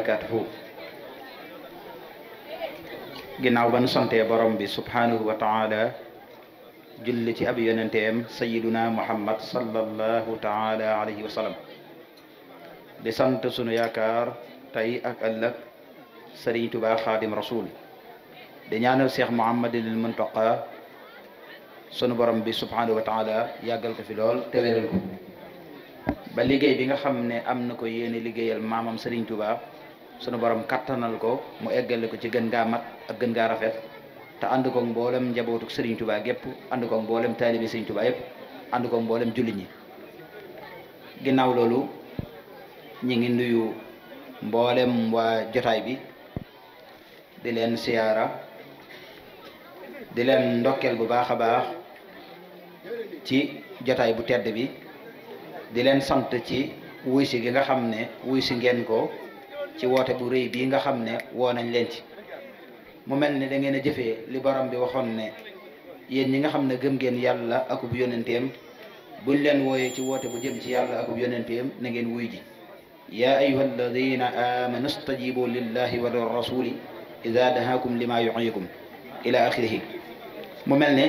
barakatuhu ginnaaw ba nu santee borom bi subhanahu wa taala julli ci ab yonenteem sayiduna muhammad sallallahu taala alayhi wa sallam di sant sunu yaakaar tey ak ëllëg sëriñ tubaa xaadim rasul di ñaanal cheikh muhammadinil muntaqa sunu borom bi subhanahu wa taala yàggal ko fi lool te wéral ko ba liggéey bi nga xam ne am na ko yéene liggéeyal maamam sëriñ tubaa sunu borom kattanal ko mu eggale ko ci gën ngaa mat ak gën gaa rafet te ànd ko mboolem njabootu Serigne Touba gépp ànd ko mboolem taalibi Serigne Touba yëpp ànd ko mboolem ñi ginnaaw loolu ñi ngi nuyu mboolem waa jotaay bi di leen siyaara di leen ndokkeel bu baax a baax ci jotaay bu tedd bi di leen sant ci wuy si nga xam ne wuy si ngeen ko ci wote bu rëy bi nga xamne wonañ len ci mu melni da ngeen a jëfee li borom bi waxon ne yéen ñi nga xamne gëm ngeen yàlla ak bu yonenteem buñ len woyé ci wote bu jëm ci yàlla ak bu yonenteem na ngeen wuy ji ya ayuha alladina amanu stajibu lillahi wa lirrasuli idha dahaakum lima yuxiikum ila akhirih mu melni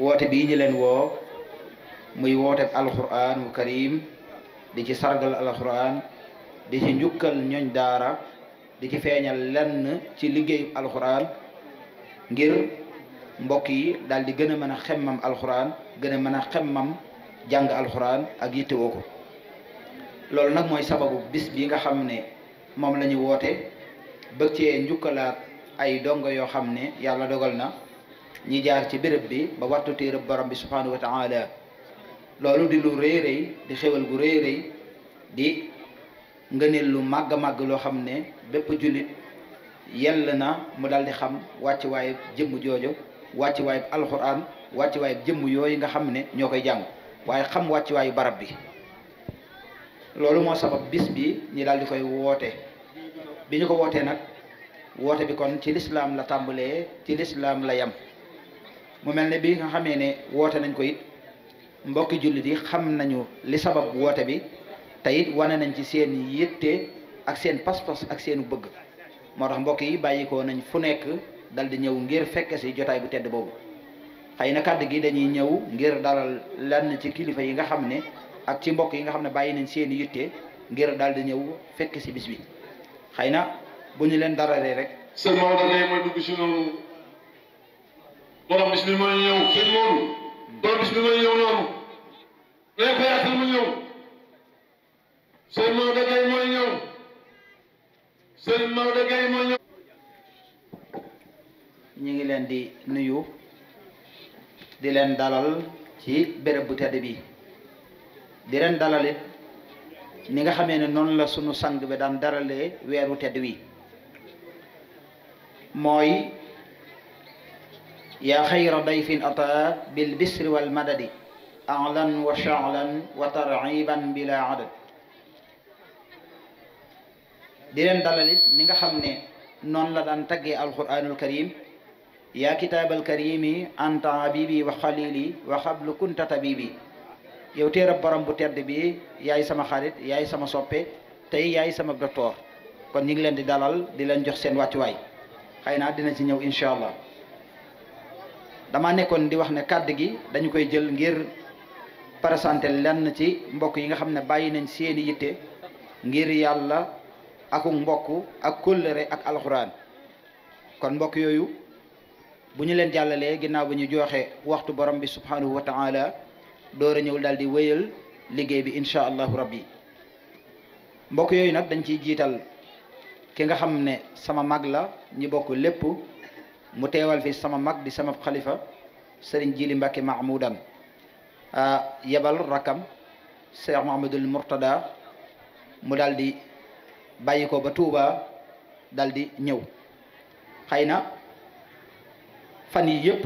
wote bi ñi len wo muy wote alquran karim di ci sargal alquran di ci njukkal ñooñ daara di ci feeñal lenn ci liggéeyu alxuraan ngir mbokk yi daal di gën a mën a xemmam alxuraan gën a mën a xemmam jàng alxuraan ak yittewoo ko loolu nag mooy sababu bis bi nga xam ne moom la bëgg cee njukkalaat ay dongo yoo xam ne dogal na ñi jaar ci bi ba wattu borom bi subhanahu wa taala loolu di lu rëy di gu di ngëneel lu màgg màgg loo xam ne bépp jullit yell na mu daal di xam wàcc waayub jëmm joojo wàcc waayub alxuraan wàcc waayub jëmm yooyu nga xam ne ñoo koy jàng waaye xam wàcc waayu barab bi loolu moo sabab bis bi ñi daal di koy woote bi ñu ko wootee nag woote bi kon ci lislaam la tàmbalee ci lislaam la yam mu mel ni bi nga xamee ne woote nañ ko it mbokki jullit yi xam nañu li sabab woote bi te wane nañ ci seen yitte ak seen pas-pas ak seenu bëgg moo tax mbokk yi bàyyikoo nañ fu nekk dal di ñëw ngir fekke si jotaay bu tedd boobu xëy na kàddu gi dañuy ñëw ngir dalal lenn ci kilifa yi nga xam ne ak ci mbokk yi nga xam ne bàyyi nañ seen yitte ngir daal di ñëw fekk si bis bi xëy na bu ñu leen daralee rek. si sëñ Maodo Gueye mooy ñëw sëñ Maodo Gueye mooy ñëw. ñu ngi leen di nuyu di leen dalal ci béréb bu tedd bi di leen dalal it ni nga xamee ne noonu la sunu sang bi daan daralee weeru tedd wi mooy yaa xayra dayfin ata bil bisri wal madadi alan wa shaalan wa tarxiban bila adad di leen dalalit ni nga xam ne noonu la daan taggee alquranul karim yaa kitaabal karimi anta habibi wa xalili wa xablu kunta tabibi yow téerab borom bu tedd bi yaay sama xarit yaay sama soppe tey yaay sama docteur kon ñu ngi leen di dalal di leen jox seen wàccuwaay xëy naa dina ci ñëw incha allah dama nekkoon di wax ne kàdd gi dañu koy jël ngir présenté lenn ci mbokk yi nga xam ne bàyyi nañ seeni yitte ngir yàlla ak mbokk ak kóllëre ak alxuraan kon mbokk yooyu bu ñu leen jàllalee ginnaaw bi ñu joxe waxtu borom bi subhanahu wa taala door a ñëw daal di bi incha allahu rabbi mbokk yoyu nag dañ ciy jiital ki nga sama mag la ñu bokk lépp mu teewal fi sama mag di sama xalifa sëriñ Jili Mbàkke Mahmoudan ah, yebal rakam Cheikh Mahamadul murtada mu daal di bàyyi ko ba Touba dal di ñëw xëy na fan yi yëpp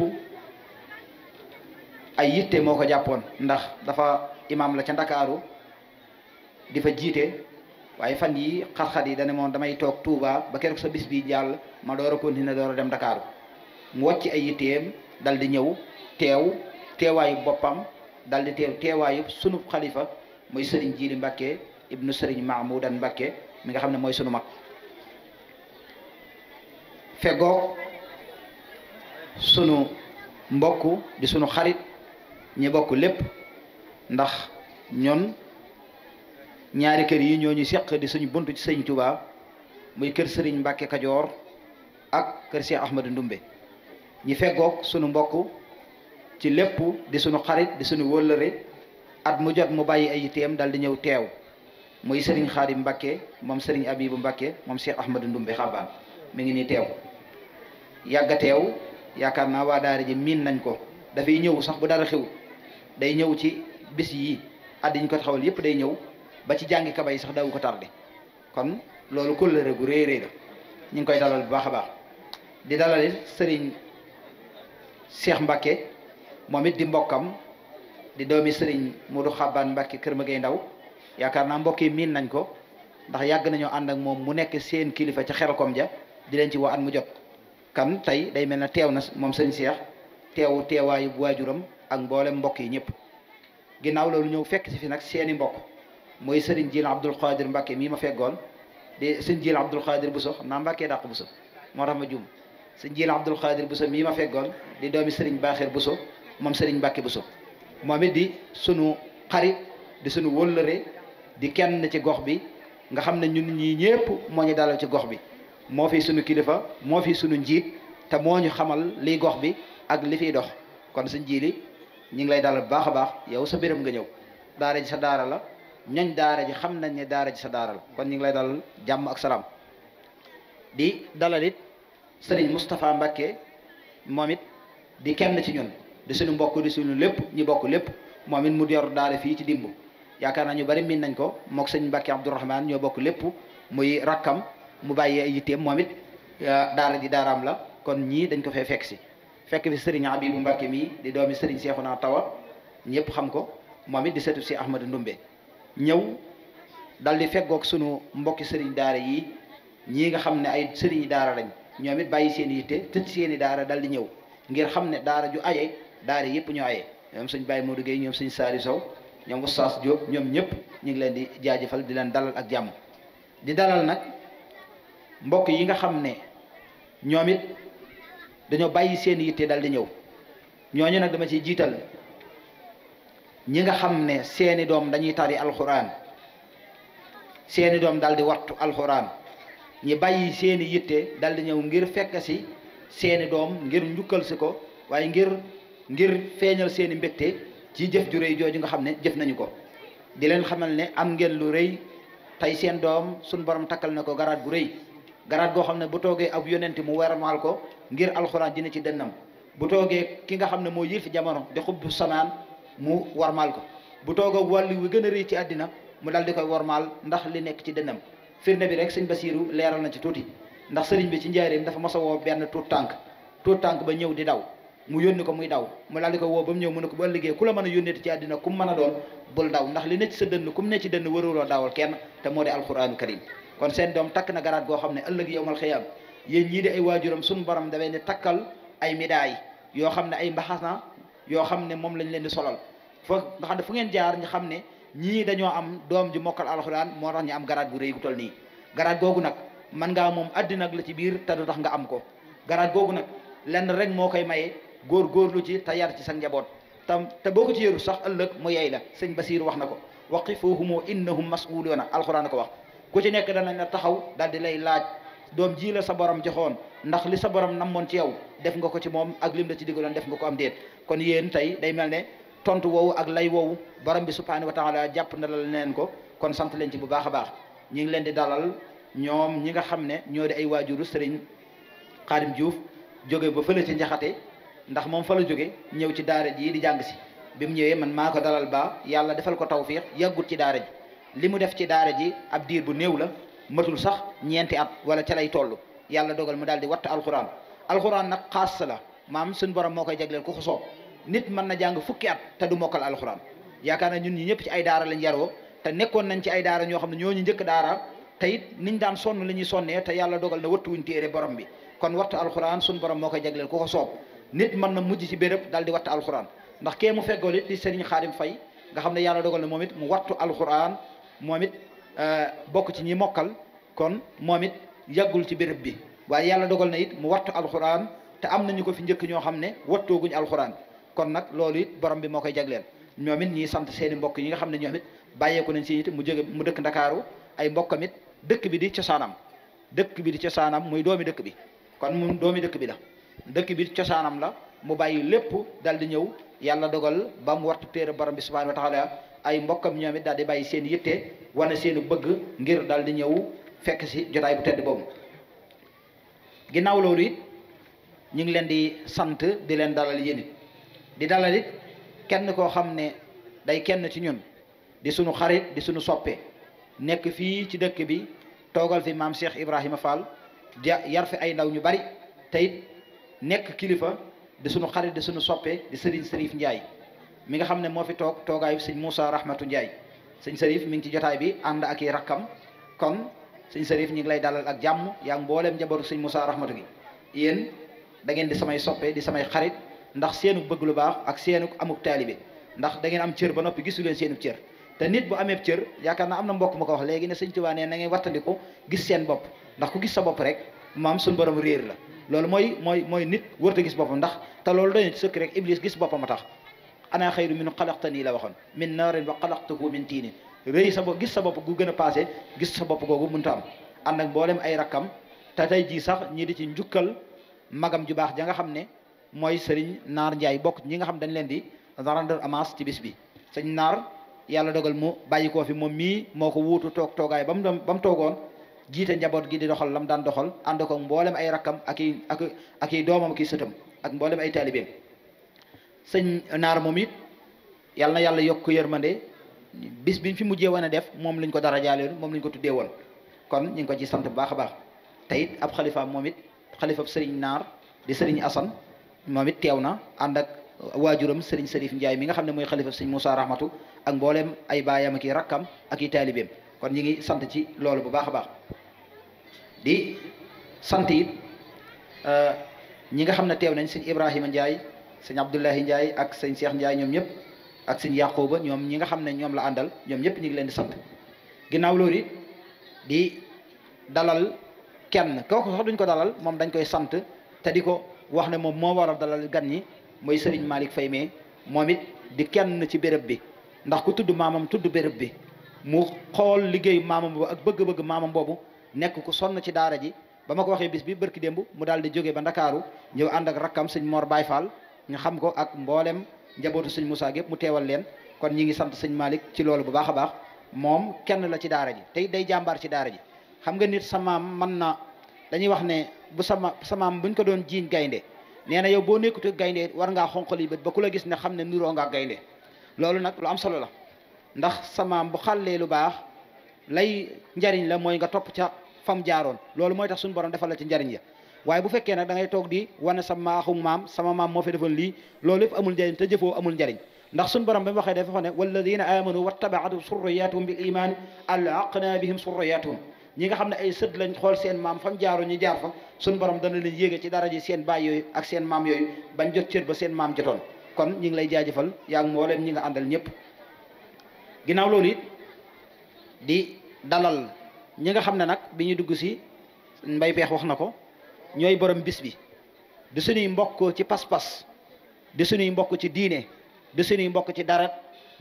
ay yitte moo ko jàppoon ndax dafa imam la ca Ndakaaru di fa jiite waaye fan yi xat-xat yi moom damay toog Touba ba keroog sa bis bi jàll ma door a continuer door a dem Ndakaaru mu wàcc ay yitteem dal di ñëw teew teewaayu boppam dal di teew teewaayu sunub xalifa mooy Serigne Jili Mbacke ibnu Serigne Mahmoudan Mbacke mi nga xam ne mooy sunu mag fegook sunu mbokk di sunu xarit ñi bokk lépp ndax ñoon ñaari kër yi ñoo ñu seq di suñu bunt ci sëñ Touba muy kër sëriñ Mbacke Kajoor ak kër Cheikh Ndumbe ñi fegook sunu mbokk ci lépp di sunu xarit di sunu wëllëre at mu jot mu bàyyi ay yiteem dal di ñëw teew mooy Serigne Khadim Mbakke moom Serigne Abibu Mbakke moom Cheikh Ahmadou Ndumbe Xabaan mi ngi nii teew yàgga teew yaakaar naa waa daara ji miin nañ ko dafay ñëw sax bu dara xew day ñëw ci bis yi at yi ko taxawal yëpp day ñëw ba ci jàngi kaba yi sax dawu ko tardé kon loolu kóllëre gu rëy rëy la ñu ngi koy dalal bu baax a baax di dalal sëriñ Cheikh Mbakke moom it di mbokkam di doomi Serigne du xaban Mbakke Kër Magay Ndaw ya naa mbokk yi min nañ ko ndax yàgg nañoo ànd ak moom mu nekk seen kilifa ca xelkom ja di leen ci wa at mu jot kan tey day mel ne teew na moom sëñ Cheikh teewu teewaayu waajuram ak mboolem mbokk yi ñëpp ginnaaw loolu ñëw fekk si fi nag seeni mbokk mooy sëriñ jil Abdul Qadir Mbàkke mi ma feggoon di sëñ jil Abdul Xaadir Buso xam naa Mbàkke dàq Buso moo tax ma juum sëñ Abdul Xaadir Buso mi ma feggoon di doomi sëriñ Baaxir Buso moom sëriñ Mbàkke Buso moom it di sunu xarit di sunu wëllëre di kenn ci gox bi nga xam ne ñun ñii ñëpp moo ñu dalal ci gox bi moo fi sunu kilifa mo fi sunu njit te moo ñu xamal liy gox bi ak li fiy dox kon suñ jili ñi ngi lay dalal bu baax a yow sa biram nga ñëw daara ji sa daara la ñooñ daara ji xam nañ ne daara ji sa daara la kon ñi ngi lay dalal ak di dalalit it sëriñ Moustapha Mbacke moom di kenn ci ñun di suñu mbokk di suñu lépp ñu bokk lépp moom it mu yor daara ci yaakaar naa ñu bari miin nañ ko mook sëñ Mbàkke Abdourahman ñoo bokk lépp muy rakkam mu bàyyi ay yitteem moom it euh, daara ji daaraam la kon ñii dañ ko fee fekk si fekk fi sëriñ Abibu Mbàkke mii di doomi sëriñ naa Tawa ñëpp xam ko moom it di setu si Ahmadu Ndumbe ñëw dal di feggoog sunu mbokki sëriñ daara yi ñii nga xam ne ay sëriñ daara lañ ñoom it bàyyi seen yitte tëj seen i daara dal di ñëw ngir xam ne daara ju aye daara yëpp ñu aye ñoom sëñ Baye Modou Gueye ñoom sëñ Saliou Sow ñoom Oustaz job ñoom ñëpp ñu ngi leen di jaajëfal di leen dalal ak jàmm di dalal nak mbokk yi nga xam ne ñoom it seen dal di ñëw nak nag dama ciy jiital ñi nga xam ne seeni doom dañuy tari alxuraan seeni dal di wattu alxuraan ñi bàyyi seeni yitte dal di ñëw ngir fekk si seeni doom ngir njukkal si ko waaye ngir ngir feeñal seeni mbégte ci jëf ju rëy jooju nga xam ne jëf nañu ko di leen xamal ne am ngeen lu rëy tey seen doom suñ borom takkal na ko garaat gu rëy garaad goo xam ne bu toogee ab yonente mu wermaal ko ngir alxuraan ji dina ci dënnam bu toogee ki nga xam ne moo yilif jamono di xubbu samaan mu warmaal ko bu toogee wàllu wi gën a rëy ci àddina mu dal di koy warmaal ndax li nekk ci dënnam firnde bi rek sëñ Basiiru leeral na ci tuuti ndax sëriñ bi ci njaareem dafa mos a woo benn tuut tànk tuut tànk ba ñëw di daw mu yónni ko muy daw mu daal ko woo ba mu ñëw mu ne ko ba liggéey ku la mën a yónneeti ci àddina ku mu mën a doon bul daw ndax li ne sa dënn ku mu ne ci dënn waruloo daawal kenn te moo di alquranu karim kon seen doom takk na garaat goo xam ne ëllëg yowmal xiyaam yéen ñii di ay waajuram suñu borom dafay ne takkal ay médaay yoo xam ne ay mbaxana yoo xam ne moom lañ leen di solal foo nga ne fu ngeen jaar ñu xam ne ñii dañoo am doom ji mokkal alxuraan moo tax ñu am garaat gu réy gu toll nii garaat googu nag man ngaa moom àddina la ci biir te du tax nga am ko garaad googu nag lenn rek moo koy maye góor góorlu ci te yar ci sa njaboot tam te boo ko ci yëru sax ëllëg mu yey la sëñ Basiir wax na ko waqifuhum innahum mas'uluuna alxuraan ko wax ku ci nekk danañ na taxaw daal di lay laaj doom ji la sa borom joxoon ndax li sa borom namoon ci yow def nga ko ci moom ak lim la ci digaloon def nga ko am déet kon yéen tey day mel ne tontu woowu ak lay woowu borom bi subhaanahu wa taala jàpp na la neen ko kon sant leen ci bu baax a baax ñu ngi leen di dalal ñoom ñi nga xam ne ñoo di ay waajuru sëriñ Xaadim Diouf jóge ba fële ci njaxate ndax moom fa la jóge ñëw ci daara ji di jàng si bi mu ñëwee man maa ko dalal ba yàlla defal ko tawfiix yàggut ci daara ji li mu def ci daara ji ab diir bu néew la matul sax ñeenti at wala ca lay toll yàlla dogal mu daal di watt alxuraan alxuraan nag xaas la maam suñ borom moo koy jagleel ku ko soob nit mën na jàng fukki at te du mokkal alxuraan yaakaar na ñun ñi ñëpp ci ay daara lañ yaroo te nekkoon nañ ci ay daara ñoo xam ne ñoo ñu njëkk daara te n niñ daan sonn la ñuy sonnee te yàlla dogal na wattuwuñ téere borom bi kon wattu alxuraan suñ borom moo koy jagleel ku ko soob nit man na mujj ci bërepp daal di wattu alxuraan ndax ké mu fegolé it di Serigne Xaadim Fay nga xamné yàlla dogal na momit mu wattu alquran momit euh bokk ci ñi mokal kon momit yagul ci bërepp bi way yàlla dogal na it mu wattu alquran te am nañu ko fi ñëk ño xamné wattu guñ alquran kon nak loolu it borom bi mo koy jaglél ñomit ñi sant seeni mbokk yi nga xamné ñomit bayé ko nañ ci it mu jëg mu dëkk dakaru ay mbokkam it dëkk bi di ci cosaanam dëkk bi di ci cosaanam muy doomi dëkk bi kon mu doomi dëkk bi la dëkk bi cosaanam la mu bàyyi lépp daal di ñëw yàlla dogal ba mu wartu téere borom bi subhanahu wa taala ay mbokkam ñoom it daal di bàyyi seen yitte wane seenu bëgg ngir daal di ñëw fekk si jotaay bu tedd boobu ginnaaw loolu it ñu ngi leen di sant di leen dalal yéen di dalal kenn koo xam ne day kenn ci ñun di suñu xarit di suñu soppe nekk fii ci dëkk bi toogal fi maam Cheikh Ibrahima Fall ja yar fi ay ndaw ñu bari te Nek kilifa di sunu xarit di sunu soppe di sëriñ sërif njaay mi nga xam ne moo fi toog toogaayu sëñ Moussa Rahmatu Njaay sëñ mi ci jotaay bi ànd ak rakam kon sëñ serif ñi ngi lay dalal ak jàmm yaa ngi mbooleem njabootu sëñ Moussa Rahmatu gi yéen da ngeen di samay soppe di samay xarit ndax seenu bëgg lu baax ak seenu amuk taalibe ndax da ngeen am cër ba noppi gisu leen seenu cër te nit bu amee cër yaakaar naa am na mbokk ma wax léegi ne sëñ Tuubaa nee na ngay wattandiku gis seen bopp ndax ku gis sa rek maam sun borom la loolu mooy mooy nit wërta gis boppam ndax te loolu day ci sëkk rek iblis gis boppam a tax ana xayru min xalaqtanii la waxoon min naarin wa xalaqtahu min tiinin rëy sa bopp gis sa bopp gu gën a passé gis sa bopp googu mënta am ànd ak mboolem ay rakkam te tey jii sax ñi di ci njukkal magam ju baax ja nga xam ne mooy sëriñ naar Njaay bokk ñi nga xam dañ leen di rendre hommage ci bi sëñ naar yàlla dogal mu bàyyi koo fi moom mii moo ko wuutu toog toogaay ba mu ba mu toogoon jiite njaboot gi di doxal lam daan doxal ànd ko mboolem ay rakkam ak i ak ak doomam ki sëtam ak mboolem ay taalibeem sëñ naar moom it yàlla na yàlla yokk yërmande bis biñ fi mujjee woon a def moom lañ ko dara jaaleelu moom lañ ko tuddee woon kon ñu ngi ko ci sant bu baax a baax te it ab xalifaam moom it xalifaam sëriñ naar di sëriñ asan moom it teew na ànd ak waajuram sëriñ sërif njaay mi nga xam ne mooy xalifaam sëriñ Moussa Rahmatu ak mboolem ay baayam ak rakkam ak i kon ñi ngi sant ci loolu bu baax a baax di sant it euh, ñi nga xam ne teew nañ sëñ Ibrahima Ndiaye sëñ Abdullahi njaay ak sëñ Cheikh Ndiaye ñoom ñëpp ak sëñ Yaquba ñoom ñi nga xam ne ñoom la àndal ñoom ñëpp ñu ngi leen di sant ginnaaw loolu it di dalal kenn kooku sax duñ ko dalal moom dañ koy sant te di ko wax ne moom moo war dalal gan ñi mooy Serigne Malick Faye mais moom it di kenn ci béréb bi ndax ku tudd maamam tudd béréb bi mu xool liggéey maamam boobu ak bëgg-bëgg maamam boobu nekk ku sonn ci daara ji ba ma ko waxee bis bi bërki démb mu daal di ba ak rakkam sëñ Mor Baye Fall ñu xam ko ak mboolem njabootu sëñ Moussa gépp mu teewal leen kon ñi ngi sant sëñ Malick ci loolu bu baax a baax moom kenn la ci daara ji tey day jàmbaar ci daara ji xam nga nit samaam man na dañuy wax ne bu sama buñ ko doon gaynde nee na yow gaynde war ngaa xonqali bët ba ku gis ne xam ne nuroo gaynde lu am solo la ndax sa maam bu xalé lu bax lay njariñ la moy nga top ci fam jaaroon loolu moy tax suñu borom defal la ci njariñ ya waye bu fekke nak da ngay tok di wane sa maaxum mam sama mam mo fi defal li loolu lepp amul njariñ te jëfoo amul njariñ ndax suñu borom bam waxe waxee dafa fa ne walladina amanu wattaba'u surriyatuhum bil iman alaqna bihim surriyatuhum ñi nga xamne ay seud lañ xol seen mam fam jaaroon ñu jaar fa suñu borom da na leen yegge ci dara ji seen baay yoy ak seen mam yoy bañ jot cër ba seen mam jotoon kon ñi ngi lay jaajeufal yaa ngi moo leen ñi nga àndal ñëpp ginnaaw loolu it di dalal ñi nga xam ne nag bi ñu dugg si mbay beex wax na ko ñooy borom bis bi di suñuy mbokk ci pas-pas di suñuy mbokk ci diine di suñuy mbokk ci darat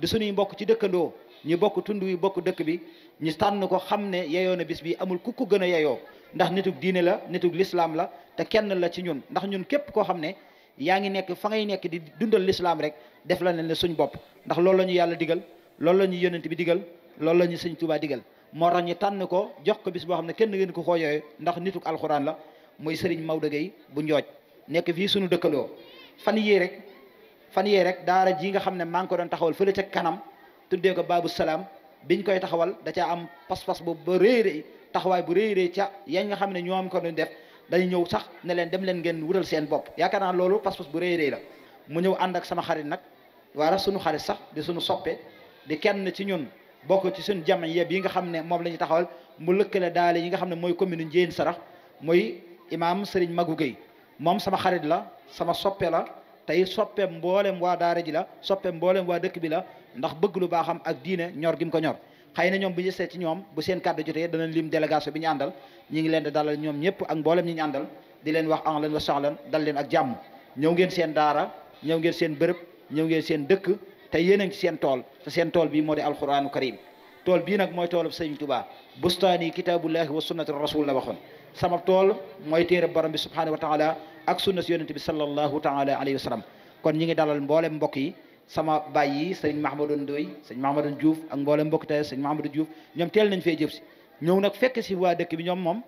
di suñuy mbokk ci dëkkandoo ñu bokk tund wi bokk dëkk bi ñu tànn ko xam ne yeyoo na bis bi amul ku ko gën a yeyoo ndax nitug diine la nitug lislaam la te kenn la ci ñun ndax ñun képp koo xam ne yaa ngi nekk fa ngay nekk di dundal lislaam rek def la ne suñ bopp ndax loolu la ñu yàlla digal loolu la ñu yonent bi digal loolu la ñu sëñ digal moo tax tan tànn ko jox ko bis boo xam kenn ngeen ko ndax nituk al la muy sëriñ Maodo Gueye bu njooj nekk fii suñu dëkkandoo fan yii rek fan yii rek daara ji nga xam ko taxawal kanam tuddee ko babu salam. biñ koy taxawal da am pas-pas bu ba rëy rëy taxawaay bu rëy ca yañ nga xam ñoom ko doon def dañu ñëw sax ne leen dem leen ngeen wutal seen bopp yaakaar naa pas-pas bu rëy la mu ñëw ak sama xarit nag waara suñu xarit sax di sunu soppe di kenn ci ñun bokk ci suñ jamiya yi nga xam ne moom la ñu taxawal mu lëkk le daale yi nga xam ne mooy commune Ndiéyène Sarax muy imaam Serigne magu Gueye moom sama xarit la sama soppe la tey soppe mboolem waa daara ji la soppe mboolem waa dëkk bi la ndax bëgg lu baaxam ak diine ñor gi ko ñor xëy na ñoom bu ñu seet ci ñoom bu seen kàdd jotee danañ lim délégation bi ñu àndal ñi ngi leen di dalal ñoom ñëpp ak mboolem ñi ñu di leen wax ahlan wa sahlan dal leen ak jàmm ñëw ngeen seen daara ñëw ngeen seen bërëb ñëw ngeen seen dëkk te yéen a ngi ci seen tool te seen tool bii moo di alquranu karim tool bii nag mooy toolub sëriñ Tuubaa bustaani kitaabullahi wa sunnati rasul la waxoon sama tool mooy téere borom bi subhanahu wa taala ak sunna si yonente bi sallallahu taala alayhi wa kon ñi ngi dalal mboolem mbokk yi sama baay yi sëriñ Mahamadoun Ndoy sëriñ Mahamadoun Diouf ak mboolem mbokk tey sëriñ Mahamadoun Diouf ñoom teel nañ fee jëf si ñëw nag fekk si waa dëkk bi ñoom moom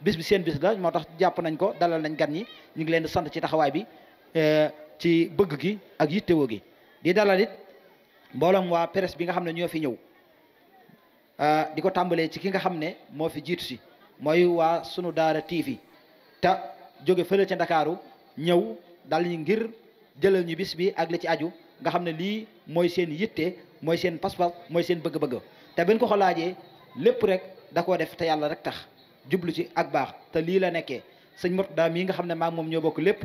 bis bi seen bis la moo tax jàpp nañ ko dalal nañ gan ñi ñu ngi leen di sant ci taxawaay bi eh, ci bëgg gi ak yittewoo gi di dalal it mbooloom waa presse bi nga xam ne ñoo fi ñëw ah, di ko tàmbalee ci ki nga xam ne moo fi jiitu si mooy waa sunu daara TV te jóge fële ca ndakaaru ñëw dal ñu ngir jëlal ñu bi ak li ci aju nga xam ne lii mooy seen yitte mooy seen pas-pas mooy seen bëgg-bëgg te benn ko ko laajee lépp rek da koo def te yàlla rek tax jublu ci ak baax te lii la nekkee sëñ Murtada mii nga xam ne maag moom ñoo bokk lépp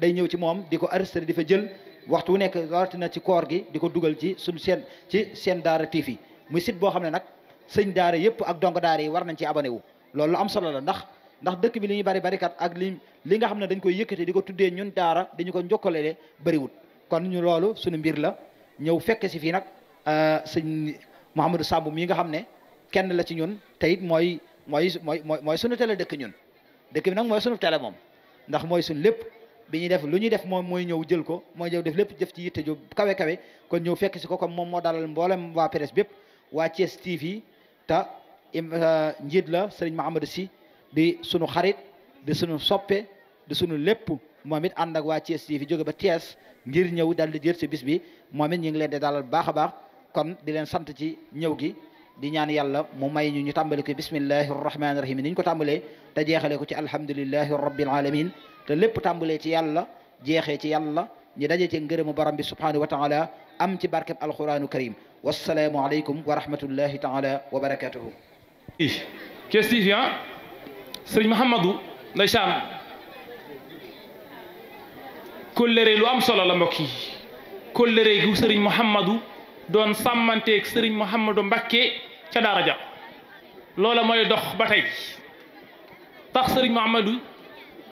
day ñëw ci moom di ko arrêté di fa jël waxtu wu nekk rawatina ci koor gi di ko dugal ci suñ seen ci seen daara TV muy site boo xam ne nag sëñ daara yëpp ak dong daara yi war nañ ci abonné wu loolu lu am solo la ndax ndax dëkk bi li ñuy bari barikat ak li li nga xam ne dañ koy yëkkate di ko tuddee ñun daara dañu ko njokkalele bariwul kon ñu loolu suñu mbir la ñëw fekk si fii nag euh, sëñ Mouhamadou Samb mii nga xam ne kenn la ci ñun te it mooy mooy mooy mooy suñu télé dëkk ñun dëkk bi nag mooy suñu tele moom ndax mooy suñu lépp biñu def luñu def moom moy ñëw jël ko moy jëw def lépp jëf ci yitte jo kawe kawe kon ñëw fekk ci ko comme moom moo dalal mboolem wa presse bép wa ties TV te njiit la serigne Mahamadou si di sunu xarit di sunu soppe di sunu lépp momit ànd ak wa ties TV jóge ba ties ngir ñëw dal di jël ci bis bi momit ñi ngi leen di dalal baaxa baax kon di leen sant ci ñëw gi di ñaan yàlla mu may ñu ñu tàmbali ko bismillahir rahmanir rahim niñ ko tambalé ta jéxalé ko ci alhamdullilahi rabbil alamin te lépp tambule ci yàlla jeexé ci yàlla ñi daje ci ngeerum borom bi subhanahu wa taala am ci barkeb alquranu karim wassalamu alaykum wa rahmatullahi taala wa barakatuhu i question serigne mohammedou ndeysaan kóllëre lu am solo la mbokki yi kóllëre gu mohammedou don samanté ak serigne mohammedou Mbacké ci daara ja loola mooy dox batay tax serigne mohammedou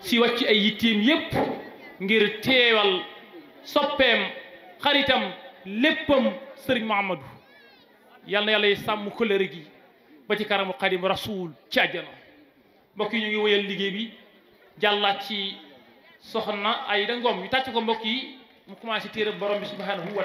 si wàcc ay yitteem yépp ngir teewal soppeem xaritam léppam sëriñ Muhammadu yal na yàlla yi sàmm kóllëre gi ba ci karamu xadim rasul ci àjjana mbokk yi ñu ngi woyal liggéey bi jàllaat ci soxna Ayda ngoom ñu tàcc ko mbokk yi mu commencé téere borom bi subhanahu wa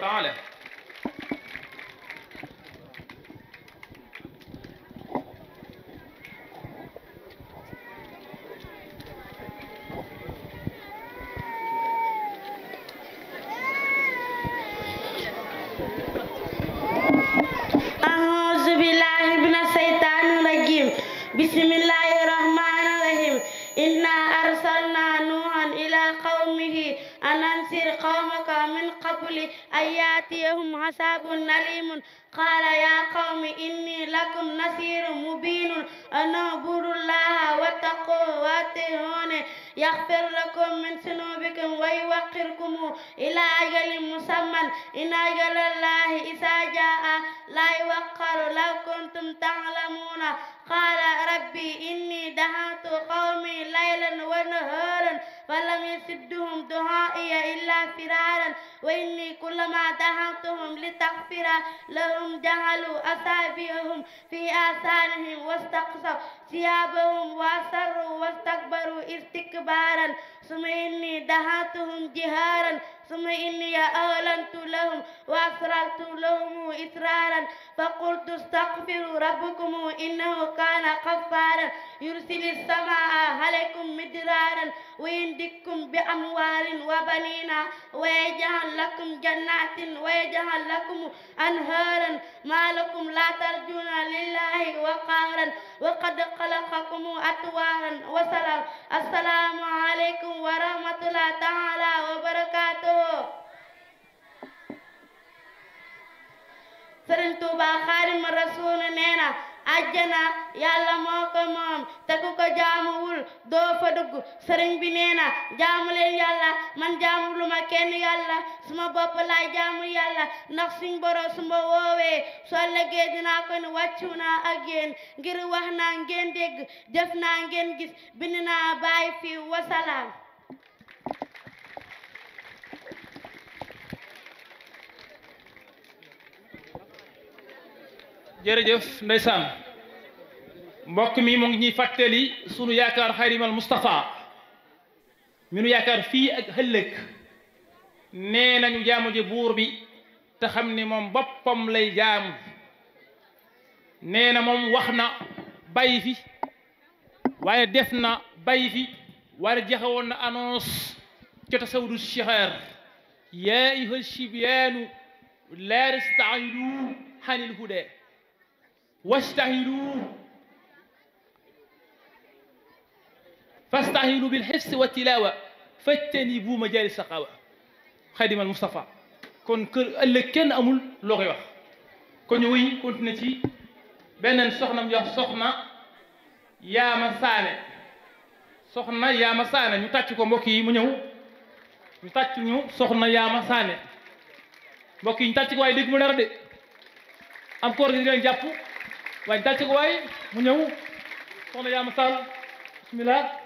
يأتيهم عذاب أليم قال يا قوم إني لكم نصير مبين أن اعبدوا الله واتقوا واتقون يغفر لكم من ذنوبكم ويوقركم إلى أجل مسمى إن أجل الله إذا جاء لا يوقر لو كنتم تعلمون قال ربي إني دعوت قومي ليلا ونهارا فلم يسدهم دعائي إلا فرارا وإني كلما دعوتهم لتغفر لهم أنهم جعلوا أصابعهم في آثارهم واستقصوا ثيابهم وأسروا واستكبروا استكبارا ثم إني دعوتهم جهارا ثم إني أعلنت لهم وأسررت لهم إسرارا فقلت استغفروا ربكم إنه كان غفارا يرسل السماء عليكم مدرارا ويندكم بأموال وبنينا ويجعل لكم جنات ويجعل لكم أنهارا ما لكم لا ترجون لله وقارا وقد خلقكم أطوارا وسلام السلام عليكم ورحمة الله تعالى وبركاته sëriñ Tuuba Xaadimu Rasuul nee na yàlla moo ko moom te ku ko jaamuwul doo fa dugg sëriñ bi nee jaamu leen yàlla man jaamu lu kenn yàlla suma bopp laay jaamu yàlla ndax suñ borom suma woowee soo ëllëgee dinaa ko ni naa ak ngir wax naa ngeen dégg def naa ngeen gis bind naa bàyyi fii wasalaam jërëjëf ndeysaan mbokk mi mu ngi ñuy fàttali sunu yaakaar xayrimal Moustapha mi nu yaakaar fii ak ëllëg nee nañu jaamu ji buur bi te xam ni moom boppam lay jaamu nee na moom wax na bàyyi fi waaye def na bàyyi fi waaye jaxewoon na annonce ci sawdu sixaar yaa ayyuha shibyaanu laa tasta'jilu xanil hudaa واجتهدوا فاستهلوا بالحفظ والتلاوة فاتنبوا مجالس القوى خادم المصطفى كن كر كن أمول لغوا كن وي كنت نتي بين السخنة يا السخنة يا مسانة سخنة يا مسانة نتاتي كم بكي منيو نتاتي نيو سخنة يا مسانة بكي نتاتي كم أيديك منار دي أم كور دي رجال جابو waaye dàcc ko waaye mu ñëw soxna Yaama Sall bismillah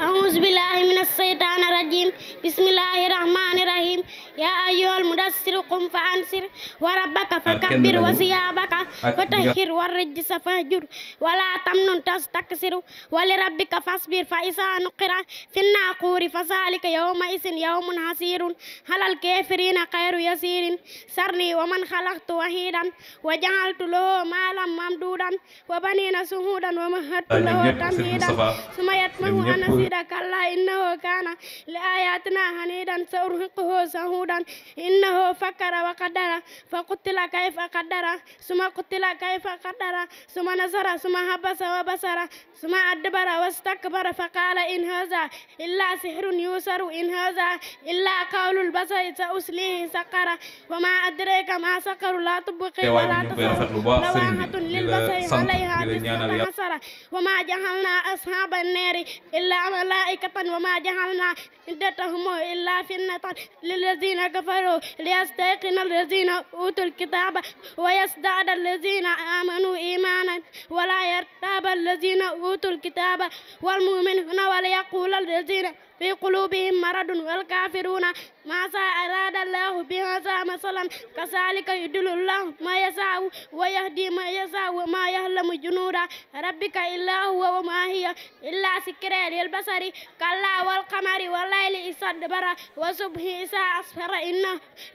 أعوذ بالله من الشيطان الرجيم بسم الله الرحمن الرحيم يا أيها المدثر قم فأنصر وربك فكبر وثيابك فطهر والرجس فاهجر ولا تمنن تستكثر ولربك فاصبر فإذا نقر في الناقور فذلك يومئذ يوم عسير على الكافرين خير يسير سرني ومن خلقت وحيدا وجعلت له مالا ممدودا وبنين شهودا ومهدت له تمهيدا ثم يطمع أن أزيد كلا إنه كان لآياتنا هنيدا سأرهقه سهودا إنه فكر وقدر فقتل كيف قدر ثم قتل كيف قدر ثم نظر ثم هبس وبصر ثم أدبر واستكبر فقال إن هذا إلا سحر يوسر إن هذا إلا قول البصر سأسليه سقر وما أدريك ما سقر لا تبقي ولا تصر لواحة للبصر عليها تسعة وما جهلنا أصحاب النار إلا ملائكة وما جعلنا عدتهم إلا فتنة للذين كفروا ليستيقن الذين أوتوا الكتاب ويزداد الذين آمنوا إيمانا ولا يرتاب الذين أوتوا الكتاب والمؤمنون وليقول الذين في قلوبهم مرض والكافرون ماذا أراد الله بهذا مثلا كذلك يدل الله ما يشاء ويهدي ما يشاء وما يهلم جنودا ربك إلا هو وما هي إلا سكرة للبصر كلا والقمر والليل إذا أدبر وصبح إساء أصفر إنه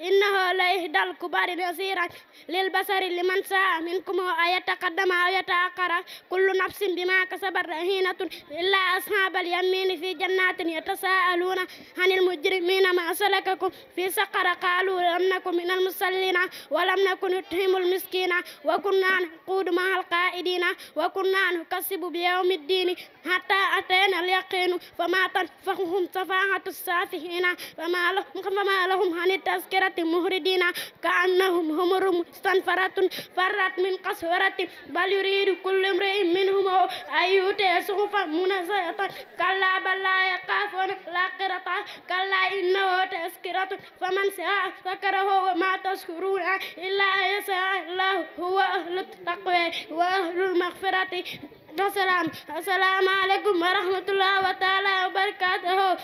إنه يهدى الكبار نصيرا للبصر لمن ساء منكم أيتقدم أو يتأخر كل نفس بما كسبت رهينة إلا أصحاب اليمين في جنات يتساءلون عن المجرمين ما سلك شارككم في سقر قالوا لم نكن من المصلين ولم نكن نطعم المسكين وكنا نقود مع القائدين وكنا نكسب بيوم الدين حتى أتينا اليقين فما تنفعهم شفاعة السافهين فما لهم, فما لهم عن التذكرة مهردين كأنهم همر مستنفرة فرت من قسورة بل يريد كل امرئ منهم أن يؤتي صحفا منزلة كلا بل لا يخافون الآخرة كلا إنه تذكرة فمن شاء ذكره وما تذكرون إلا أن يساء الله هو أهل التقوى وأهل المغفرة والسلام السلام عليكم ورحمة الله وتعالى وبركاته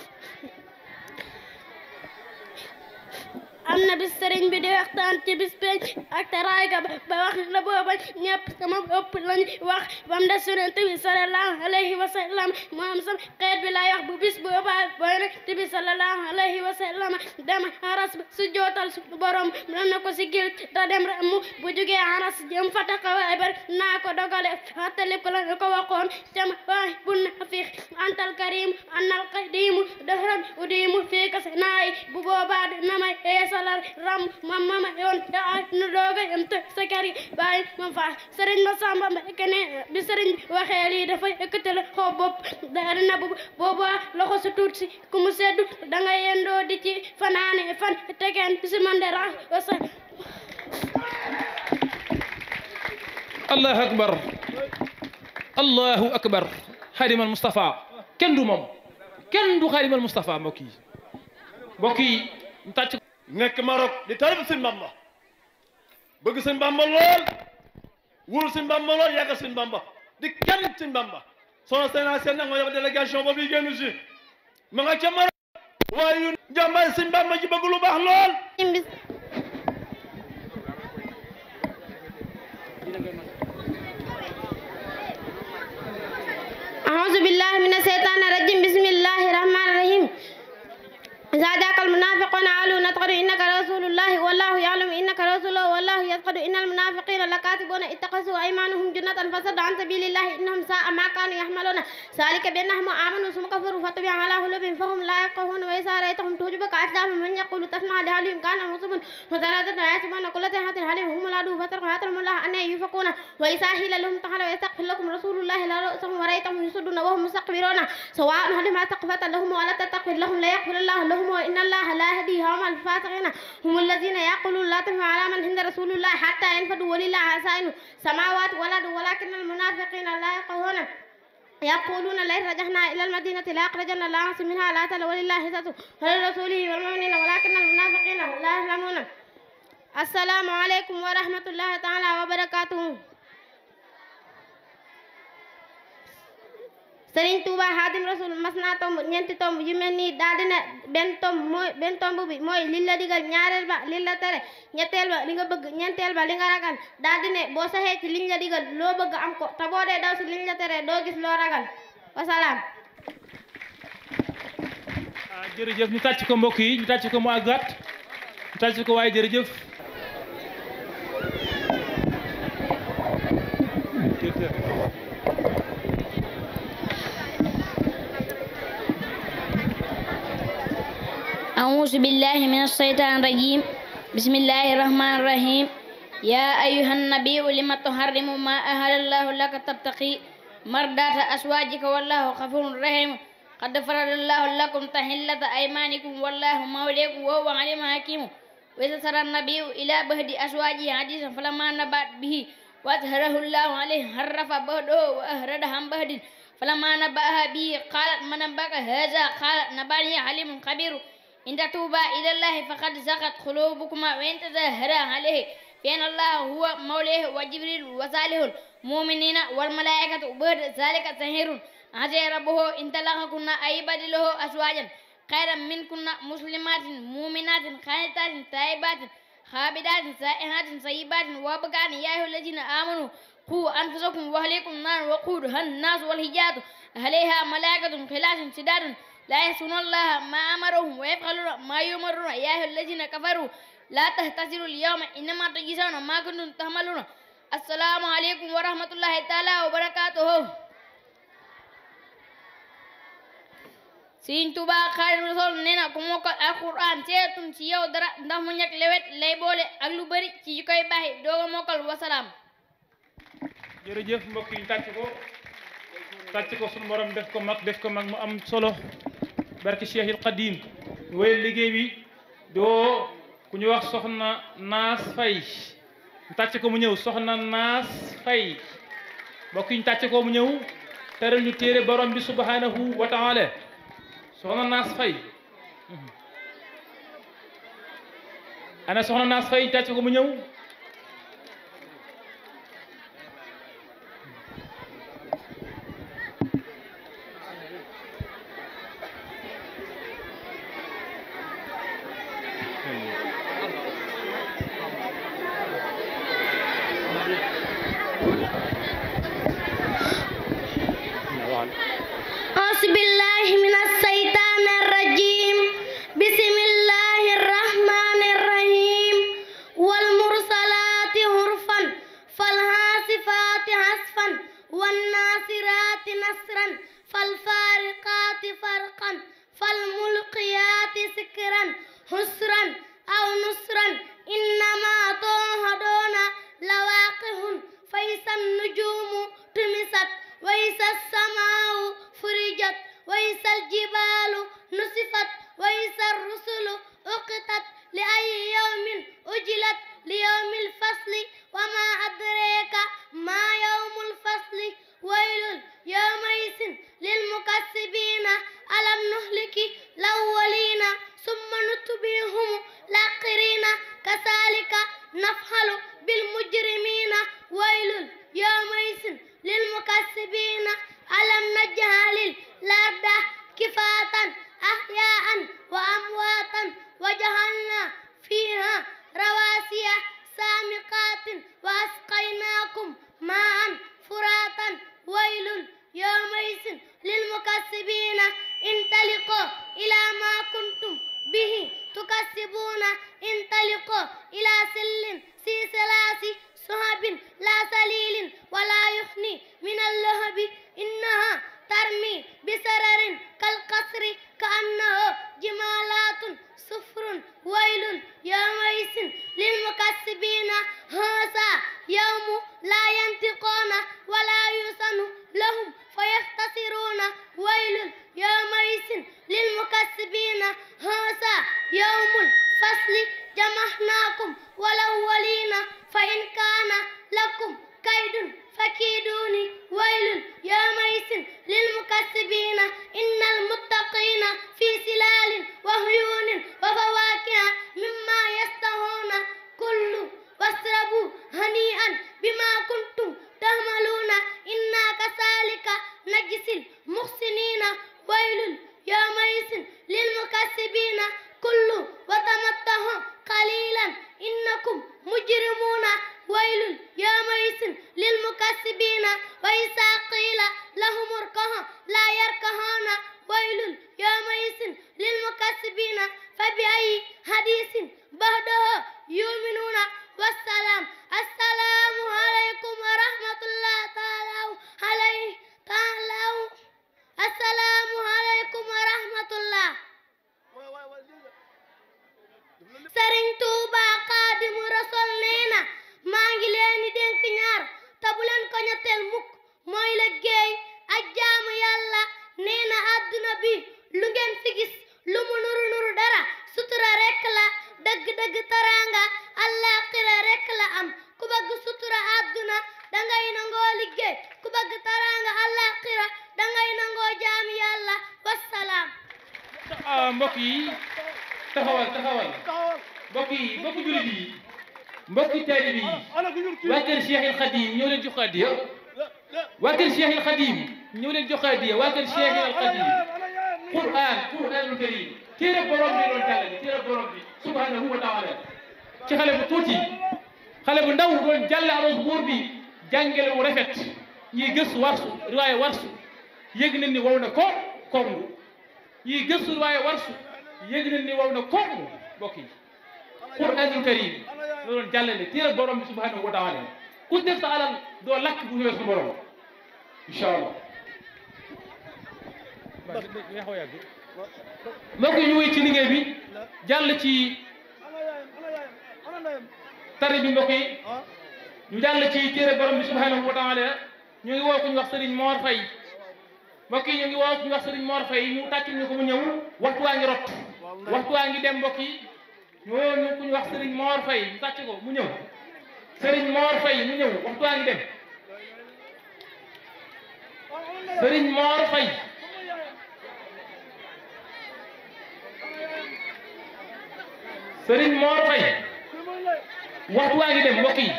am na bis sëriñ bi di waxtaan ci bis penc ak teraay ga ba wax la booba ñëpp sama ëpp lañ wax bam des yonent bi sallallahu alayhi wa sallam mu am sam xeet bi lay wax bu bis booba ba yonent sallallahu alayhi wa sallam dem aras su jootal su borom lam na ko si gil dem ramu bu jugee aras jëm fa taxawaay bari naa ko dogale fàttali ko ko bu antal karim annal qadimu dahran udimu fii kase naay bu salaar ram mam mama yoon ya a nu ma samba mbeke ne bi sëriñ waxee lii dafay ëkkatal xoo bopp daal na bu boobaa loxo si ku mu seddu da yendoo di fanaane fan tegeen si man wasa allah akbar allahu akbar xaadimal Moustapha kenn du moom kenn du xaadimal Moustapha mbokk yi nekk Maroc di taalib sëñ bëgg sëñ lool wóolu sëñ lool yàggal sëñ di kenn sëñ Bamba soxna Sénégal seen nag moo def délégation si ma nga ca Maroc waaye yu jàmbaay lool أعوذ بالله من الشيطان الرجيم بسم الله الرحمن الرحيم المنافقون قالوا نتقر إنك رسول الله والله يعلم إنك رسول الله والله يتقر إن المنافقين لكاتبون اتخذوا أيمانهم جنة فسد عن سبيل الله إنهم ساء ما كانوا يحملون ذلك بأنهم آمنوا ثم كفروا فتبع على قلوبهم فهم لا يقهون وإذا رأيتهم تعجبك أجسامهم من يقول تسمع لهم كان موسم وثلاثة من كل تحت الحالي هم العدو فتركوا يحترم الله أن يفقون وإذا قيل لهم تعالوا يستغفر لكم رسول الله لا رؤسهم ورأيتهم يسدون وهم مستقبرون سواء هل ما تقفت لهم ولا تتقفل لهم لا يقبل الله لهم وإن الله الله لا هدي هم الفاسقين هم الذين يقولون لا تفعل على من عند رسول الله حتى ينفدوا ولله عسائن سماوات ولد ولكن المنافقين لا يقولون يقولون لا رجعنا إلى المدينة لا اخرجنا لا منها لا تلو ولله عزته ولرسوله والمؤمنين ولكن المنافقين لا يعلمون السلام عليكم ورحمة الله تعالى وبركاته Serigne Touba Xaadim Rasul mas naa tomb ñeenti tomb yu mel nii daal di ne benn tomb mooy benn tomb li ñaareel ba li tere ñetteel ba li nga bëgg ñeenteel ba li nga ragal daal di ne boo saxee ci liñ la loo bëgg am ko te boo dee daw si liñ tere doo gis loo ragal wasalaam. Ah, ñu tàcc ko mbokk yi ñu ko mu àggaat ñu أعوذ بالله من الشيطان الرجيم بسم الله الرحمن الرحيم يا أيها النبي لم تحرم ما أهل الله لك تبتقي مردات أسواجك والله خفور رحيم قد فرض الله لكم تحلة أيمانكم والله مولاكم وهو عليم حكيم وإذا سر النبي إلى بهد أسواجه حديثا فلما نبات به وأظهره الله عليه حرف بهده وأهرد عن بهد فلما نبأها به قالت من نبأك هذا قالت نباني عليم خبير إن تتوبا إلى الله فقد زغت قلوبكما وإن تظاهرا عليه فإن الله هو مولاه وجبريل وصالح المؤمنين والملائكة وبعد ذلك سهير عزي ربه إن طلقكن أي بدله أسواجا خيرا منكن مسلمات مؤمنات خانتات تائبات خابدات سائحات سيبات وابقان يا الذين آمنوا قو أنفسكم وأهليكم نارا وقودها الناس والهجات عليها ملائكة خلاص سدار لا يعصون الله ما أمرهم ويفعلون ما يؤمرون يا أيها الذين كفروا لا تهتزروا اليوم إنما تجزون ما كنتم تعملون السلام عليكم ورحمة الله تعالى وبركاته Sëriñ Tuubaa Xaadimu Rasuul nee na ku seetun ci dara ndax mu lewet lay boole ak bari ci yu koy dooga mokkal wasalaam barke Cheikhil Qadim ñu wéyal liggéey bi doo ku ñu wax soxna naas fay ñu tàcc ko mu ñëw soxna naas fay mbokk yi ñu tàcc ko mu ñëw teral ñu téere borom bi subhanahu wa taala soxna naas fay ana soxna naas fay ñu tàcc ko mu ñëw mbokk yi quraanul karim la doon jàllale téere borom bi subhanahu wa taala ku def sa alal doo lakk ñu wéy ci liggéey bi jàll ci tari bi mbokk yi ñu jàll ci téere borom bi subhanahu wa taala ñu ngi woo ku wax Serigne Mor Faye mbokk yi ñu ngi woo ku wax Serigne Mor Faye ñu tàcc ñu ko mu ñëw waxtu waa ngi rot waxtu waa ngi dem mbokk ñoo ñu ku ñu wax Serigne Mor Faye ñu sàcc ko mu ñëw Serigne Mor Faye mu ñëw waxtu waa ngi dem Serigne Mor Faye Serigne Mor Faye waxtu waa ngi dem mbokk yi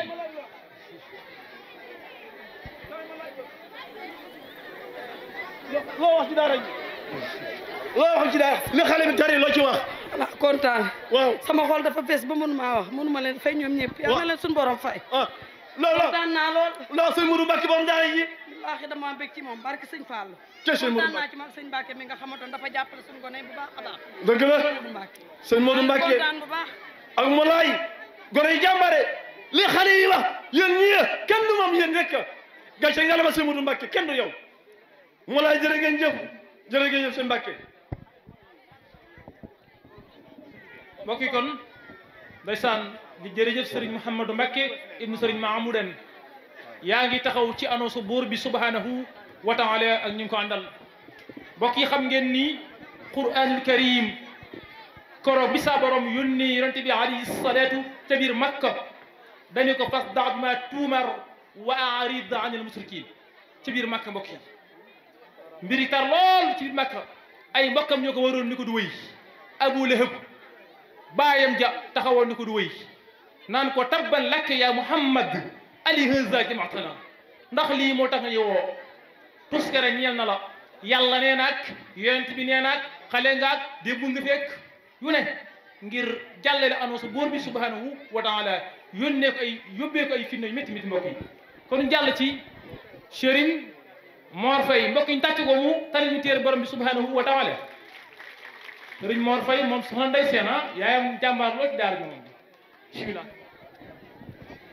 loo wax ci daara loo wax ci daara li xale bi tari loo ci wax ah kontaan. waaw sama xol dafa fees ba mënuma wax mënuma leen fay ñoom ñëpp. waaw yal leen suñu borom fay. ah loolu la kontaan naa lool. non sëñ Mourou Mbacke moom Ndiaye ji. wallaahi damaa bëgg ci moom barke sëñ Fallou. te sëñ Mourou Mbacke xamante ne dafa jàppale suñu a baax. dëgg la sëñ Mourou Mbacke kontaan bu baax. ak Moulay gone yi jàmbare li xale yi wax yéen ñii kenn du moom yéen rek gàcce nga la ma sëñ Mourou Mbacke kenn du yow Moulay jërë ngeen jëf jërë ngeen jëf sëñ mbokki kon ndaysan di jerejeuf serigne mohammedou Mbacké ibnu serigne Maamoudan yaangi taxaw ci annonce bour bi subhanahu wa taala ak ñing ko àndal mbokki xam ngeen ni qur'an al karim koro bi sa borom yónni yaronte bi ali salatu tabir biir makka dañu ko fas da'd ma tumar wa arid anil mushrikin ci bir makka mbokki mbiri tar lol ci bir makka ay mbokam ñoko ko waroon ni ko du wëy abu lahab baayam ja taxawoon ni ko du wéy naan ko tabban lakk yaa muhammad ali hëza jamaatana ndax lii moo tax nga ñëwoo tuskere ñeel na la yàlla nee na ak yonent bi nee na ak xale nga ak démb nga fekk yu ne ngir jàllale annonce buur bi subhanahu wa taala yónnee ko ay yóbbee ko ay fitna yu métti métti mbokk yi kon jàll ci sëriñ Mor Faye mbokk yi ñu tàcc ko mu tari ñu téere borom bi subhanahu wa taala سرين مورفاي Faye moom soxna Ndeye Sène ah yaayam jàmbaar la ci daara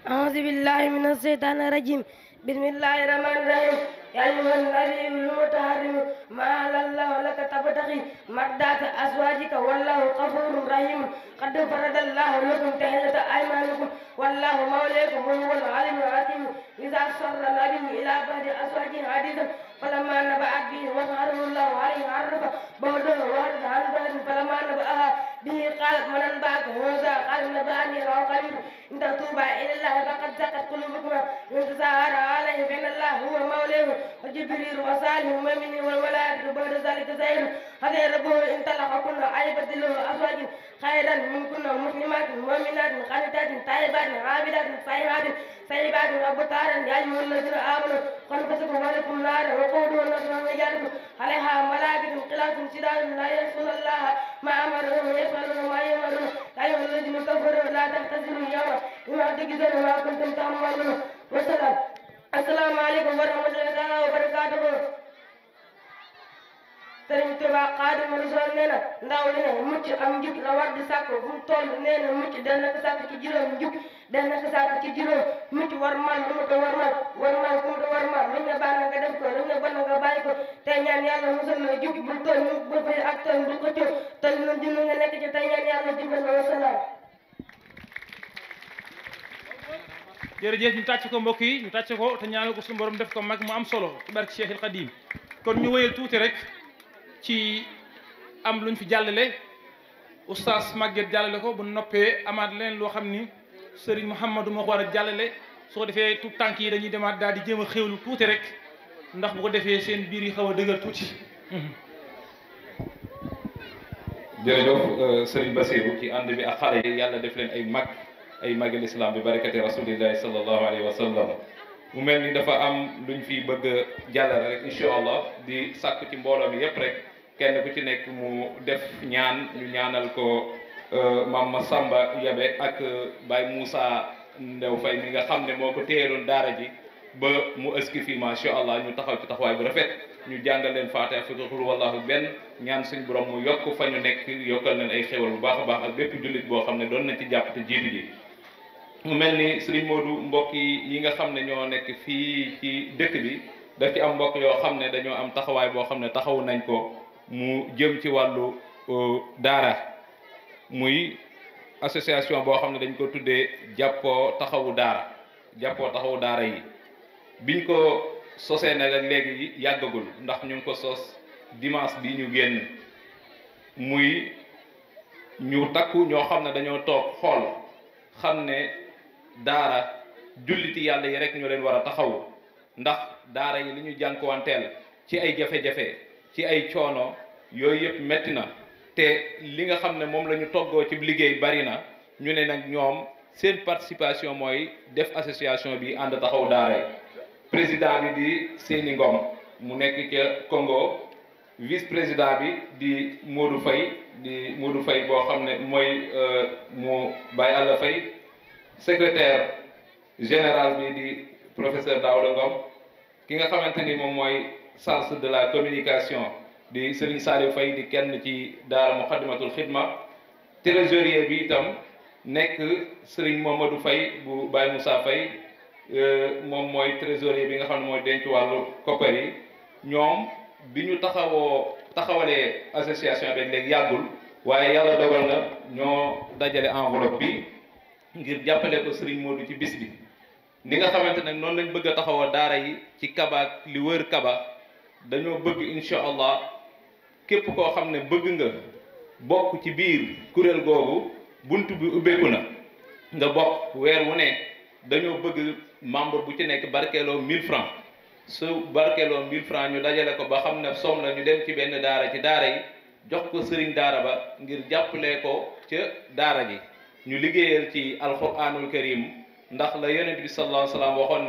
أعوذ بالله من الشيطان الرجيم بسم الله الرحمن الرحيم يا أيها النبي لم تحرموا ما على الله لك تبتغي مردات أزواجك والله غفور رحيم قد فرض الله لكم تحله أيمانكم والله مولاكم وهو العليم الحكيم إذا سر النبي إلى بعض أزواجه حديثا فلما نبأت به بصره الله عليه عرف بعده وارد عن بعد فلما نبأها به قالت منن باك موسى قال نباني روقل إن تتوبا إلى الله فقد سقت قلوبكما وإن تساهر عليه فإن الله هو مولاه وجبريل وصالح ومؤمن والملائكة بعد ذلك زين هذا ربه إن طلق كل أي بدله أزواج خيرا من كل مسلمات مؤمنات قانتات طيبات عابدات صيحات سيبات أبطارا يا أيها الذين آمنوا خلقتكم ولكم نارا وقودوا الناس والرجال عليها ملائكة قلاة شداد لا يعصون الله ما أمرهم يفعلون ما يؤمرون لا يؤمن الذين كفروا لا تعتذروا اليوم بما تجزون ما كنتم تعملون والسلام السلام عليكم ورحمة الله وبركاته Sëriñ Tuubaa Xaadimu Rasuul nee na ndaw li ne mucc am njub la war di sàkku fu mu toll nee na mucc dana ko sàkk ci juróom njub dana ko sàkk ci juróom mucc war man lu mu ko war man war man ku mu ko war man luñ ne baax na nga def ko luñ ne bon na nga bàyyi ko te ñaan yàlla musal na jub bu tooñ bu fay ak tooñ bu ko cóor te lu dina nga nekk ci te ñaan yàlla jubal na wasalaam jërëjëf ñu tàcc ko mbokk yi ñu tàcc ko te ñaanal ko suñu borom def ko mag mu am solo ci barke Cheikh El Khadim kon ñu wéyal tuuti rek ci am luñ fi jàllale oustaz Maguette jàllale ko bu noppee amaat leneen loo xam ni sëriñ Mouhamadou moo ko war a jàllale su ko tout tànk yi dañuy demaat daal di jéem a xéwlu tuuti rek ndax bu ko defee seen biir yi xaw a dëgër tuuti. jërëjëf sëriñ Basirou ci ànd bi ak xale yi yàlla def leen ay mag ay magi lislaam bi barakati rasulillahi sallallahu alayhi wa sallam mu mel dafa am luñ fi bëgg a jàllale rek incha allah di sàkku ci mbooloo mi yëpp rek. kenn ku ci nekk mu def ñaan ñu ñaanal ko euh, maam Samba Yabe ak euh, Baye Moussa Ndew Fay yi nga xam ne moo ko téyeloon daara ji ba mu ëski fii macha allah ñu taxaw ci taxawaay bu rafet ñu jàngal leen faatiha fi xul wallahu benn ñaan suñ borom mu yokk fa ñu nekk yokkal leen ay xéwal bu baax a ak bépp jullit boo xam ne doon na ci jàpp te jiitu ji mu mel ni Serigne Modou mbokk yi nga xam ne ñoo nekk fii ci dëkk bi daf ci am mbokk yoo xam ne dañoo am taxawaay boo xam ne taxawu nañ ko mu jëm ci wàllu daara muy association boo xam ne dañ ko tuddee jàppoo taxawu daara jàppoo taxawu daara yi biñ ko sosee ne leen léegi yàggagul ndax ñu ngi ko sos dimanche bi ñu génn muy ñu takku ñoo xam ne dañoo toog xool xam ne daara julliti yàlla yi rek ñoo leen war a taxawu ndax daara yi li ñu jànkuwanteel ci ay jafe-jafe ci ay coono yooyu yëpp metti na te li nga xam ne moom la ñu toggoo ci liggéey bari na ñu ne nag ñoom seen participation mooy def association bi ànd taxaw daara président bi di Seyni Ngom mu nekk ca Congo vice président bi di Modou Faye di Modou Faye boo xam ne mooy euh, mu bay Alla Faye secrétaire général bi di professeur Daouda Ngom ki nga xamante ni moom mooy sens de la communication di Serigne Saliou Faye di kenn ci daara Muxaddamatul Xidma trésorier bi itam nekk Serigne Momadou Faye bu Baye Moussa Faye euh, moom mooy trésorier bi nga xam ne mooy denc wàllu koppar yi ñoom bi ñu taxawoo taxawalee association bi léegi yàggul waaye yàlla dogal na ñoo dajale enveloppe bi ngir jàppale ko Serigne Modou ci bis bi ni nga xamante nag noonu lañ bëgg a taxawoo daara yi ci Kaba li wër Kaba dañoo bëgg incha allah képp koo xam ne bëgg nga bokk ci biir kuréel googu bunt bi ubbeeku na nga bokk weer wu ne dañoo bëgg membre bu ci nekk barkeeloo 1000 francs su barkeeloo 1000 francs ñu dajale ko ba xam ne soom la ñu dem ci benn daara ci daara yi jox ko sëriñ daara ba ngir jàppale ko ca daara ji ñu liggéeyal ci alquranul karim ndax la yonent bi sallallahu alayhi wa waxoon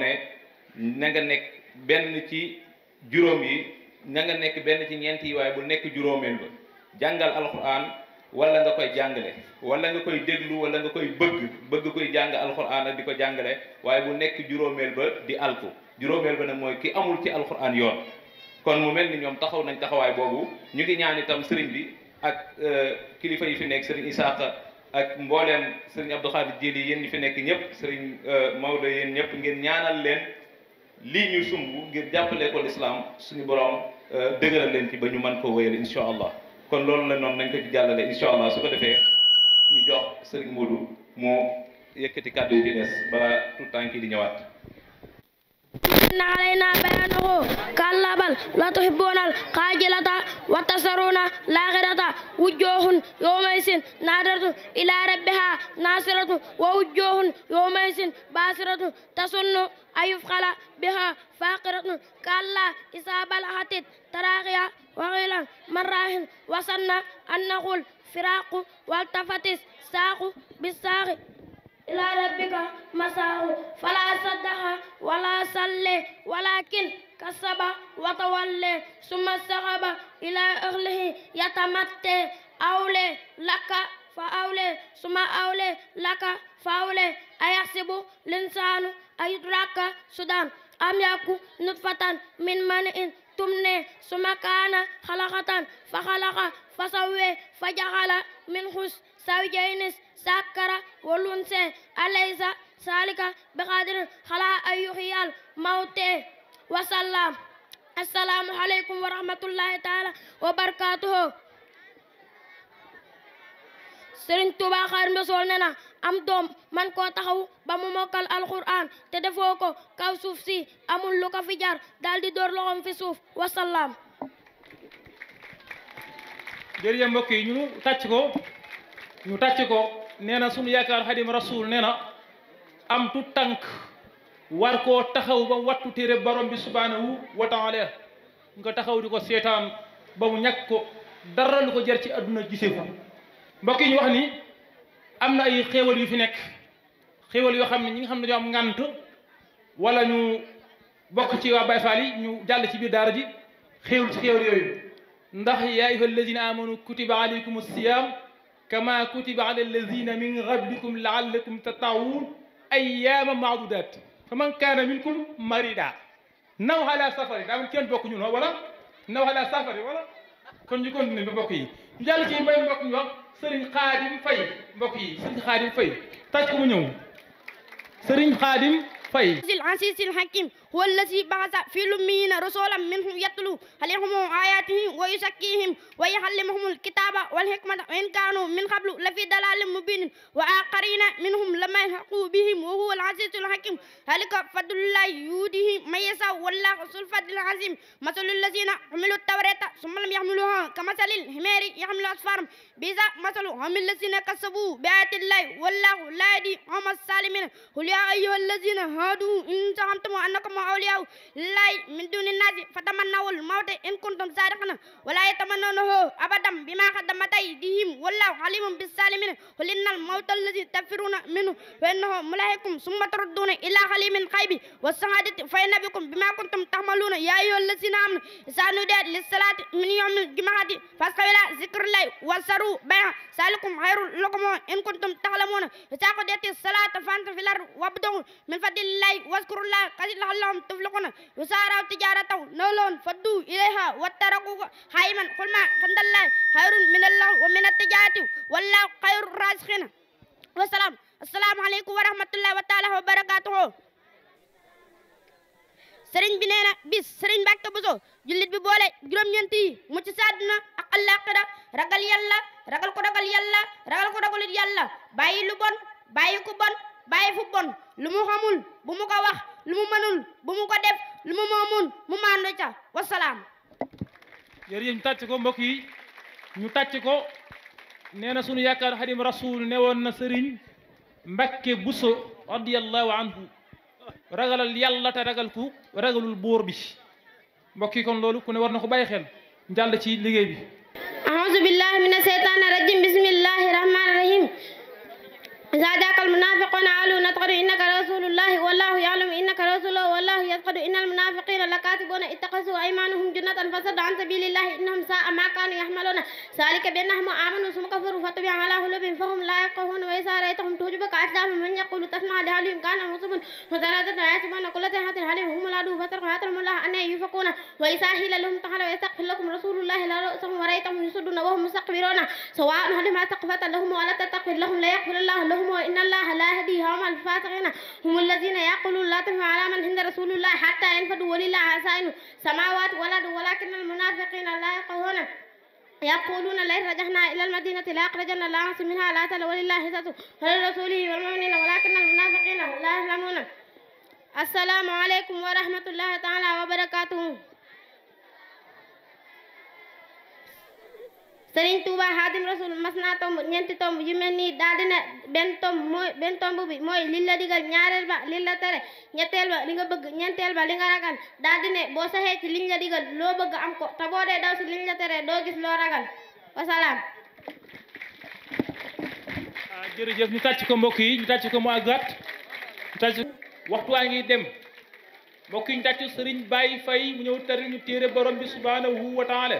ne na nekk benn ci juróom yi na nga nekk benn ci ñeent yi waaye bu nekk juróomeel ba jàngal alquran wala nga koy jàngale wala nga koy déglu wala nga koy bëgg bëgg koy jàng alquran ak di ko jàngale waaye bu nekk juróomeel ba di alku juróomeel ba nag mooy ki amul ci alquran yoon kon mu mel ni ñoom taxaw nañ taxawaay boobu ñu ngi ñaan itam sëriñ bi ak euh, kilifa yi fi nekk sëriñ Isaaqa ak mbooleem sëriñ Abdou Khadir Jili yéen ñi fi nekk ñëpp sëriñ euh, Maodo yéen ñëpp ngeen ñaanal leen Lini ñuy sumb ngir Islam ko lislaam suñu borom euh, dëgëral leen ci ba ñu mën koo wéyal incha allah kon loolu la noonu nañ ko ci jàllale incha allah su ko defee ñu jox sëriñ Modou moo yëkkati kàddu yi des balaa tout temps kii di ñëwaat. إن علينا بيانه كالابل لا تحبون القاجلة وتسرون الآخرة وجوه يومئذ نادرة إلى ربها ناصرة ووجوه يومئذ باسرة تسن أن يفقل بها فاقرة كالا إصابة الحتت تراغيا وغيلا من وصلنا أن نقول فراق والتفت الساق بالساق إلى ربك مساه فلا صدق ولا صلى ولكن كسب وتولى ثم سحب إلى أهله يتمتع أولى لك فأولى ثم أولى لك فأولى أيحسب الإنسان أي يترك سدى أم يكن نطفة من منئ تمنى ثم كان خلقة فخلق فسوى فجعل من سوي جينس سكر والأنثى أليس ذلك بقادر على أن يحيي الموتى وسلم السلام عليكم ورحمة الله تعالى وبركاته Sëriñ Tuubaa Xaadimu am doom man koo taxaw ba mu mokkal alxuraan te defoo ko suuf si amul lu ko fi jar daal door loxoom fi suuf wasalaam ñu tàcc ko nee na suñu yaakaar xadim rasul nee na am tu tànk war koo taxaw ba wattu téere borom bi subhanahu wa taala nga taxaw di ko seetaan ba mu ñàkk ko dara lu ko jar ci àdduna gisee ko mbokk yi ñu wax ni am na ay xéewal yu fi nekk xéewal yoo xam ne ñi nga xam ne dañoo am ngànt wala ñu bokk ci waa Baye Fall ñu jàll ci biir daar ji xéewal ci xéewal yooyu ndax yaa ayyuha alladina amanu kutiba alaykum siyam كما كتب على الذين من قبلكم لعلكم تتعون أياما معدودات فمن كان منكم مريضا نو على سفر دا كان بوك نون ولا نو على سفر ولا كون يكون ني بوك يي جال كي ماي بوك نيو سيرن خادم فاي بوك يي سيرن خادم فاي تاج كو نيو سيرن خادم فاي العزيز الحكيم هو الذي بعث في الأمين رسولا منهم يتلو عليهم آياته ويزكيهم ويعلمهم الكتاب والحكمة وإن كانوا من قبل لفي دلال مبين وآخرين منهم لما يلحقوا بهم وهو العزيز الحكيم ذلك فضل الله يؤتيه من يشاء والله ذو الفضل العظيم مثل الذين حملوا التوراة ثم لم يحملوها كمثل الحمار يحمل أسفارا بيزا مثل هم الذين كسبوا بآيات الله والله لا يهدي قوم الظالمين قل يا أيها الذين هادوا إن زعمتم أنكم أولياءه لا من دون الناس فتمنوا الموت إن كنتم صادقين ولا يتمنونه أبدا بما قدمت أيديهم والله عليم بالسالمين قل إن الموت الذي تفرون منه فإنه ملاحكم ثم تردون إلى عليم والسعادة فإن بكم بما كنتم تعملون يا أيها الذين آمنوا إذا نودي للصلاة من يوم الجمعة فاسعوا إلى ذكر الله وسروا بها سألكم خير لكم إن كنتم تعلمون إذا قضيت الصلاة فأنتم في الأرض وابدوا من فضل الله واذكروا الله قليلا أنتم تفلحون وساروا تجارة نولون فدوا إليها واتركوا خيما قل ما عند الله خير من الله ومن التجارة والله خير الرازقين والسلام السلام عليكم ورحمة الله وتعالى وبركاته sëriñ bi nee na bis sëriñ Mbàkke Buso jullit bi boole juróom-ñeent yi mucc ci àddina ak àllaaxira ragal yàlla ku bon bàyyi fu bon lu mu bu mu wax lu mu mënul bu mu ko def lu mu moomun mu maandu ca wasalaam jërëjëf ñu tàcc ko mbokk yi ñu tàcc ko nee na sunu yaakaar xadim rasul ne woon na sëriñ mbakke buso radiallahu anhu ragalal yàlla te ragal ku ragalul buur bi mbokk yi kon loolu ku ne war na ko bay xel njàll ci liggéey bi زادك المنافقون قالوا نعتقد إنك رسول الله والله يعلم إنك رسوله والله يعتقد إن المنافقين لكاتبون اتخذوا أيمانهم جنة فصد عن سبيل الله إنهم ساء ما كانوا يحملون ذلك بأنهم آمنوا ثم كفروا فتبع على قلوبهم فهم لا يقهون وإذا رأيتهم توجبك أجسامهم من يقول تسمع لهم كان مصيبا وثلاثة يحسبون كل تهات الهلم هم العدو فتركوا يحترم الله أن يفقون وإذا قيل لهم تعالوا يستغفر لكم رسول الله لا رؤسهم ورأيتهم يسدون وهم مستكبرون سواء هل ما تقفت لهم ولا تتقفل لهم لا يغفر الله لهم لهم وإن الله لا هم الفاسقين هم الذين يقولون لا تنفع على من عند رسول الله حتى ينفدوا ولله عسائن سماوات ولد ولكن المنافقين لا يفقهون يقولون لئن رجعنا إلى المدينة لا لأخرجنا الله منها لا تلو ولله عزته ولرسوله والمؤمنين ولكن المنافقين لا يعلمون السلام عليكم ورحمة الله تعالى وبركاته Serigne Touba Xaadim Rasul mas naa tomb ñeenti tomb yu mel nii daal di ne benn tomb mooy benn tomb bi mooy li la ñaareel ba li tere ñetteel ba li nga bëgg ñeenteel ba li nga ragal daal di ne boo saxee ci liñ la loo bëgg am ko te boo dee daw si tere doo gis loo ragal wasalaam. Ah, jërëjëf ñu tàcc ko mbokk yi ko mu àggat ñu tàcc waxtu waa ngi dem mbokk ñu tàcc Serigne Baye Faye mu ñëw tari ñu téere borom bi subhanahu wa taala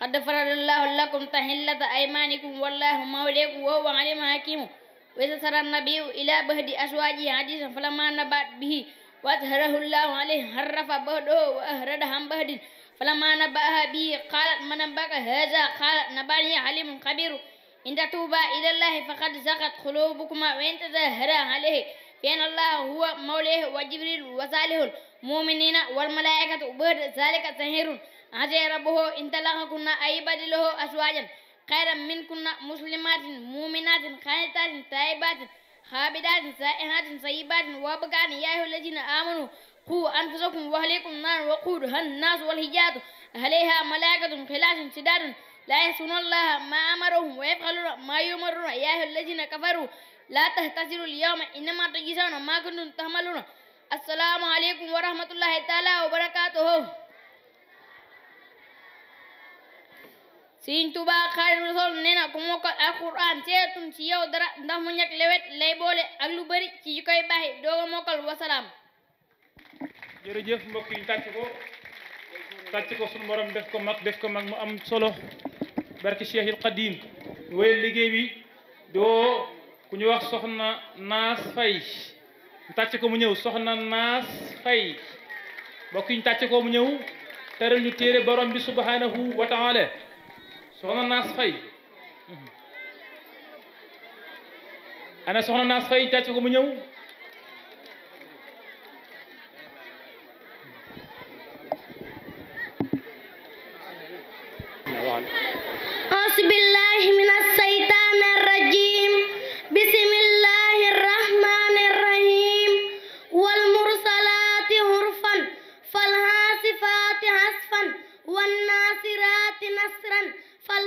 قد فرض الله لكم تحلة أيمانكم والله مولاكم وهو عليم حكيم وإذا سر النبي إلى بهد أزواجه حديثا فلما نبات به وأظهره الله عليه حرف بهده وأهرده عن بهد فلما نبأها به قالت من نبأك هذا قالت نبأني عليم خبير إن تتوبا إلى الله فقد زغت قلوبكما وإن تظاهرا عليه فإن الله هو مولاه وجبريل وصالح المؤمنين والملائكة بهد ذلك سهير أجي ربه إن طلقكن أن يبدله أزواجا خيرا كنا مسلمات مؤمنات قانتات تائبات خابدات سائحات سيبات وابقان ياه الذين آمنوا قو أنفسكم وأهليكم نارا وقودها الناس والهجات عليها ملائكة خلاص شداد لا يعصون الله ما أمرهم ويفعلون ما يمرون ياه الذين كفروا لا تهتزروا اليوم إنما تجيسون ما كنتم تعملون السلام عليكم ورحمة الله تعالى وبركاته Sëriñ Tuubaa Xaadimu Rasuul nee na ku mokkal alquran seetum ci yow dara ndax mu ñàkk lewet lay boole ak lu bari ci yu koy baaxi dooga mokkal wasalaam jërëjëf mbokk yi tàcc ko tàcc ko suñu borom def ko mag def ko mag mu am solo barki Cheikhul Qadim wéyal liggéey bi doo ku ñu wax soxna naas fay tàcc ko mu ñëw soxna naas fay mbokk yi tàcc ko mu ñëw teral ñu téere borom bi subhanahu wa taala soxna naas fay ana soxna naas fay tàcc ko mu ñëw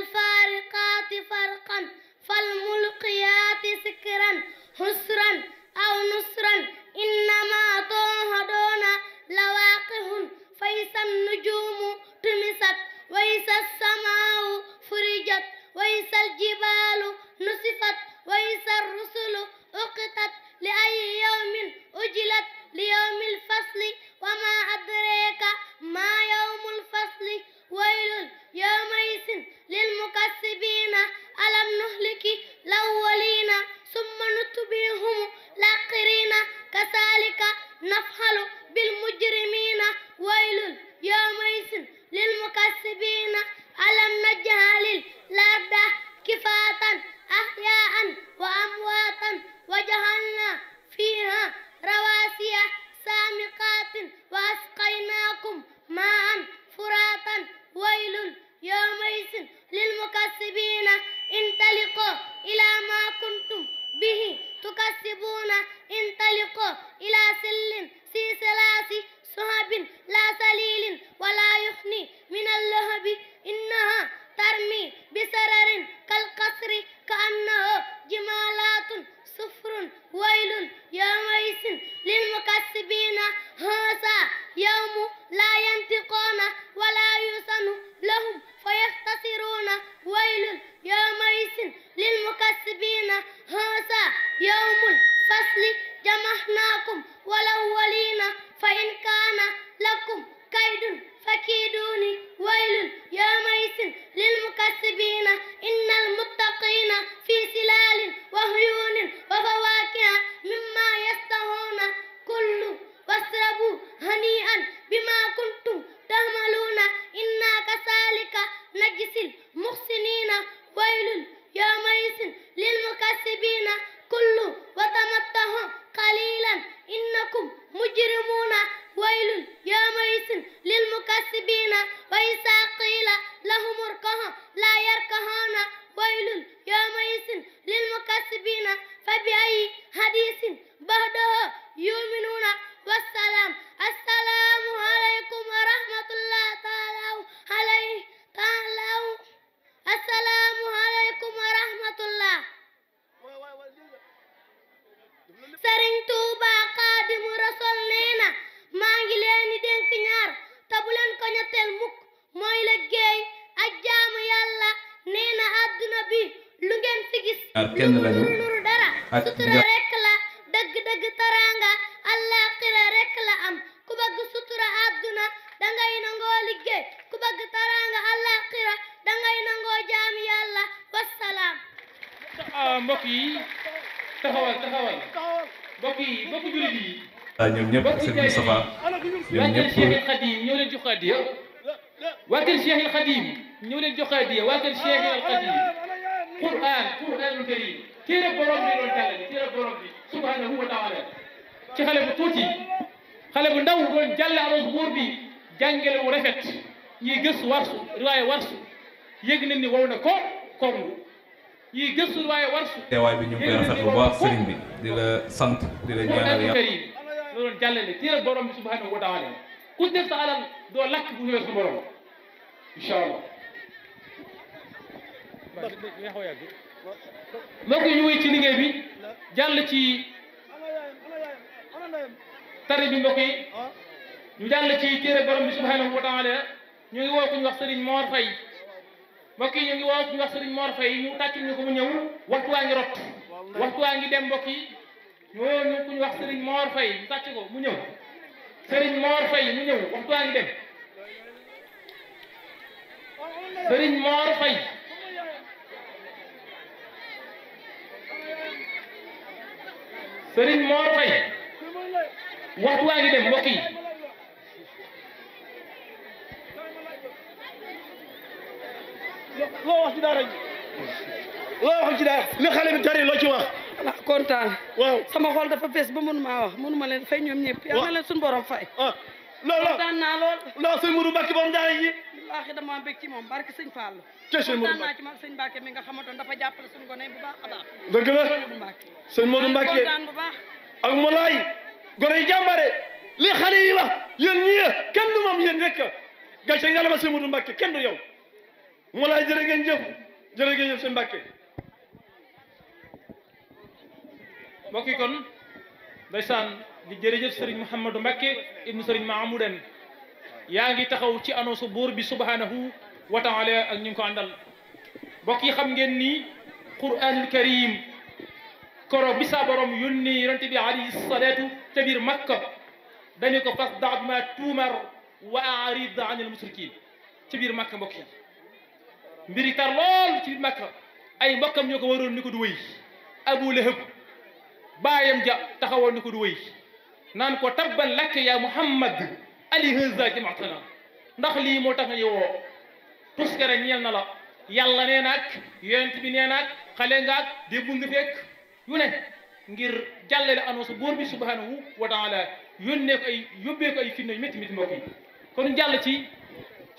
فالفارقات فرقا فالملقيات سكرا حسرا أو نصرا إنما توعدون لواقه فإذا النجوم طمست وإذا السماء فرجت وإذا الجبال نصفت وإذا الرسل أقتت لأي يوم أجلت ليوم الفصل وما أدريك ما يوم الفصل ويل يومئذ للمكذبين ألم نهلك الأولين ثم نتبعهم الآخرين كذلك نفعل بالمجرمين ويل يومئذ للمكذبين ألم نجعل الأرض كفاة أحياء وأمواتا وجعلنا فيها رواسي سامقات وأسقيناكم ماء فراتا ويل يومئذ للمكذبين انطلقوا إلى ما كنتم به تكذبون انطلقوا إلى سل في سلاس سهب لا سليل ولا يخني من اللهب إنها ترمي بسرر كالقصر كأنه جمالات صفر ويل يومئذ للمكذبين هذا يوم لا ينطقون ولا يوصن لهم فيختصرون ويل يومئذ للمكذبين هذا يوم الفصل جمعناكم والأولين فإن كان لكم كيد فكيدوني ويل يا ميس للمكذبين إن المتقين في سلال وهيون وفواكه مما يستهون كلوا واشربوا هنيئا بما كنتم تهملون إنا كسالك نجس المحسنين ويل يا ميس للمكذبين كلوا وتمتعوا قليلا إنكم مجرمون ويل يا ميس للمكذبين وإذا قيل لهم اركها لا يركهون ويل يا ميس للمكذبين فبأي حديث بعده يؤمنون والسلام ñoom ñëpp ak Serigne Moustapha ñoom ñëpp. waa kër Cheikh El Khadim ñëw leen jox ko addiya waa kër Cheikh El Khadim ñëw leen jox ko addiya waa kër Cheikh El Khadim Qur'an Qur'anul Karim téere borom bi doon jàngale téere borom bi subhanahu wa taala ci xale bu tuuti xale bu ndaw doon jàll aroos buur bi jàngale wu rafet ñuy gëstu warsu riwaaya warsu yëg nañ ni wow na ko kongu ñuy gëstu riwaaya warsu teewaay bi ñu ngi koy rafet bu baax sëriñ bi di la sant di la ñaanal yàlla la doon jàllale téere borom bi subhanahu wa taala ku def sa doo lakk bu ñëwee su borom incha allah mbokk yi ñu wéy ci liggéey bi jàll ci tari bi mbokk ñu jàll ci téere borom bi subhanahu wa taala ñu ngi woo ku ñu wax Serigne Mor Faye mbokk yi ñu ngi woo ku ñu wax Serigne Mor Faye ñu tàcc ñu ko mu ñëw waxtu waa ngi rot waxtu waa ngi dem mbokk ñoo ñu ku ñu wax Serigne Mor Faye ñu sàcc ko mu ñëw Serigne Mor Faye mu ñëw waxtu waa ngi dem Serigne Mor Faye Serigne Mor Faye waxtu waa ngi dem mbokk yi loo wax ci daara loo wax ci daara li xale bi tari loo ci wax waaw ah, kontaan. waaw sama xool dafa fees ba mënu ma wax mënu ma leen fey ñoom ñëpp. waaw yal na leen suñu borom fay. Ah, loolu la kontaan naa lool. loolu sëñ Mourou Mbacke moom daal yi. wallaahi damaa bëgg ci moom barke sëñ Fallou. te sëñ Mourou nga xamatoon dafa jàppale suñu gone bu baax a baax. dëgg la sëñ Mourou Mbacke kontaan bu baax. ak Moulay gone yi jàmbare li xale yi wax yéen ñii kenn du moom yéen rek gàcce nga la ma sëñ Mourou Mbacke kenn du yow Moulay jërë ngeen jëf jërë ngeen jëf sëñ Mbacke mbokk kon ndaysan di jërëjëf serigne mohammedou Mbacke ibnu serigne Maamoudan yaangi taxaw ci annonce bour bi subhanahu wa taala ak ñing ko àndal mbokk yi xam ngeen ni qur'anul karim koro bi sa borom yónni yonent bi ali salatu tabir makka dañu ko fas da'd ma tumar wa arid anil musrikin ci bir makka mbokk yi mbiri tar lol ci bir makka ay mbokam ñoko waroon ni ko du wéy abu lahab baayam ja taxawoon ni ko du wéy naan ko tabban lakk yaa muhammad ali haza jamaatana ndax lii moo tax nga ñëwoo tuskare ñeel na la yàlla nee naag yonent bi nee naag xale ngaag démb nga fekk yu ne ngir jàllale annonce buur bi subhanahu wa taala yónnee ko ay yóbbee ko ay fitna yu métti métti mbokk yi kon jàll ci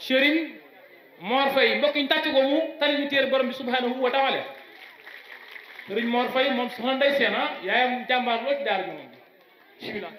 sëriñ Mor Faye mbokk yi ñu tàcc ko mu tari ñu téer borom bi subhanahu wa taala sëriñ Mor Faye moom soxna Ndeye Sène ah, yaayam jàmbaar loo ci daara ji moom bismillah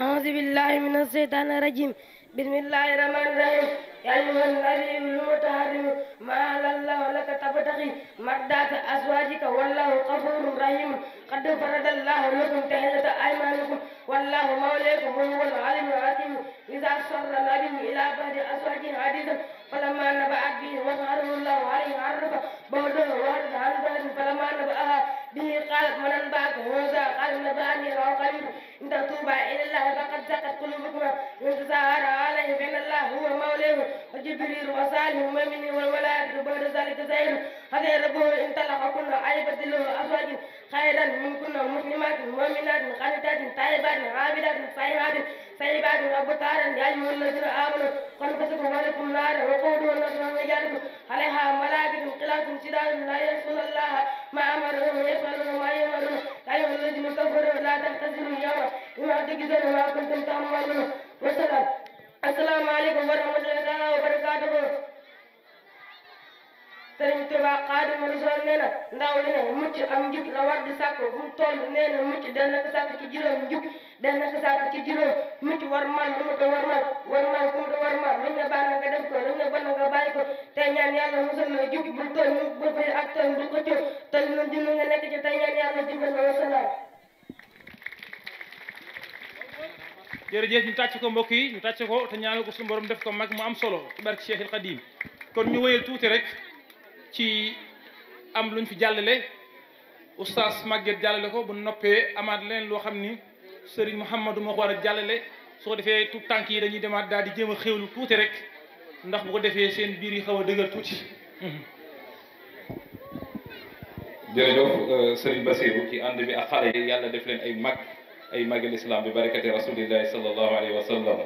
aouzu billahi mina shaytani rajim bismillahi rahmani rahim يا أيها النبي لم تحرم ما أحل الله لك تبتغي مرضات أزواجك والله غفور رحيم قد فرض الله لكم تحلة أيمانكم والله مولاكم وهو العليم الحكيم إذا سر النبي إلى بعض أزواجه حديثا فلما نبأت به وظهره الله عليه عرف بعده وعرض عن بعد فلما نبأها به قالت من أنبأك هذا قال نبأني رواه إن تتوبا إلى الله فقد سقت قلوبكما وإن تزاهرا هو مولاه وجبريل وصالح ومؤمن والملائكة بعد ذلك زين هذا ربه إن طلق كل عيب بدله أزواج خيرا من كل مسلمات مؤمنات قانتات طيبات عابدات صالحات سيبات أبطارا يا أيها الذين آمنوا قد فسكم ولكم نارا وقودوا الناس والرجال عليها ملائكة قلاة شداد لا يعصون الله ما أمرهم ويفعلون ما يأمرون يا أيها الذين كفروا لا تحتسبوا اليوم بما تجزون ما كنتم تعملون وسلام asalaamaaleykum wa rahmatullahi taala wa barakaatuhu sëriñ Tuba Xaadimu Rasuul nee na ndaw li ne mucc am njub la war di sàkk bu toll nee na mucc na ko sàkk ci juróom njub def na ko sàkk ci juróom mucc war man lu mu war man war man ku war man lu ne na nga def ko lu na nga bàyyi ko te ñaan yàlla musal na jub bul toll bul fay ak toll bul ko cóob toll na dund nga nekk ci na jërëjëf ñu tàcc ko mbokk yi ñu tàcc ko te ñaanal ko suñu borom def ko mag mu am solo barki Cheikh il qadim kon ñu wëyel tuuti rek ci am luñ fi jàllale oustaz magget jàllale ko bu noppé amaat leneen lo xamni serigne mohammed mo ko wara jàllale so defé tout tànk yi dañuy demat daal di jéem xéwlu tuuti rek ndax bu ko defé seen biir yi xawa deugal dëgër tuuti. jërëjëf sëriñ Bassirou ki ànd bi ak yàlla def leen ay mag. ay magal islam bi barakati rasulillahi sallallahu alayhi wa sallam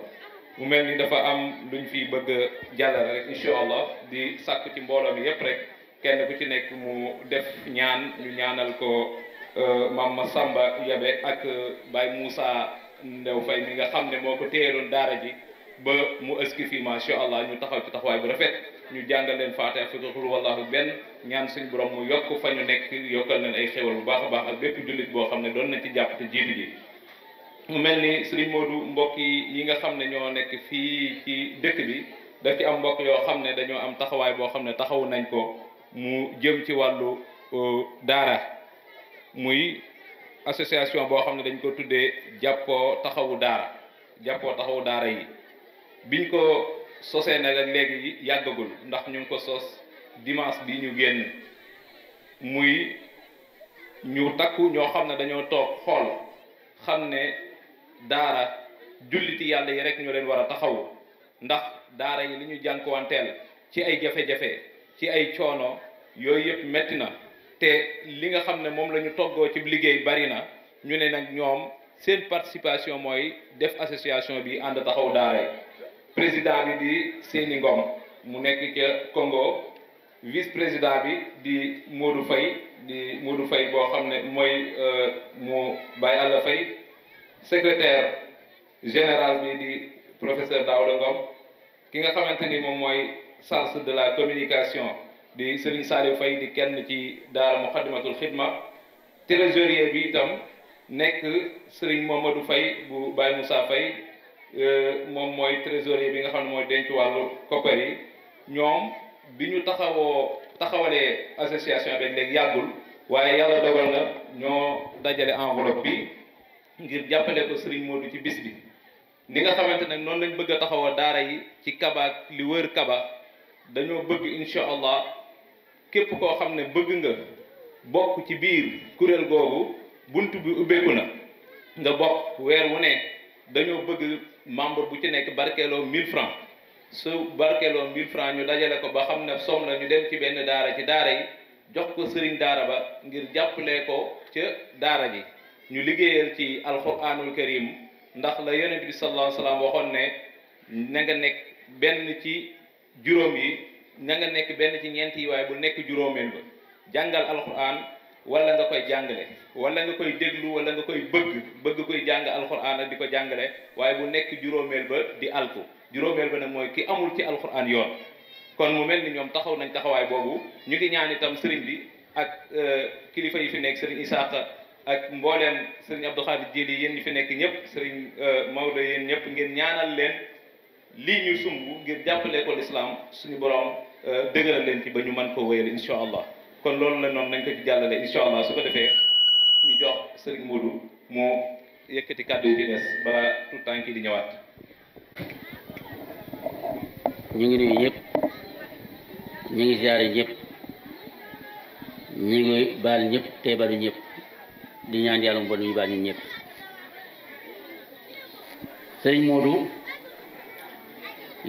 mu mel ni dafa am luñ fi bëgg a rek incha allah di sàkku ci mbooloo mi yépp rek kenn ku ci nekk mu def ñaan ñu ñaanal ko euh, maam Masamba Yabe ak euh, Baye Moussa Ndew Fay mi nga xam ne moo ko téyeroon daara ji ba mu ëski fii macha allah ñu taxaw ci taxawaay bu rafet ñu jàngal leen faatiha fi xul wallahu benn ñaan suñ borom mu yokk fa ñu nekk yokkal leen ay xéwal bu baax baaxal baax ak bépp jullit boo xam ne doon na ci jàpp te jiitu mu mel ni Serigne mbokk yi nga xam ne ñoo nekk fii ci dëkk bi daf ci am mbokk yoo xam ne dañoo am taxawaay boo xam ne taxawu nañ ko mu jëm ci wàllu daara muy association boo xam ne dañ ko tuddee jàppoo taxawu daara jàppoo taxawu daara yi biñ ko sosee na rek léegi yàggagul ndax ñu ngi ko sos dimanche bi ñu génn muy ñu takku ñoo xam ne dañoo toog xool xam ne daara julliti yàlla yi rek ñu leen war a taxawu ndax daara yi li ñu jànkuwanteel ci ay jafe-jafe ci ay coono yooyu yëpp metti na te li nga xam ne moom la ñu toggoo ci liggéey bari na ñu ne nag ñoom seen participation mooy def association bi ànd taxaw daara yi président bi di Seyni Ngom mu nekk ca Congo vice président bi di Modou fay di Modou Faye boo xam ne mooy euh, mu Baye Alla Faye secrétaire général bi professeur Daouda Ngom ki nga mon ni sens de la communication di Serigne Saliou Faye di kenn ci daara Moukhaddamatoul Khidma trésorier bi itam nekk Serigne Momadou Faye bu Baye Moussa Faye euh, mon mooy trésorier bi nga xam ne mooy denc wàllu koppar biñu association avec les yagul waaye yàlla dogal na ñoo dajale enveloppe bi ngir jàppale ko Serigne Modou ci bis bi ni nga xamante nag noonu lañ bëgg a taxawoo daara yi ci Kaba li wër Kaba dañoo bëgg incha allah képp koo xam ne bëgg nga bokk ci biir kuréel googu bunt bi ubbeeku na nga bokk weer wu ne dañoo bëgg membre bu ci nekk barkeeloo 1000 francs su barkeeloo 1000 francs ñu dajale ko ba xam ne soom na ñu dem ci benn daara ci daara yi jox ko sëriñ daara ba ngir jàppale ko ca daara ji ñu liggéeyal ci alquranul karim ndax la yonent bi sallallahu alayhi wa sallam waxoon ne na nga nekk benn ci juróom yi na nga nekk benn ci ñeent yi waaye bu nekk juróomeel ba jàngal alquran wala nga koy jàngale wala nga koy déglu wala nga koy bëgg bëgg koy jàng alquran ak di ko jàngale waaye bu nekk juróomeel ba di alku juróomeel ba nag mooy ki amul ci alquran yoon kon mu mel ni ñoom taxaw nañ taxawaay boobu ñu ngi ñaan itam sëriñ bi ak euh, kilifa yi fi nekk sëriñ Isaaka ak mbooleem sëriñ Abdou Khadir Jili yéen ñi fi nekk ñëpp sëriñ euh, Maodo yéen ñëpp ngeen ñaanal leen lii ñu sumb ngir jàppale ko lislaam suñu borom euh, dëgëral leen ci ba ñu mën ko wéyal incha allah kon loolu la noonu nañ ko ci jàllale incha allah su ko defee ñu jox sëriñ Modou mu yëkkati kàddu yi di des balaa tout temps kii di ñëwaat. ñu ngi nuyu ñëpp ñu ngi ziare ñépp ñu ngi baal ñëpp teebalu ñëpp. di ñaan yàlla mu ba nuyu baa ñun ñëpp sëriñ Modou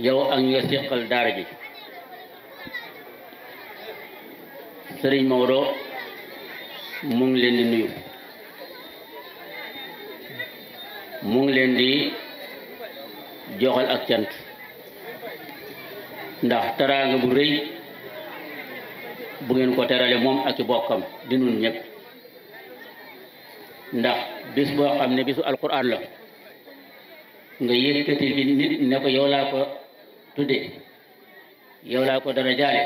yow ak ñi nga seqal daara ji sëriñ Maodo mu ngi leen di nuyu mu ngi leen di joxal ak cant ndax taraanga bu rëy bu ngeen ko terale moom ak bokkam di nun ñëpp ndax bis boo xam ne bisu alquran la nga yëkkati bi nit ne ko yow laa ko yow laa dara jaale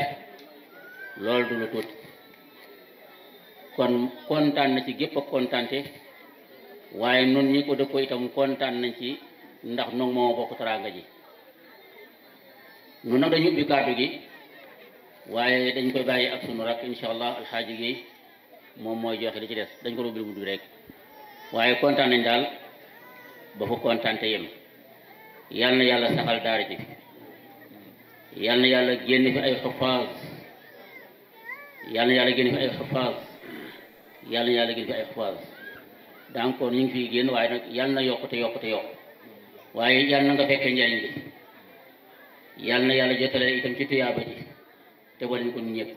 loolu du lu tuuti kon kontaan na ci gépp ak kontaante waaye noonu ñi ko dëkkoo itam kontaan nañ ci ndax noonu moo bokk teraanga ji nun nag dañu ubbi gi waaye dañ koy bàyyi ak sunu rakk incha allah alxaaji gi moom mooy joxe li ci des dañ ko ubbi bunt bi rek waaye kontaan nañ daal ba fa kontaan te yem yal na yàlla saxal daara ji yal na yàlla génn fi ay xafaas yal na yàlla génn fi ay xafaas yal na génn fi ay ñu ngi génn waaye yal na yokkute yokkute yokk waaye yal na nga fekkee njariñ li yal na yàlla jotale itam ci tuyaaba ji te walañ ko ñun ñëpp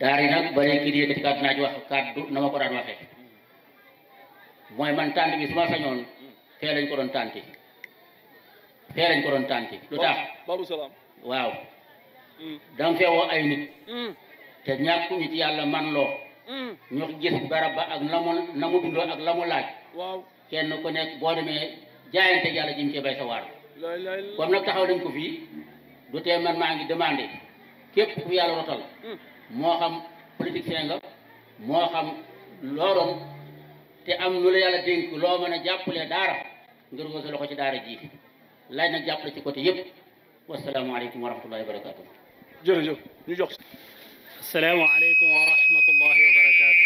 daara nag ba ne kii di yëkkati kàddu naa ci wax kàddu na ma ko daan waxee mooy man tànt bi su ma sañoon fee lañ ko doon tànti fee lañ ko doon tànti lu tax baru salaam waaw hmm. danga fee ay nit hmm. te ñàkku nit yàlla man loo hmm. ñu gis barab ba ak la mu na mu dundoo ak la laaj waaw kenn ku nekk boo demee jaayante yàlla jim cee bay sa waar comme nag taxaw nañ ko fii du tee man maa ngi demandé képp ku yàlla rotal moo xam politique nga moo xam looroon te am lu la yàlla dénk lo meuna jappale dara ngir mo solo ko ci dara ji laaj nag jàppale ci côté yëpp alaykum wa rahmatullahi wa barakatuh jere jere ñu jox. alaykum wa rahmatullahi wa barakatuh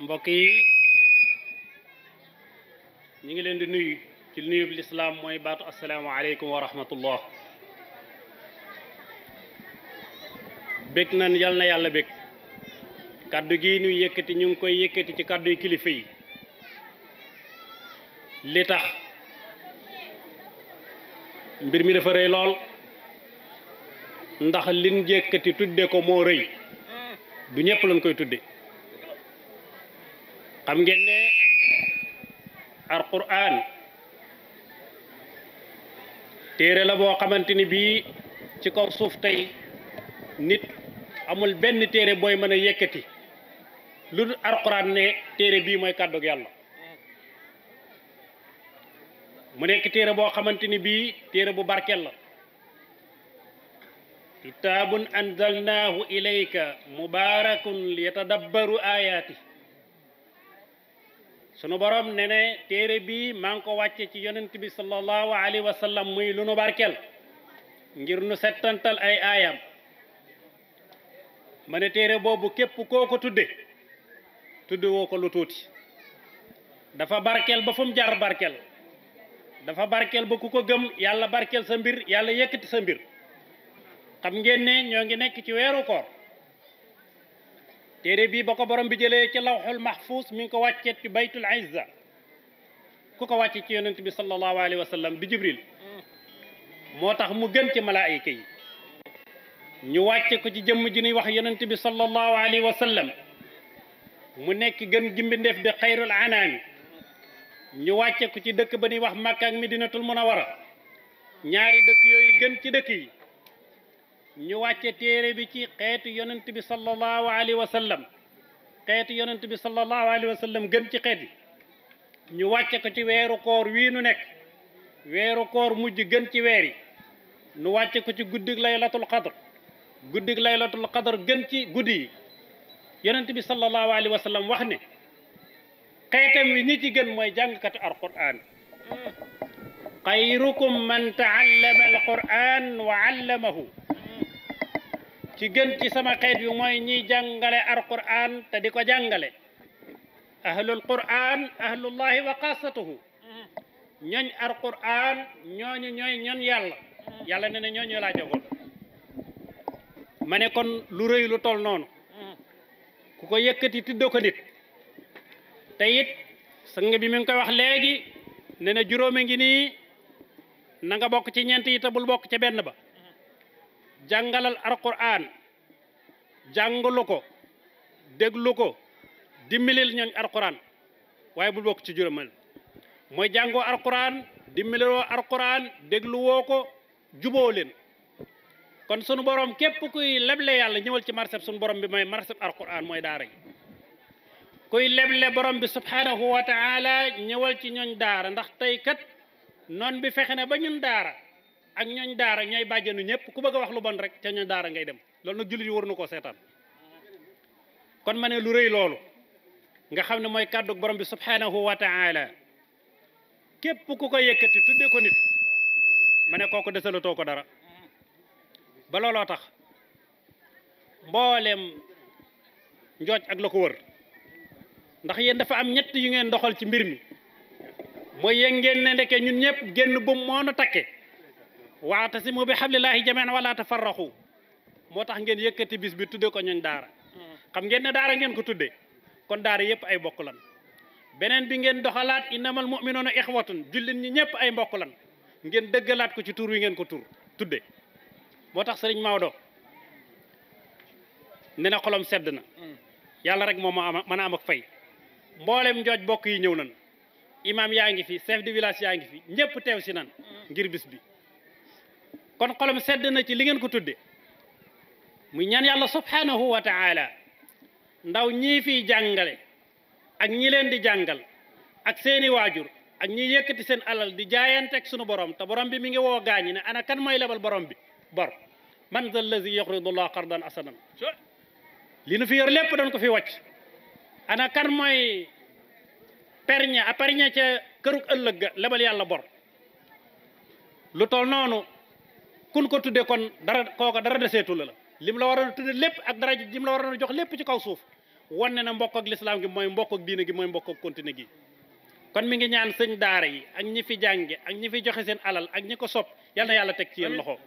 mbokk yi ñi ngi leen di nuyu ci nuyub l'islam moy baatu assalamu alaykum wa rahmatullahi bég nan yal lebih. Kardugi bég kàddu gi ñuy yëkkati ñu ngi koy yëkkati ci kàddu yi kilifa yi li tax mbir mi dafa rëy lool ndax liñ ko du lañ koy xam ngeen ne alquran téere la boo xamante ni bii ci kaw suuf nit amul benn téere booy mën a yëkkati lu dul alxuraan ne téere bii mooy kàddug yàlla mu nekk téere boo xamante ni bii téere bu barkel la kitaabun anzalnaahu ilayka mubaarakun liyatadabbaru ayaati sunu borom ne ne téere bii maa ngi ko wàcce ci yonent bi sallallahu alayhi wa muy lu nu barkel ngir nu settantal ay aayam ma ne téere boobu képp koo ko tudde tudde woo ko lu tuuti dafa barkeel ba fu mu barkeel dafa barkeel ba ku ko gëm yàlla barkeel sa mbir yàlla yëkkati sa mbir xam ngeen ne ñoo ngi nekk ci weeru koor téere bii ba ko borom bi jëlee ci lawxul mahfuus mi ngi ko wàccee bi baytul izza ku ko wàcce ci yonent bi sallallahu alayhi wa sallam jibril mm. moo tax mu gën ci malaayika yi ñu wàcce ko ci jëmm ji nuy wax yonent bi sallallahu alayhi wa sallam mu nekk gën gimbindeef bi xayrul anaami ñu wàcce ko ci dëkk ba ñuy wax Makka ak Midinatul Munawara ñaari dëkk yooyu gën ci dëkk yi ñu wàcce téere bi ci xeetu yonent bi sallallahu alayhi wa sallam xeetu yonent bi sallallahu alayhi sallam gën ci xeet yi ñu wàcce ko ci weeru koor wii nu nekk weeru koor mujj gën ci weer yi nu wàcce ko ci guddig laylatul qadr guddig laylatul qadar gën ci guddi yi yonent bi sallallahu alayhi wa sallam wax ne xeetam wi ñi ci gën mooy jàngkatu alquran xayrukum man taallama alquran wa allamahu ci gën ci sama xeet wi mooy ñiy jàngale alquran te di ko ahlul quran ahlullahi wa xaasatuhu ñooñ alquran ñooñu ñooy ñoon yàlla yàlla ne ne ñooñu laa ma kon lu rëy lu tol non? ku ko yëkkati tuddoo ko nit te it sang bi mi ngi koy wax léegi ne na juróomi ngi nii na nga bokk ci ñeent yi te bul bokk ci benn ba jàngalal alquran jàngalu ko déglu ko alquran bul ci alquran alquran ko jubo leen kon sunu borom képp kuy leble yàlla ñëwal ci marsab sunu borom bi mooy marsab alquran moy daara yi kuy leble borom bi subhanahu wa taala ñëwal ci ñooñ daara ndax tey kat non bi fexe na ba ñun daara ak ñooñ daara ñooy bàjjenu ñëpp ku bëgg wax lu bon rek ca ñooñ daara ngay dem loolu yi na koo kon ma lu rëy loolu nga xam ne mooy borom bi subhanahu wa taala képp ku ko yëkkati tudde ko nit ko dara ba looloo tax mboolem njooj ak la ko wër ndax yéen dafa am ñett yu ngeen doxal ci mbir mi mooy yéen ngeen ne ndeke ñun ñëpp génn bu moonu takke wa'tasimu bi hablillahi jami'an wala tafarraqu moo tax ngeen yëkkati bis bi tudde ko ñooñ daara xam ngeen ne daara ngeen ko tudde kon daara yëpp ay mbokk lan beneen bi ngeen doxalaat i innamal mu'minuuna ixwatun jullit ñi ñëpp ay mbokk lan ngeen dëggalaat ko ci tuur wi ngeen ko tur tudde moo sering mau Maodo ne kolom xolom sedd na hmm. yàlla rek mana moo am mën a am ak fay mboolem njooj bokk yi ñëw nan imaam yaa ngi fi chef de village yaa fi ñëpp teew si nan hmm. ngir bis bi kon xolom sedd na ci li ngeen ko tudde muy ñaan yàlla subhanahu wa taala ndaw ak ñi leen di jàngal ak seeni waajur ak ñi seen alal di jaayanteeg sunu borom ta borom bi mi ngi woo ana kan lebal borom bi bor man zal lazi yaqridu llah qardan asanan li nu fi yor lépp doon ko fi wàcc ana kan mooy perñe a perñe ca kërug ëllëg lebal yàlla bor lu toll noonu kun ko tudde kon dara kooka dara deseetu setul la lim la waroon a tudde lépp ak dara lim la waroon a jox lépp ci kaw suuf wanne na mbokk ak lislaam gi mooy mbokk ak diine gi mooy mbokk ak continue gi kon mi ngi ñaan sëñ daara yi ak ñi fi jànge ak ñi fi joxe seen alal ak ñi ko sopp yal ci loxo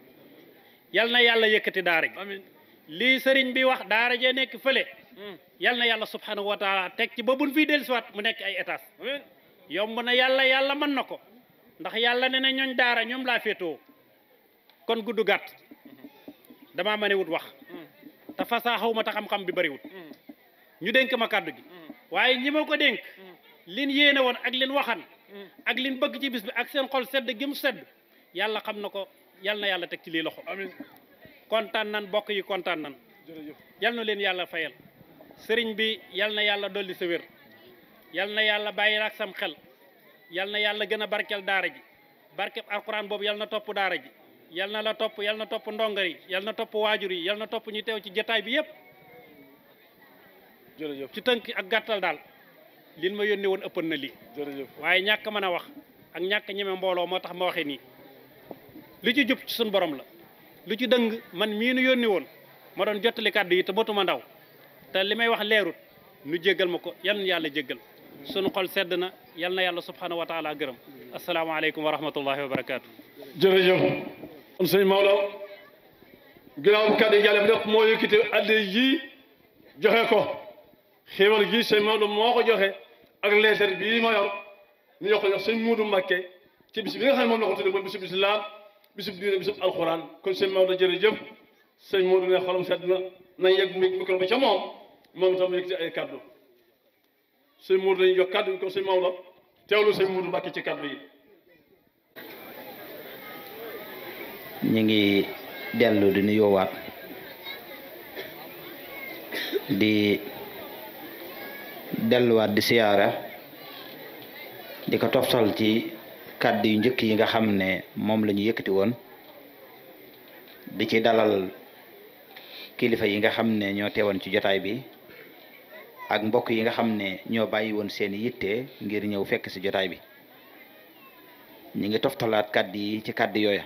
yal na yàlla yëkkati daara ji lii sëriñ bi wax daara jee nekk fële hmm. yal na yàlla subhanahu wa taala teg ci ba buñ fii dellusiwaat mu nekk ay étage yomb na yàlla yàlla man na ko ndax yàlla ne na ñooñ daara ñoom laa féetoo kon gudd gàtt dama mënewut wax hmm. te fasaaxaw ma te xam-xam bi bëriwut hmm. ñu dénk ma kàddu gi waaye ñi ma ko dénk lin yéene woon ak lin waxan ak lin bëgg ci bis bi ak seen xol sedd gi mu sedd yàlla xam na ko Yalna yalla yàlla Kontanan ci kontanan. loxo kontaan nan bokk yi kontaan nan yal na leen fayal sëriñ bi yalna yalla yàlla dolli sa wér yal na yàlla bàyyi ak sam xel yal na yàlla gën a barkeel daara ji barkeb alxuraan boobu yal na topp daara ji yal na la topp yal na topp ndongo yi yal na topp waajur yi ci jataay bi ci ak lin ma na wax ak ma lu ci jub ci suñu borom la lu ci dëng man mii nu yónni woon ma doon jottali kàddu yi te botuma ndaw te li may wax leerut nu jéggal ma ko yan yàlla jéggal sunu xol sedd na yal na yàlla subhanahu wa taala gërëm asalaamaaleykum wa rahmatullahi wa barakaatu. jërëjëf kon joxe ko xéewal gi sëñ Maodo moo joxe ak leetar bii ma yor ñu yokk ko jox sëñ Muudu Mbàkke ci bis la bisub diine bisub alxuraan kon sëñ Maodo jërëjëf sëñ Maodo ne xolam sedd na nañ yegg micro ba ca moom moom itam yëkkati ay kaddu sëñ Maodo dañuy jox kaddu bi kon sëñ Maodo teewlu sëñ Maodo ci kaddu yi. ñu ngi di nuyoowaat di delluwaat di siyaara di ko toftal ci. kàddu yu njëkk yi nga xam ne moom la ñu yëkkati woon di ci dalal kilifa yi nga xam ne ñoo teewoon ci jotaay bi ak mbokk yi nga xam ne ñoo bàyyi woon seen yitte ngir ñëw fekk si jotaay bi ñu ngi toftalaat kàddu yi ci kàddu yooya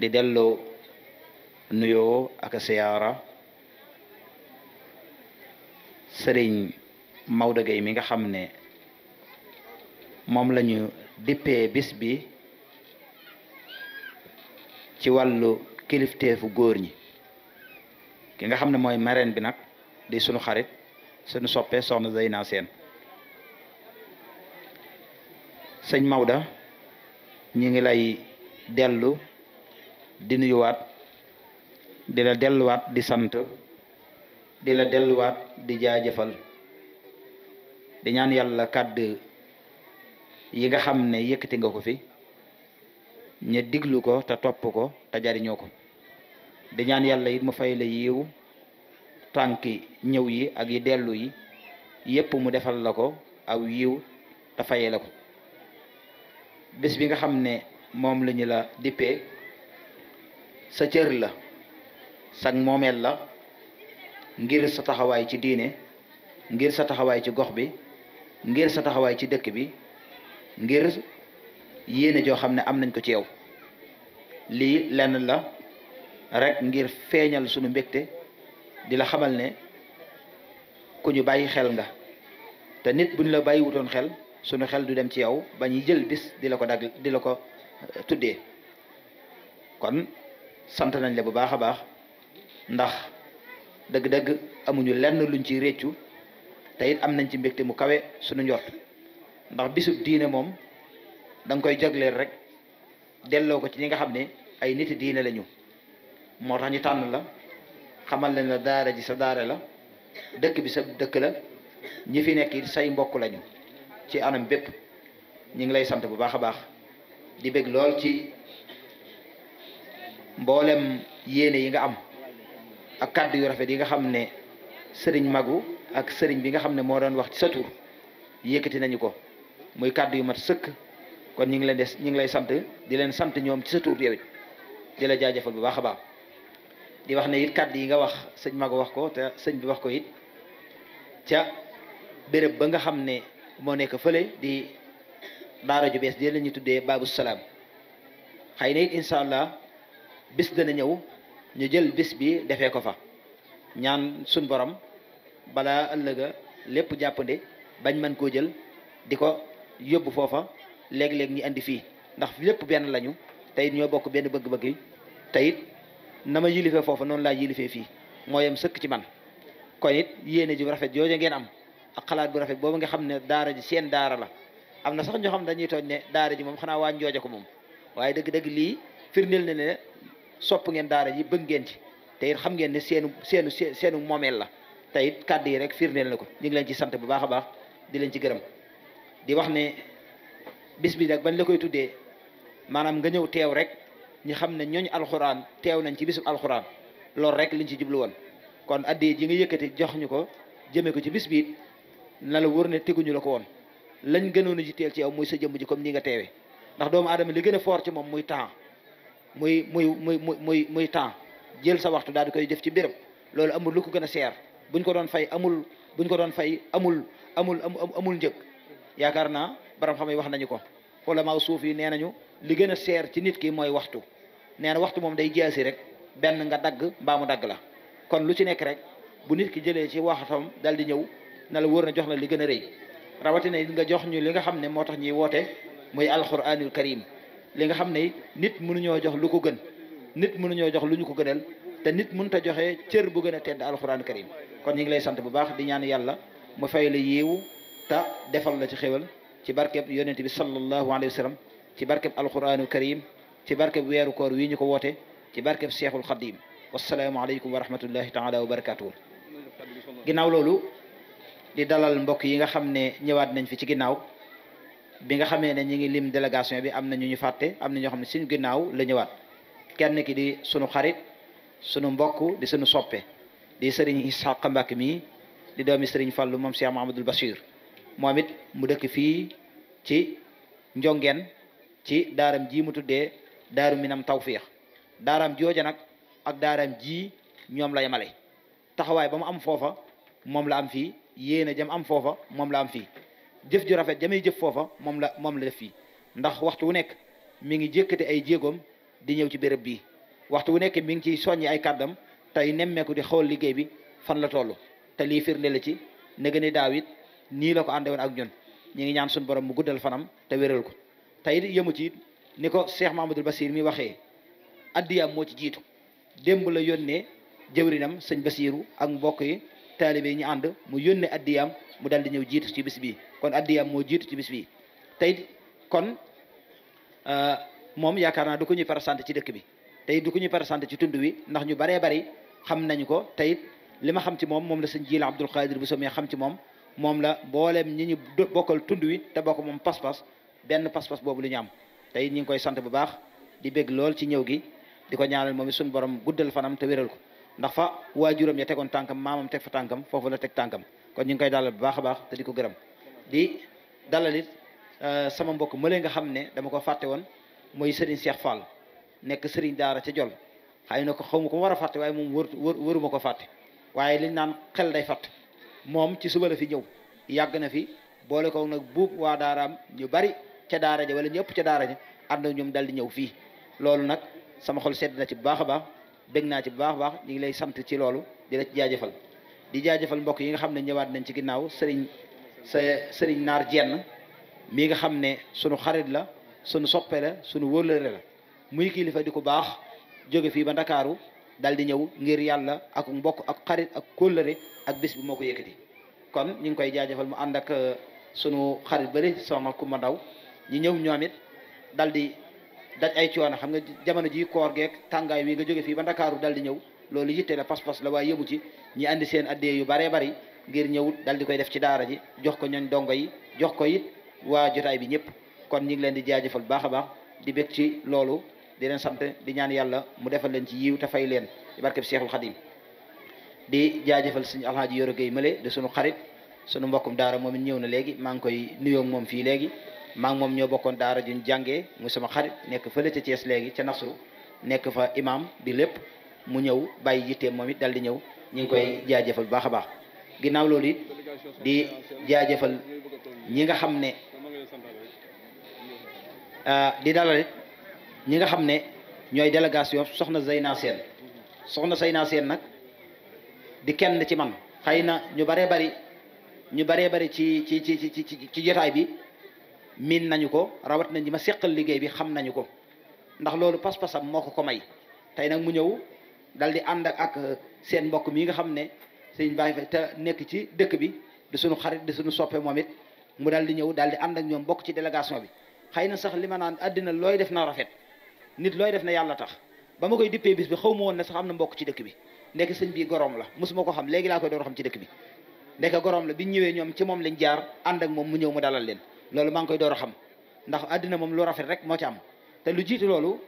di delloo nuyoo ak siyaara sëriñ Maodo Gueye mi nga xam ne moom la dippee bis bi ci wàllu kilifteefu góor ñi ki nga xam ne mooy marraine bi nag di sunu xarit sunu soppee soxna Zeyna Seen sëñ Maoda ñu ngi lay dellu di nuyuwaat di delluwaat di sant di la delluwaat di jaajëfal di ñaan yàlla kàdd yi nga xam ne yëkkati nga ko fi ña diglu ko te topp ko te jariñoo ko di ñaan yàlla it mu fay la yiw tànk ñëw yi ak yi dellu yi yépp mu defal la ko aw yiw te fayee la ko bés bi nga xam ne moom lañu la dippee sa cër la sag moomeel la ngir sa taxawaay ci diine ngir sa taxawaay ci gox bi ngir sa taxawaay ci dëkk bi ngir yéene joo xam ne am nañ ko ci yow lii lenn la rek ngir feeñal sunu mbégte di la xamal ne ku ñu bàyyi xel nga te nit bu ñu la bàyyi wutoon xel sunu xel du dem ci yow ba ñuy jël bis di la ko dagg di la ko eh, tuddee kon sant nañ la bu baax a baax ndax dëgg-dëgg amuñu lenn luñ ci réccu te am nañ ci mbégte mu kawe sunu njort ndax bisub diine moom danga koy jagleel rek delloo ko ci ñi nga xam ne ay niti diine lañu moo tax ñu tànn la xamal leen la daara ji sa daara la dëkk bi sa dëkk la ñi fi nekk say mbokk lañu ci anam bépp ñu ngi lay sant bu baax a baax di bég lool ci mboolem yéene yi nga am ak kàddu yu rafet yi nga xam ne sëriñ magu ak sëriñ bi nga xam ne moo doon wax ci sa tur yëkkati nañu ko muy kàddu yu mat sëkk kon ñu ngi leen des ñu ngi lay sant di leen sant ñoom ci sa tuur yow it di la jaajëfal bu baax a baax di wax na it kàddu yi nga wax sëñ mag wax ko te sëñ bi wax ko it ca béréb ba nga xam ne moo nekk fële di daara ju bees di la ñu tuddee Baabu Salaam xëy na it incha allah bis dana ñëw ñu jël bis bi defee ko fa ñaan suñ borom balaa ëllëga lépp jàppande bañ mën koo jël di ko. yóbbu foofa léeg-léeg ñu indi fii ndax lépp benn lañu te ñoo bokk benn bëgg-bëgg yi te it na ma yilifee foofa noonu laa yilifee fii moo yem sëkk ci man kon it yéene ji rafet jooju ngeen am a xalaat bu rafet boobu nga xam ne daara ji seen daara la am na sax ñoo xam dañuy tooñ ne daara ji moom xanaa waa njooje ko moom waaye dëgg-dëgg lii firndeel na ne sopp ngeen daara ji bëgg ngeen ci te it xam ngeen ne seenu seenu seenu moomeel la te it kàddu yi rek firndeel na ko ñu ngi leen ci sant bu baax a baax di leen ci gërëm di wax ne bis bi nag ban la koy tuddee maanaam nga ñëw teew rek ñu xam ne ñooñu alxuraan teew nañ ci bisub alxuraan loolu rek liñ ci jublu woon kon addi ji nga yëkkati jox ñu ko jëmee ko ci bis bi na la wóor ne teguñu la ko woon lañ gënoon a jiteel ci yow muy sa jëmm ji kom nii nga teewee ndax doomu aadama li gën a fort ci moom muy temps muy muy muy muy muy temps jël sa waxtu daal di koy def ci béréb loolu amul lu ko gën a seer buñ ko doon fay amul buñ ko doon fay amul amul amul njëg yaakaar naa borom xam wax nañu ko ulama suuf yi nee nañu li gën a seer ci nit ki mooy waxtu nee na waxtu moom day jaasi rek benn nga dagg mbaa mu dagg la kon lu ci nekk rek bu nit ki jëlee ci waxtam dal di ñëw na la wóor na jox la li gën a rëy rawatina it nga jox ñu li nga xam ne moo tax ñuy woote muy alquranul karim li nga xam ne it nit mënuñoo jox lu ko gën nit mënuñoo jox lu ñu ko gënal te nit mënut ta joxe cër bu gën a tedd alquran karim kon ñu lay sant bu baax di ñaan yàlla mu fay la te defal la ci xéwal ci barkeb yonent bi sallallahu alayhi wa sallam ci barkeb alquranu karim ci barkeb weeru koor wii ñu ko woote ci barkeb seexul xadim wasalaamu aleykum wa rahmatullahi taala wa barakatuhu ginnaaw loolu di dalal mbokk yi nga xam ne ñëwaat nañ fi ci ginnaaw bi nga xamee ne ñi ngi lim délégation bi am na ñu ñu fàtte am na ñoo xam ne suñu ginnaaw la ñëwaat kenn ki di sunu xarit sunu mbokk di sunu soppe di sëriñ Isaaqa Mbàkke mii di doomi sëriñ Fàllu moom Cheikh Mahamadul Bachir moom it mu dëkk fii ci njongeen ci daaram ji mu tuddee daaru minam tawfiix daaram jooja nag ak daaram ji ñoom la yemale taxawaay ba mu am foofa moom la am fii yéene jam am foofa moom la am fii jëf ju rafet jamay jëf foofa moom la moom la def fii ndax waxtu wu nekk mi ngi jékkate ay jéegoom di ñëw ci bërëb bi waxtu wu nekk mi ngi ciy soññi ay kàddam tey nemmeeku di xool liggéey bi fan la toll te lii firnde ci ne gën nii la ko ànde woon ak ñun ñi ngi ñaan suñu borom mu guddal fanam te wéral ko te it yëmu ci niko ko Cheikh Mahamadul Basir mi waxee addiyaam moo ci jiitu démb la yónnee jëwrinam Basiru ak mbokk yi taalibe yi ñu mu yónnee addiyaam mu dal di ñëw jiitu ci bis bi kon addiyaam moo jiitu ci bis bi te kon euh, mom ya naa du ko ñuy présenté ci dëkk bi te it du ko ñuy présenté ci tund wi ndax ñu baree bari xam nañu ko te it xam ci mom moom la sëñ Jiila Abdul Qadir bu ya xam ci mom moom la booleem ñi ñu bokkal tund wi te bokk moom pas-pas benn pas boobu li ñu am tey ñu ngi koy sant bu baax di bég lool ci ñëw gi di ko ñaanal moom i suñu borom guddal fanam te wéral ko ndax fa waajuram ya tegoon tànkam maamam teg fa tànkam foofu la teg tànkam kon ñu ngi koy dalal bu baax a baax te di ko gërëm di dalalit euh, sama mbokk mële nga xam ne dama ko fàtte woon mooy Serigne seex Fall nekk Serigne Daara ca Jol xëy na ko xaw ma ko war a fàtte waaye moom wër wëruma ko fàtte waaye liñ naan xel day fàtte moom ci suba la fi ñëw yàgg na fi boole ko nag buub waa daaraam ñu bari ca daara wala ñëpp ca daara ja ànd ak ñoom dal di ñëw fii loolu nag sama xol sedd na ci bu baax a baax bég naa ci bu baax a baax ñi ngi lay sant ci loolu di la ci jaajëfal di jaajëfal mbokk yi nga xam ne ñëwaat nañ ci ginnaaw sëriñ sa sëriñ naar jenn mi nga xam ne sunu xarit la sunu soppe la sunu wóllëre la muy kilifa di baax jóge fii ba ndakaaru dal di ñëw ngir yàlla ak mbokk ak xarit ak kóllëre ak bis bi moo ko yëkkati kon ñu ngi koy jaajëfal mu ànd ak euh, sunu xarit bëri soxna Kumba Ndaw ñi ñëw ñoom it dal di daj ay coono xam nga jamono ji koor geek tàngaay wi nga jóge fi ba Ndakaaru dal di ñëw loolu yitte la pas-pas la waaye yëmu ci ñi andi seen addee yu baree bari ngir ñëw dal di koy def ci daara ji jox ko ñooñ dongo yi jox ko yit waa jotaay bi ñëpp kon ñu leen di jaajëfal baax a baax di bég ci loolu di leen sant di ñaan yàlla mu defal leen ci yiw te fay leen ci barkeb Seexul Xadim di jaajëfal suñu alxaaji Yoro Gueye Male di suñu xarit sunu mbokkum daara moom it ñëw na léegi maa ngi koy nuyoo moom fii léegi maa moom ñoo bokkoon daara juñ jàngee mu sama xarit nekk fële ca léegi ca Nasru nekk fa imam di lépp mu ñëw bàyyi yitteem moom it dal di ñëw ñu ngi koy jaajëfal bu baax a baax ginnaaw loolu di jaajëfal ñi nga xam ne ah, di dalal ñi nga xam ne ñooy délégation soxna Zeyna Seen soxna Zeyna Seen nag di kenn ci man xëy na ñu baree bari ñu baree bari ci ci ci ci ci jotaay bi miin nañu ko rawat nañ ñi ma seqal liggéey bi xam nañu ko ndax loolu pas-pasam moo ko ko may tey nag mu ñëw dal di ànd ak seen mbokk mi nga xam ne sëñ Baay Faye te nekk ci dëkk bi di suñu xarit di suñu soppe moom it mu dal di ñëw daal di ànd ak ñoom mbokk ci délégation bi xëy na sax li àddina looy def na rafet nit looy def na yàlla tax ba ma koy dippee bis bi xaw ma woon ne sax am na mbokk ci dëkk bi ndekk sëñ bii goroom la mosuma ko xam léegi laa koy door xam ci bi ndekk goroom la bi ñëwee ñoom ci moom lañ jaar ànd ak moom mu ñëw mu dalal leen loolu maa ngi koy door a xam ndax àddina moom lu rafet rek moo ci am te lu jiitu loolu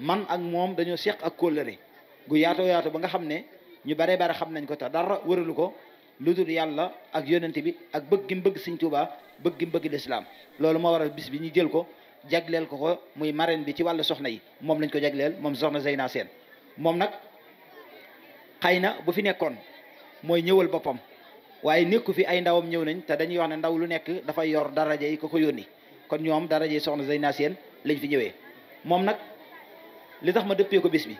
man ak moom dañoo seq ak kóllëre gu yaatoo yaato ba nga xam ne ñu baree bare xam nañ ko tax dara waralu ko lu dul yàlla ak yonente bi ak bëgg gi mu bëgg sëñ Tuubaa bëgg gi mu bëgg lislaam loolu moo waral bis bi ñu jël ko jagleel ko ko muy marraine bi ci wàllu soxna yi moom lañ ko jagleel moom soxna Zeyna Seen moom nag xëy na bu fi nekkoon mooy ñëwal boppam waaye nekku fi ay ndawam ñëw nañ te dañuy wax ne ndaw lu nekk dafay yor daraja yi ko ko yónni kon ñoom dara yi soxna Zeyna Seen lañ fi ñëwee moom nag li tax ma dëppee ko bis bi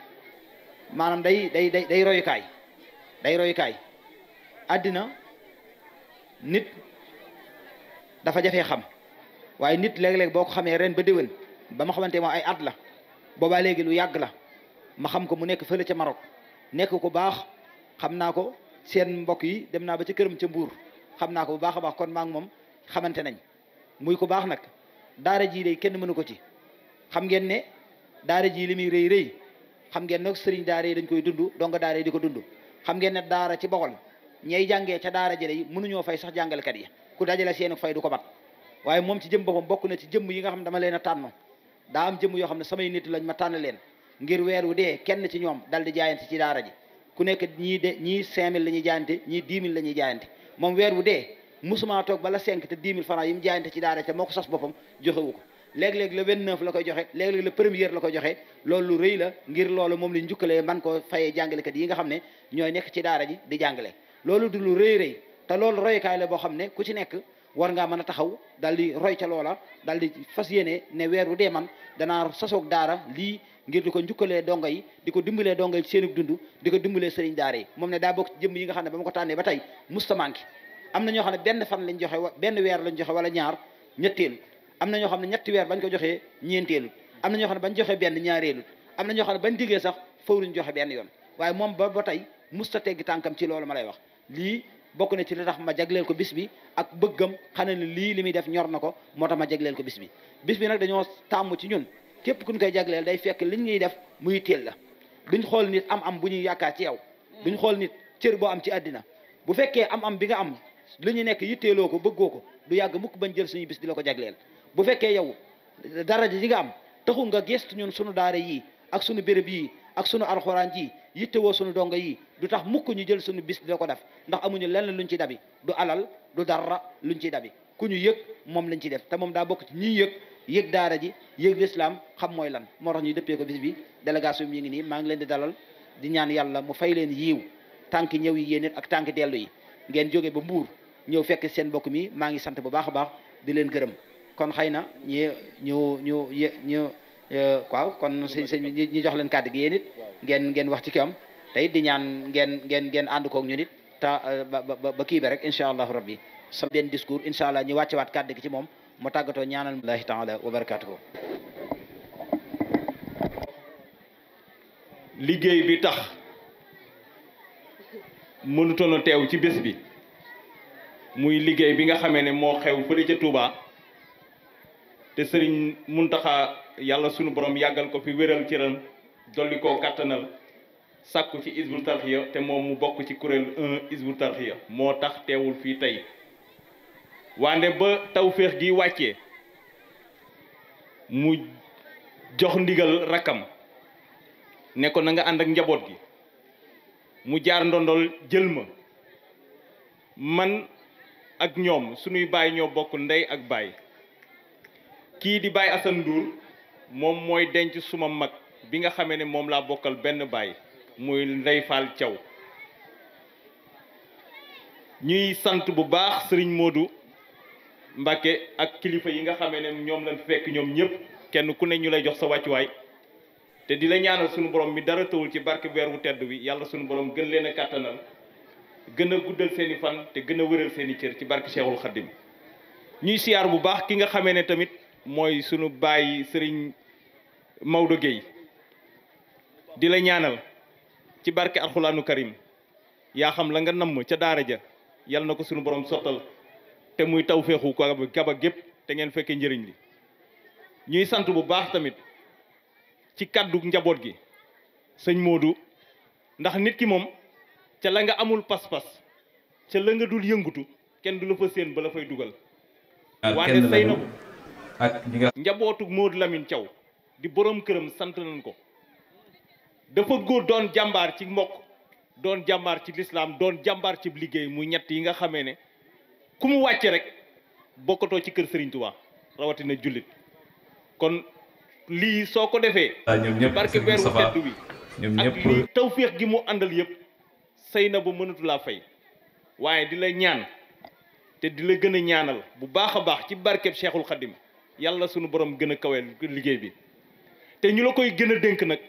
maanaam day day day day royukaay day àddina nit dafa jafe xam waaye nit léeg-léeg boo ko xamee ren ba déwén ba ma xamante moo ay at la boobaa léegi lu yàgg la ma xam ko mu nekk fële ca Maroc nekk ku baax xam naa ko seen mbokk yi dem naa ba ca këram ca Mbuur xam naa ko bu baax a baax kon maa moom xamante nañ muy ku baax nag daara jii day kenn mënu ko ci xam ngeen ne daara jii li muy rëy rëy xam ngeen nag sëriñ daara yi dañ koy dund donga daara di ko dund xam ngeen ne daara ci Bawol ñay jàngee ca daara ji day mënuñoo fay sax jàngalkat yi ku dajale seenu fay du ko mat waaye moom ci jëm boppam bokk na ci jëm yi nga xam ne dama leen a tànn daa am jëmm yoo xam ne samay nit lañ ma tànn leen ngir weer wu dee kenn ci ñoom dal di jaayante ci daara ji ku nekk ñii de ñii cinq mille ñuy jaayante ñii dix mille la ñuy jaayante moom weer wu dee musuma toog bala cinq te dix mille francs yi mu jaayante ci daara te moo ko sos boppam joxewu ko léeg-léeg le vingt-neuf la koy joxe léeg-léeg la koy joxe loolu lu rëy la ngir loolu moom la njukkalee man koo fayee jàngalekat yi nga xam ne ñooy nekk ci daara ji di jàngale loolu lu rëy rëy te loolu royukaay la boo xam ne ku ci nekk war ngaa mën a taxaw daal di roy ca loola daal di fas yéene ne weer wu dee man danaa sasoog daara lii ngir di ko njukkalee dongo yi di ko dimbalee dongo yi ci seenug dund di ko dimbalee sëriñ daara yi moom ne daa bokk jëm yi nga xam ne ba ma ko tànnee ba tey mustamanki am na ñoo xam ne benn fan lañ joxe benn weer lañ joxe wala ñaar ñetteelu am na ñoo xam ne ñetti weer bañ ko joxe ñeenteelu am na ñoo xam ne bañ joxe benn ñaareelu am na ñoo xam ne bañ diggee sax fawruñ joxe benn yoon waaye moom ba ba tey musta teggi tànkam ci loolu ma lay wax lii bokk na ci li tax ma jagleel ko bis bi ak bëggam xana ne lii li muy def ñor na ko moo tax ma jagleel ko bis bi bis bi nag dañoo tàmm ci ñun képp ku koy jagleel day fekk liñ ñuy def muy teel la duñ xool nit am-am bu ñuy yaakaar ci yow duñ xool nit cër boo am ci àddina bu fekkee am-am bi nga am li ñu nekk yitteeloo ko bëggoo ko du yàgg mukk bañ jël suñu bis di la ko jagleel bu fekkee yow dara ji nga am taxu nga gestu ñun sunu daara yii ak sunu béréb yii ak sunu alxuraan ji yittewoo sunu dongo yi du tax mukk ñu jël sunu bis dina ko def ndax amuñu lenn luñ ci dabi du alal du dara luñ ci dabi ku ñu yëg moom lañ ci def te moom daa bokk ci ñiy yëg yëg daara ji yëg lislaam xam mooy lan moo tax ñuy dëppee ko bis bi délégation bi ñu ngi nii maa ngi leen di dalal di ñaan yàlla mu fay leen yiiw tànk ñëw yi yéen ak tànk dellu yi ngeen jóge ba mbuur ñëw fekk seen mbokk mi maa ngi sant bu baax a baax di leen gërëm kon waaw kon sëñ sëñ ñu jox leen kàddu gi yéen ngeen ngeen wax ci ki am te di ñaan ngeen ngeen ngeen ànd koog ñun it te euh, ba ba kii bi rek incha allahu rabbi sam benn discours incha allah ñu wàcce wàccewaat kàddu gi ci moom mu tàggato ñaanal lahi taala wa barakatuhu liggéey bi tax mënutoon a teew ci bés bi muy liggéey bi nga xamee ne moo xew fële ca Touba te sëriñ Muntaxa yalla sunu borom yàggal ko fi wéral cëram dolli ko kàttanal sàkku ci isbul tarxiya te moom mu bokk ci kuréel 1 isbul tarxiya moo tax teewul fii wande ba tawféex gi wàccee mu jox ndigal rakkam ne ko na nga ak gi mu jaar ndondol jël ma man ak ñoom sunuy baay ñoo bokk ndey ak di bay Assane moom mooy denc suma mag bi nga xamee ne moom laa bokkal benn baay muy Ndey caw ñuy sant bu baax sëriñ Modou Mbacke ak kilifa yi nga xamee ne ñoom lañ fekk ñoom ñëpp kenn ku ne ñu lay jox sa wàccuwaay te di la ñaanal suñu boroom mi dara tawul ci barke weer wu tedd bi yàlla suñu boroom gën leen a kàttanal gën a guddal seen i fan te gën a wëral seen i cër ci barke Cheikhul Khadim ñuy siyaar bu baax ki nga xamee ne tamit mooy sunu sering mau Maodo Gueye di la ñaanal ci barke karim yaa xam la nga namm ca daara ja yal na ko sunu borom sottal te muy taw feexu ko kaba gépp te ngeen fekkee njëriñ li ñuy sant bu baax tamit ci kàddu njaboot gi sëñ Modou ndax nit ki la nga amul pas-pas ca la nga dul yëngutu kenn du la fa ba la fay dugal. Ah, ak ñi nga. njabootug Modou Lamine di borom këram sant nañ ko dafa góor doon jambar ci mbokk doon jambar ci l'islam doon jambar ci liggéey muy ñett yi nga xamee ne ku mu rek ci kër Serigne Touba rawatina julit kon li soo ko defee. ñoom ñëpp barke weeru tedd bi ñoom ñëpp ak gi mu àndal yëpp sëy na ba mënatu fay di ñaan te di la gën ñaanal bu baax baax ci barkeb Cheikhul Khadim yàlla suñu borom gën a kaweel liggéey bi te ñu la koy gën a dénk nag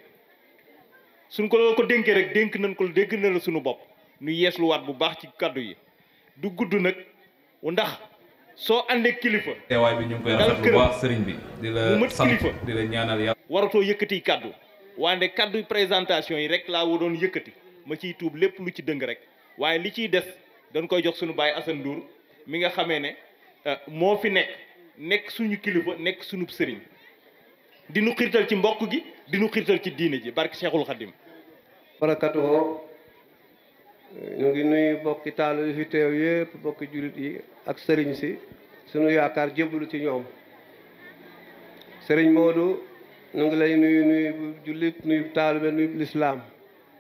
suñ ko la ko dénkee rek dénk nañ ko dégg na la suñu bopp ñu yeesluwaat bu baax ci kàddu yi du gudd nag ndax soo àndee kilifa. teewaay bi ñu koy rafetlu bu baax sëriñ bi di la sant di la ñaanal yàlla. waratoo yëkkati kàddu waaye kàddu présentation yi rek laa wa doon yëkkati ma ciy tuub lépp lu ci dëng rek waaye li ciy des dañ koy jox suñu baay Assane Ndour mi nga xamee ne euh, moo fi nekk. nekk suñu kilifa nekk suñu sëriñ di nu xiirtal ci mbokk gi dinu nu ci diine ji barke Cheikhul Khadim. barakatu ñu ngi nuyu bokki taalu yi fi teew yépp bokki jullit yi ak sëriñ si suñu yaakaar jébbalu ci ñoom sëriñ Modou ñu ngi lay nuyu nuyu bu jullit nuyu taalibe nuyu lislaam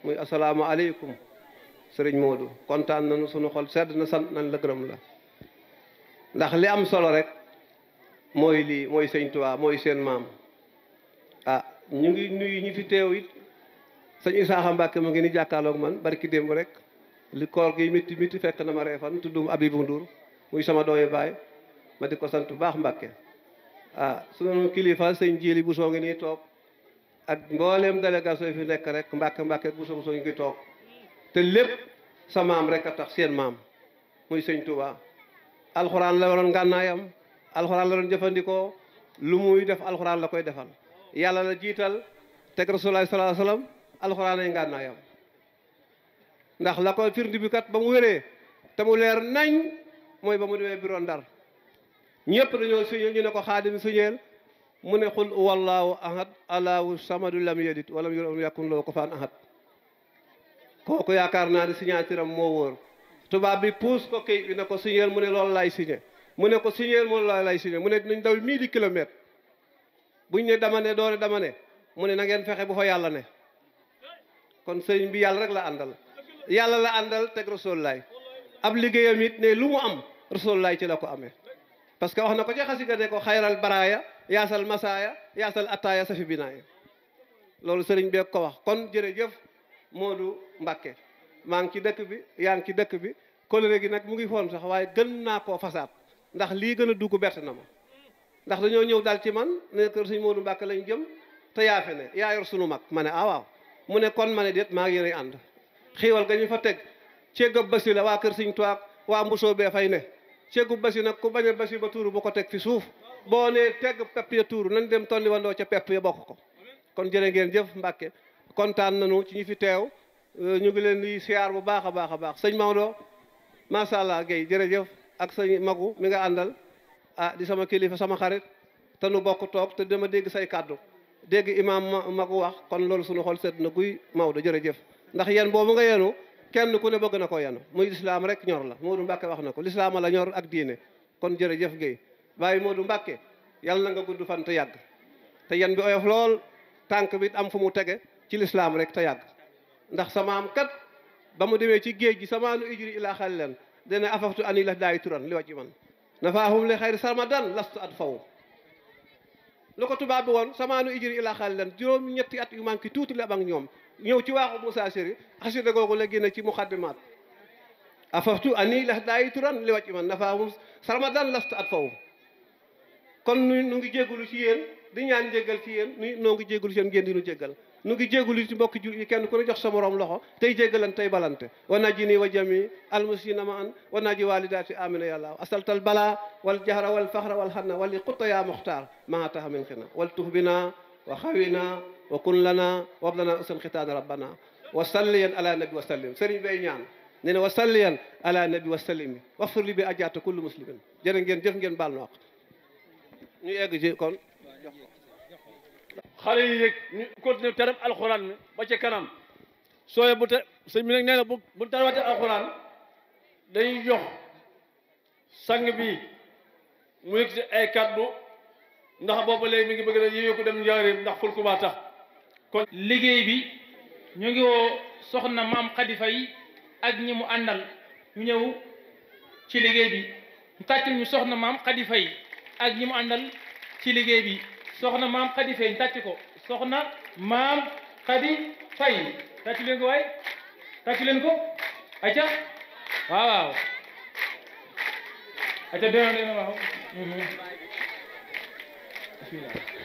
muy asalaamu aleykum sëriñ Modou kontaan nañu suñu xol sedd na sant nañ la gërëm la ndax li am solo rek mooy li mooy sëñ Tuubaa mooy seen maam ah ñu ngi nuyu ñu fi teew it sëñ Isaaxa Mbàkke mu ngi ni jàkkaarloog man barki démb rek li koor gi métti métti fekk na ma tuddum muy sama doomi baay ma di sant bu baax ah sunu kilifa sëñ jeli bu soo ngi nii toog ak mbooleem délégation yi fi nekk rek Mbàkke Mbàkke bu soo ngi toog te lépp sama maam rek a tax seen maam muy sëñ Tuubaa alxuraan la alxuraan la doon jëfandikoo lu muy def alxuraan la koy defal yàlla la jiital teg Rasulullah sallallahu Alaihi wasallam alxuraan ay ngànnaayam ndax la koy firndi bi kat ba mu wéree te mu leer nañ mooy ba mu demee biroon ndar ñëpp dañoo suñu ñu ne ko mu ne wallahu ahad allahu samadu lam yalid walam yakun lahu kufuwan ahad kooku yaakaar naa ne signature am moo wóor bi puus ko kayit bi ne ko suñeel mu ne mu ne ko signeel moom laa lay signé mu ne dinañ daw mille kilomètres buñ ne dama ne doone dama ne mu ne na ngeen bu fa ne kon sëriñ bi yàlla rek la andal yàlla la àndal teg rasulullaay ab liggéeyam it ne lu mu am rasulullaay ci la ko amee parce que wax na ko ci xasida ne ko xayral baraaya yasal masaaya yaasal attaaya safi binaaya loolu ko wax kon jërëjëf Modou Mbacké mang ngi ci dëkk bi yaa ngi ci dëkk bi kóllëre gi mu ngi sax gën ndax lii gën a dugg bett na ma ndax dañoo ñëw daal ci man ne kër sëñ Modou Mbacke lañ jëm te yaa ne yaa yor sunu mag ma ne ah mu ne kon ma ne déet maa ngi yéen ànd xiiwal ga ñu fa teg ceegab basi la waa kër sëñ Tuwaak waa mbusoo bee fay ne ceegub basi na ku bañ a basi ba tuuru bu ko teg fi suuf boo ne tegg pepp ya tuuru nañ dem tolli wandoo ca pepp ya bokk ko kon jërë ngeen jëf Mbacke kontaan nañu ci ñu fi teew euh, ñu ngi leen di siyaar bu baax a baax a baax sëñ Maodo macha allah Guèye jërëjëf ak sa magu mi nga àndal ah di sama kilifa sama xarit te nu bokk toog te dama dégg say kàddu dégg imam magu wax kon loolu halset xol sedd na guy Maodo jërëjëf ndax yéen boobu nga yenu kenn ku ne bëgg na ko yenu muy lislaam rek ñor la Modou Mbacke wax na ko la ñor ak diine kon jërëjëf Guèye waaye Modou Mbacke yàlla na nga fan te Tayan te yan bi oyof lool tànk bi am fu mu tege ci lislaam rek te yàgg ndax samaam kat ba mu ci géej gi ijri dana afaftu ani la daay turan li wàcc man nafaahum li xayri sarmadan lastu at faw lu ko tubaab woon samaanu ijiri ilaa xaalilan juróom ñetti at yu manqué tuuti la bang ñoom ñëw ci waaxu Moussa Seri xasida googu la génne ci muqaddimaat afaftu ani la daay turan li wàcc man nafaahum sarmadan lastu at faw kon nu ngi jégalu ci yéen di ñaan jéggal ci yéen nu noo ngi jégalu ci yéen ngeen nu jéggal نوغي جيغولي تي بوك جولي كين كولا جوخ سما روم لوخو تاي جيغلان تاي بالانت وناجيني وجامي المسلمين ما ان وناجي والداتي امين يا الله اسالت البلاء والجهر والفخر والهنا ولقط يا مختار ما تها من خنا ولتهبنا وخوينا وكن لنا وابلنا اسن ختان ربنا وصليا على النبي وسلم سري بي نيان نينا وصليا على النبي وسلم وفر لي باجات كل مسلم جيرنجين جيرنجين بال ني ايغ جي كون xale yi yëg ñu continuer teram alxuraan ba ci kanam sooye bu te sëñ bi nag bu bu alxuraan dañuy jox sang bi mu yëg si ay kàddu ndax booba léegi mi ngi bëgg a yéyoo ko dem njaareem ndax ful ku baa kon liggéey bi ñu ngi woo soxna maam xadifa yi ak ñi mu àndal ñu ñëw ci liggéey bi tàccal ñu soxna maam xadifa yi ak ñi mu àndal ci liggéey bi soxna maam xadi feeñ tàcc ko soxna maam xadi fay tàcc leen ko waay tàcc leen ko aca waaw waaw aca doon leen waaw mhm. bismillah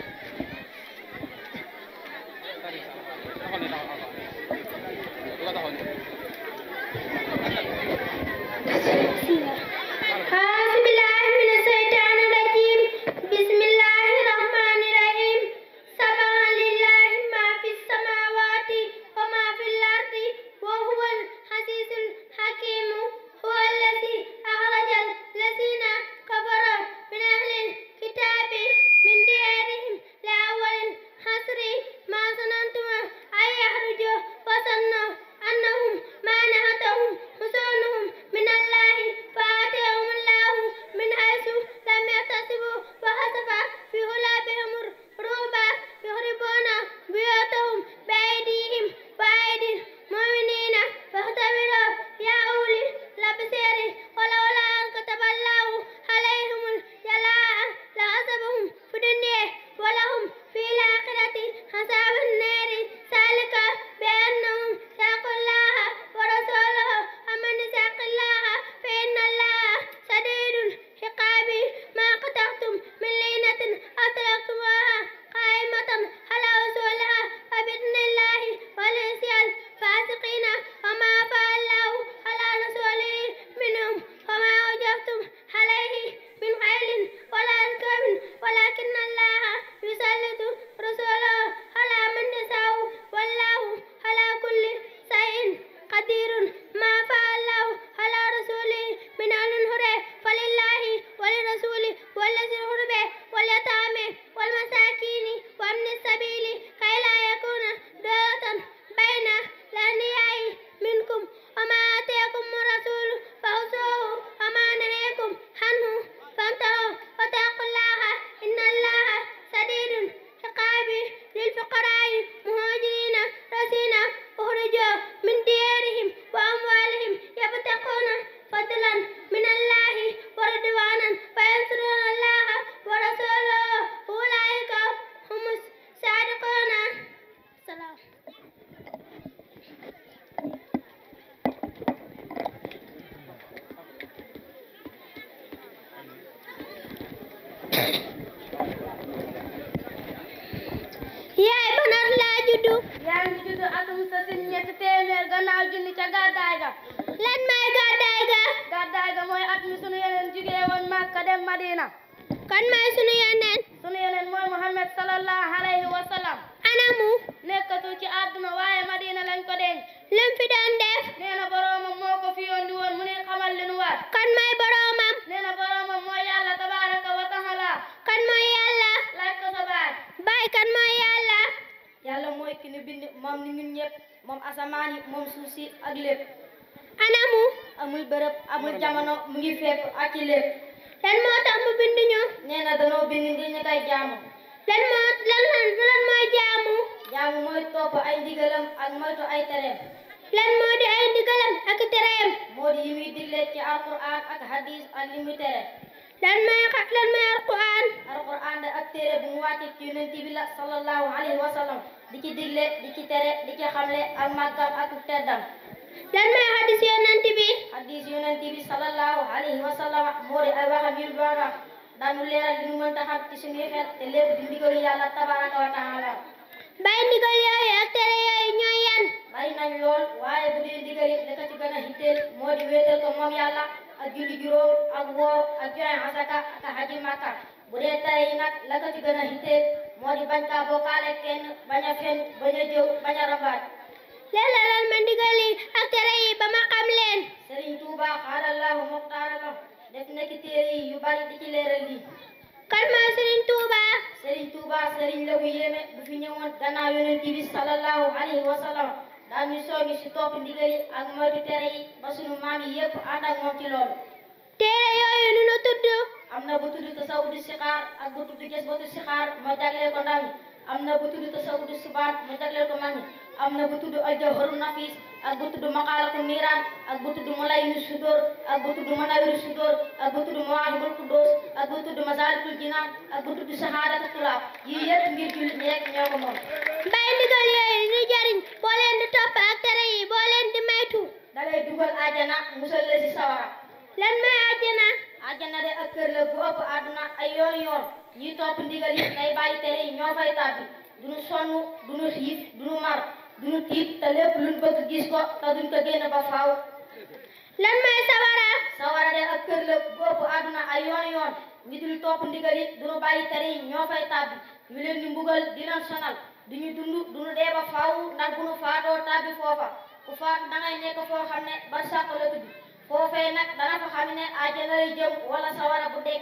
kër la góobu àdduna ay yoon yoon ñu dul topp ndigal yi duñu bàyyi tere ñoo fay tàbbi ñu leen di mbugal di leen sonal du ñu dund duñu dee ba faaw ndax bu ñu faatoo tàbbi foofa ku faat dangay nekk foo xam ne ba sàq la tudd foofee nag dana fa xam ne àjjana lay jëm wala sawara bu da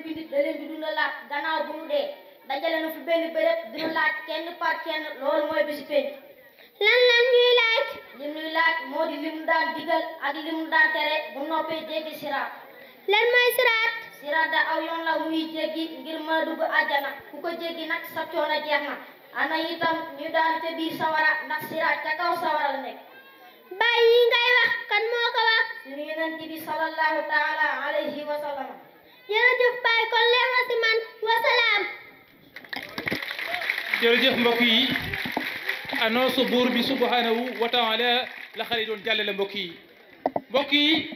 leen di dundalaat gannaaw bu ñu dee kenn par kenn loolu mooy bési penc lan lan ñuy laaj. li ñuy laaj moo di lim daan digal ak lim daan tere bu noppee jéggi siraat. lan mooy siraat. siraat da aw yoon la muy jéggi ngir mën a dugg àjjana ku ko jéggi nag sa jeex na ana itam ñu daal ca biir sawara ndax siraat ca kaw sawara la nekk. bàyyi yi ngay wax kan moo ko wax. suñu yonent bi sallallahu taala alayhi wa sallam. jërëjëf Baye kon leer na si man wasalaam. jërëjëf yi. annonce buur bi subhanahu wa taala la xale yi doon jàllale mbokk yi mbokk yi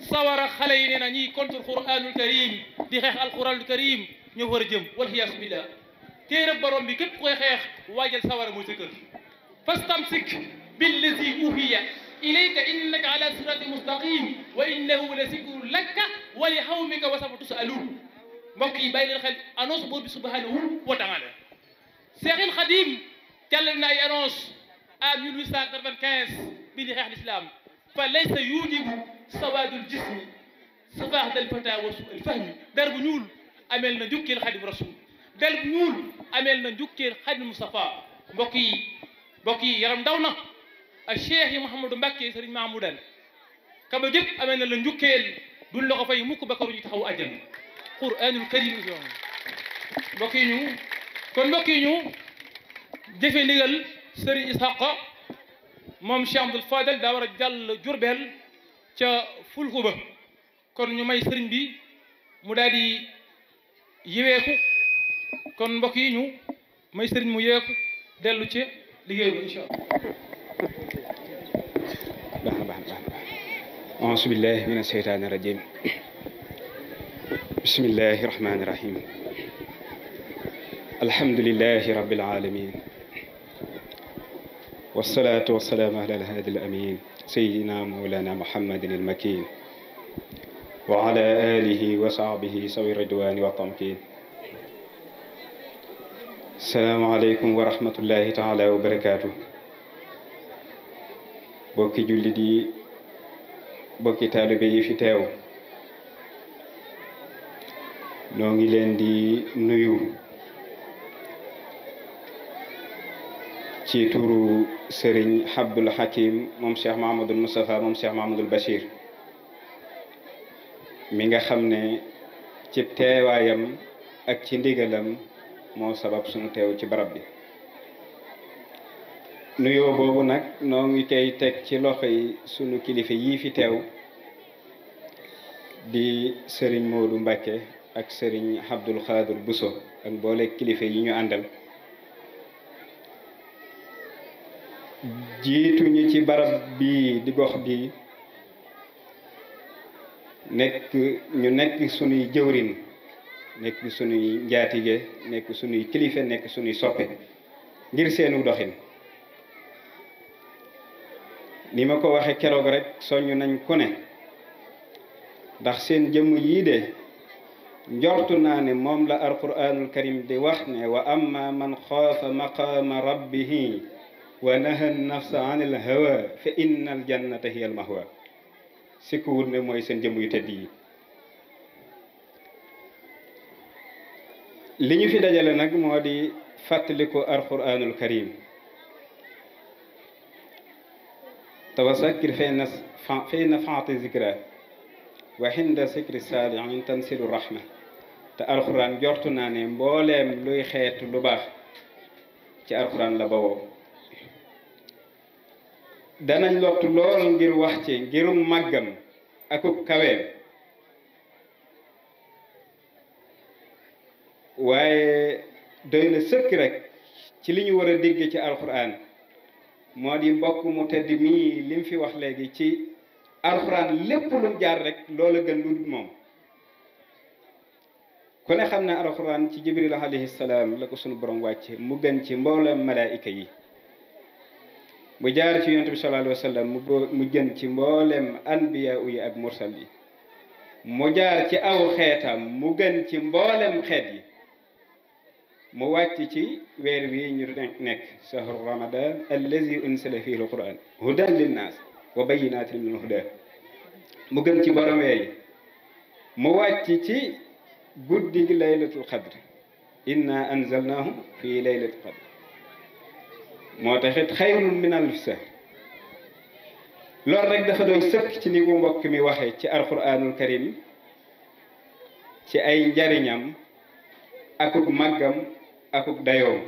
sawara xale yi nee na ñiy contre quranul karim di xeex alquranul karim ñu wara jëm wal walxiyaasu billah téerab borom bi képp koy xeex waajal sawara mooy sa kër fastamsik billazi uhiya ilayka innaka ala sirati mustaqim wa innahu la zikru laka wa li hawmika wa sawfa tusalun mbokk yi bàyyi leen xel annonce buur bi subhanahu wa taala seexil xadim جلل ناي أرونس عام 1895 بني الإسلام فليس يوجب سواد الجسم صفاح الفتى والفهم درب نول أملنا جكي الخادم رسول درب نول أملنا جكي الخادم مصطفى بقي بقي يرم دونا الشيخ محمد مبكي سرين محمودان كما جب أملنا لنجكي dul la ko fay mukk ba ko ñu taxaw àjjana qur'anul karim mbokk yi ñu جفي ليغل سري اسحاق موم شيخ عبد الفاضل دا ورا جال جوربل تا فولخوبا كون ني ماي سرين بي مو دادي ييويكو كون مبوك ني ماي سرين مو ييويكو دلو تي ليغي ان شاء الله بح بح بح بسم الله من الشيطان الرجيم بسم الله الرحمن الرحيم الحمد لله رب العالمين والصلاة والسلام على الهادي الأمين سيدنا مولانا محمد المكين وعلى آله وصحبه سوي الرضوان والتمكين السلام عليكم ورحمة الله تعالى وبركاته بوكي جلدي بوكي bokki في تاو نوغي لندي نيو تي تورو sëriñ Abdul Hakim moom Cheikh Mahamadul Moustapha moom Cheikh Mahamadul Bachir mi nga xam ne ci teewaayam ak ci ndigalam moo sabab suñu teew ci barab bi nuyoo boobu nag noo ngi koy teg ci loxo yi sunu kilifa yii fi teew di sëriñ Modou Mbacke ak sëriñ Abdul Xaadir Bousso ak boole kilifa yi ñu àndal jiitu ñu ci barab bii di gox bii nekk ñu nekk suñuy jëwrin nekk suñuy njaatige nekk suñuy kilifa nekk suñuy soppe ngir seenu doxin ni ma ko waxe keroog rekk soññ nañ ku ne ndax seen jëmm yii de njortu naa ne moom la alquraanul karim di wax ne wa amma man xaafa maqaama rabbihi ونهى النفس عن الهوى فإن الجنة هي المهوى سكون موي سن جمعي تدي لنجي في دجال نقمو دي فاتلكو القرآن الكريم توسكر فإن فإن فاعطي ذكرى وحند ذكر السابع من تنسل الرحمة تا القرآن جورتنا نمبولم لوي خيط لباخ تا القرآن لبوو danañ lottu lool ngir wax ci ngirum màggam akub kaweem waaye doy na sëkk rek ci li ñu war a dégg ci alxuraan moo di mbokk mu tedd mii lim fi wax léegi ci alxuraan lépp lu jaar rek loola gën lu moom ku ne xam naa alxuraan ci jibril alayhi salaam la ko sunu borom wàcce mu gën ci mboolem malaayika yi مجار في يونس صلى الله عليه وسلم مجن في مولم أنبياء أب مرسلي مجار في أو خيتم مجن في مولم خدي مواتي ويروي نك سهر رمضان الذي أنزل فيه القرآن هدى للناس وبينات من الهدى مجن في برمي مواتي قد ليلة القدر إنا أنزلناه في ليلة القدر moo taxit mi min alfi sa loolu rek dafa doon sëkk ci ni mu mbokk mi waxee ci alquranul karim ci ay njariñam ak màggam akuk dayoom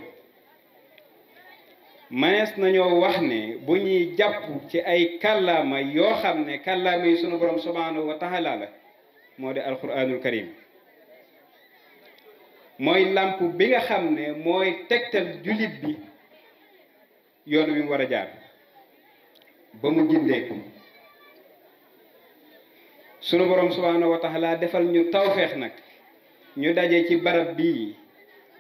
manees nañoo wax ne bu ñuy jàpp ci ay kàllaama yoo xam ne kàllaama yi sunu borom subhanahu wa la moo di alquranul karim mooy làmp bi nga xam ne mooy tegtal jullit bi yoon wi mu war a jaar ba mu gindeeku sunu borom subhaanahu wa taala defal ñu tawfeex nag ñu daje ci barab bii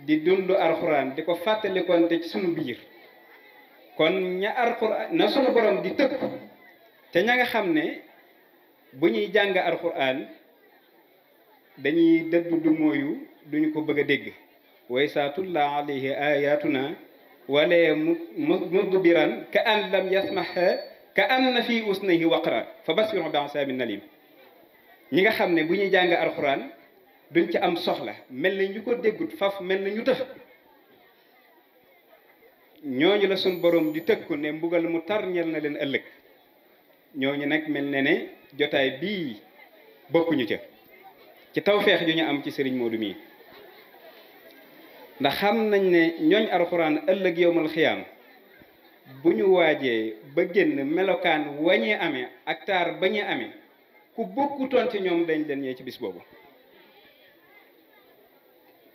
di dund alxuraan di ko fàttalikoonte ci sunu biir kon ña alxuraan na sunu borom di tëkk te ña nga xam ne bu ñuy jàng alxuraan dañuy dëdd du mooyu duñu ko bëgg a dégg way saa tulla alayhi ayatuna ولا مدبرا كأن لم يسمح كأن في أسنه وقرا فبصر بعصاب النليم نيغا خامني بو ني جانغ القران دون ام سوخلا ملني نيوكو ديغوت فاف ملني نيو تف ньо ญ لا سون بوروم دي تكو ني مبوغال مو تارنيال نالين الك ньо ญ ناك ملني ني جوتاي بي بوكو نيو تي تي توفيخ جو ني ام تي سيرن مودو مي ndax xam nañ ne ñooñ alxuraan ëllëg yowmal xiyaam bu ñu waajee ba génn melokaan wañee amee ak taar bañee amee ku bokkutoon ci ñoom dañ leen yee ci bis boobu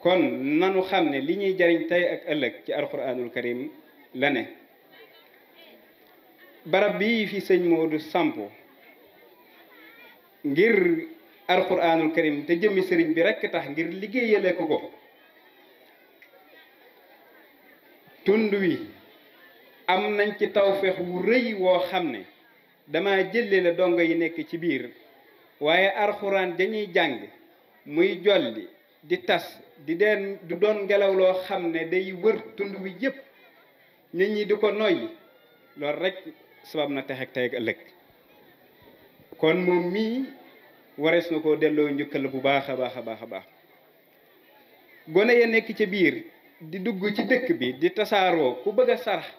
kon nanu xam ne li ñuy jariñ tey ak ëllëg ci alxuraanul karim la ne barab bii fi sëñ Moodu samp ngir alxuraanul karim te jëmmi sëriñ bi rekk tax ngir liggéeyale ko ko tund wi am nañ ci tawféex wu rëy woo xam ne dama jële la dongo yi nekk ci biir waaye arxuraan dañuy jàng muy jolli di tas di deen du doon ngelaw loo xam ne day wër tund wi yépp nit ñi di ko noyyi loolu rekk sabab na tex ak tey ak ëllëg kon moom mii warees na koo delloo njukkal bu baax a baax a baax a baax gone ya nekk ci biir di dugg ci dëkk bi di tasaaroo ku bëgg a sarax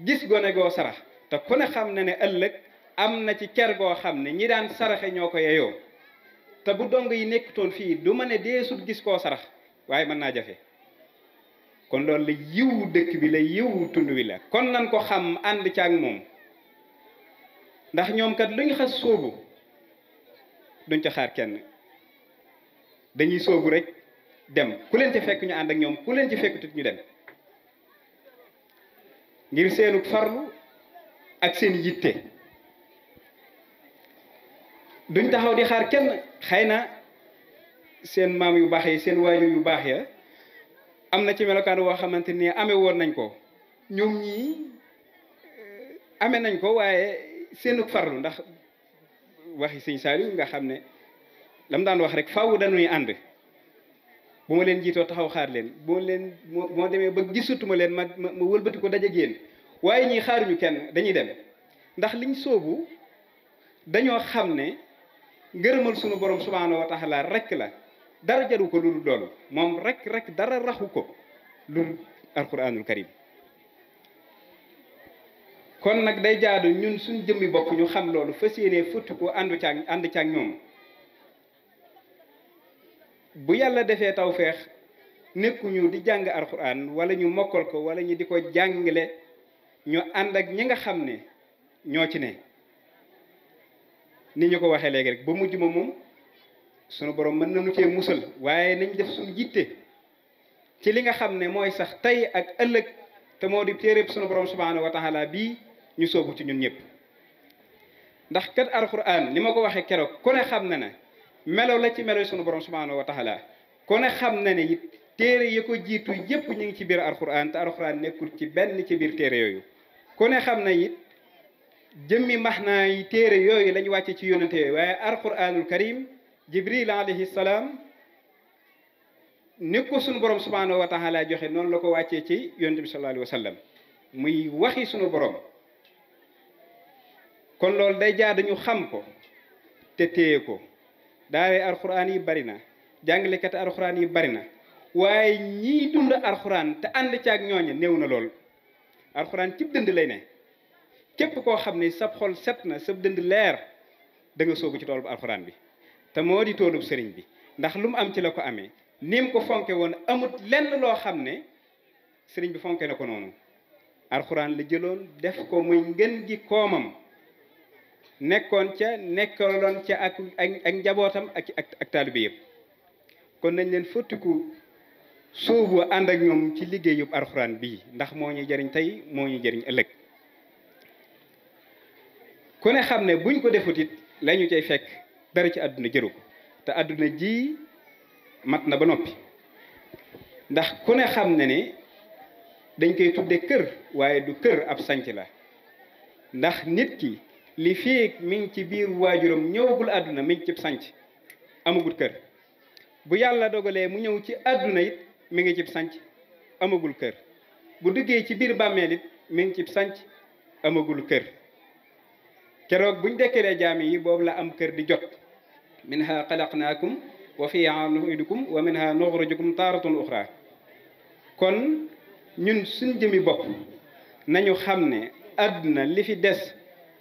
gis gone goo sarax te ku ne xam na ne ëllëg am na ci cer goo xam ne ñi daan saraxe ñoo ko yeyoo te bu dong yi nekkutoon fii du ma ne deesut gis koo sarax waaye mën naa jafe kon loolu la yiwu dëkk bi la yiw tund wi la kon nan ko xam ànd ci ak moom ndax ñoom kat lu ñu xas sóobu duñ ca xaar kenn dañuy soogu rek dem ku leen ci fekk ñu ànd ak ñoom ku leen ci fekk tut ñu dem ngir seenu farlu ak seen yitte duñ taxaw di xaar kenn xëy na seen maam yu baax yi seen waajur yu baax ya am na ci melokaan woo xamante ni amee woon nañ ko ñoom ñi eh, ame nañ ko waaye seenuk farlu ndax waxi sëñ Saliou nga xam ne lam daan wax rek faaw dañuy ànd bu ma leen jiitoo taxaw xaar leen bu leen moo demee ba gisutuma leen ma ma wëlbati ko daje génn waaye ñii xaaruñu kenn dañuy dem ndax liñ soogu dañoo xam ne ngërëmal sunu borom subhaanahu wa taala rekk la dara jaru ko lu dul doon moom rek rek dara raxu ko lu dul alquranul karim kon nag day jaadu ñun suñ jëmmi bopp ñu xam loolu fa yéenee futti ko àndu caag ànd caag ñoom bu yàlla defee tawféex nekkuñu di jàng alxuraan wala ñu mokkal ko wala ñu di ko jàngale ñu ànd ak ñi nga xam ne ñoo ci ne ni ñu ko waxee léegi rek ba mujj ma moom sunu borom mën nañu cee musal waaye nañ def suñu jitte ci li nga xam ne mooy sax tey ak ëllëg te moo di téeréb sunu borom subhanahu wa taala bii ñu soobu ci ñun ñëpp ndax kat alxuraan li ma ko waxee keroog ku ne xam na melow la ci melaw sunu borom subhanahu wa taala ku ne xam na ne it téere yi ko jiitu yépp ñu ngi ci biir alxuraan te alxuraan nekkul ci benn ci biir téere yooyu ko ne xam na it jëmmi maxnaa yi téere yooyu lañu wàccee ci yónnante yooyu waaye alxuraanul karim jibril alayhi salaam ni ko sunu borom subhanahu wa taala joxe noonu la ko wàccee ci yónnante bi sallallahu alayhi wa sallam muy waxi sunu borom kon loolu day jaar dañu xam ko te téye ko داوي القران يبارينا جانغلي كات القران يبارينا واي ني دوند القران تا اند تياك نيوني نيونا لول القران تيب دند لاي ني كيب كو خامني ساب خول ستنا ساب دند لير داغا سوغو تي تول القران بي تا مودي تولوب سيرين بي ناخ لوم ام تي لاكو امي نيم كو فونكي وون اموت لين لو خامني سيرين بي فونكي نكو نونو القران لا جيلون ديف كو موي نين جي كومام nekkoon ca nekkaloon ca ak ak njabootam ak ak taalibe yëpp kon nañ leen fottiku soobu ànd ak ñoom ci liggéeyub alxuraan bii ndax moo ñu jariñ tey moo ñu jëriñ ëllëg ku ne xam ne buñ ko defut it la ñu cay fekk dara ci àdduna jëru ko te àdduna ji mat na ba noppi ndax ku ne xam ne ni dañ koy tudde kër waaye du kër ab sanc la ndax nit ki li fii mi ngi ci biir waajuram ñëwagul àdduna mi ngi sanc amagul kër bu yàlla dogalee mu ñëw ci àdduna it mi ngi cib sanc amagul kër bu diggee ci biir bàmmeel it mi ngi cib sanc amagul kër keroog buñ dekkalee jaami yi boobu la am kër di jot minha xalaqnaakum wa fiha nu'idukum wa minha nuxrijukum taaratun uxra kon ñun suñ jëmi bopp nañu xam ne àdduna li fi des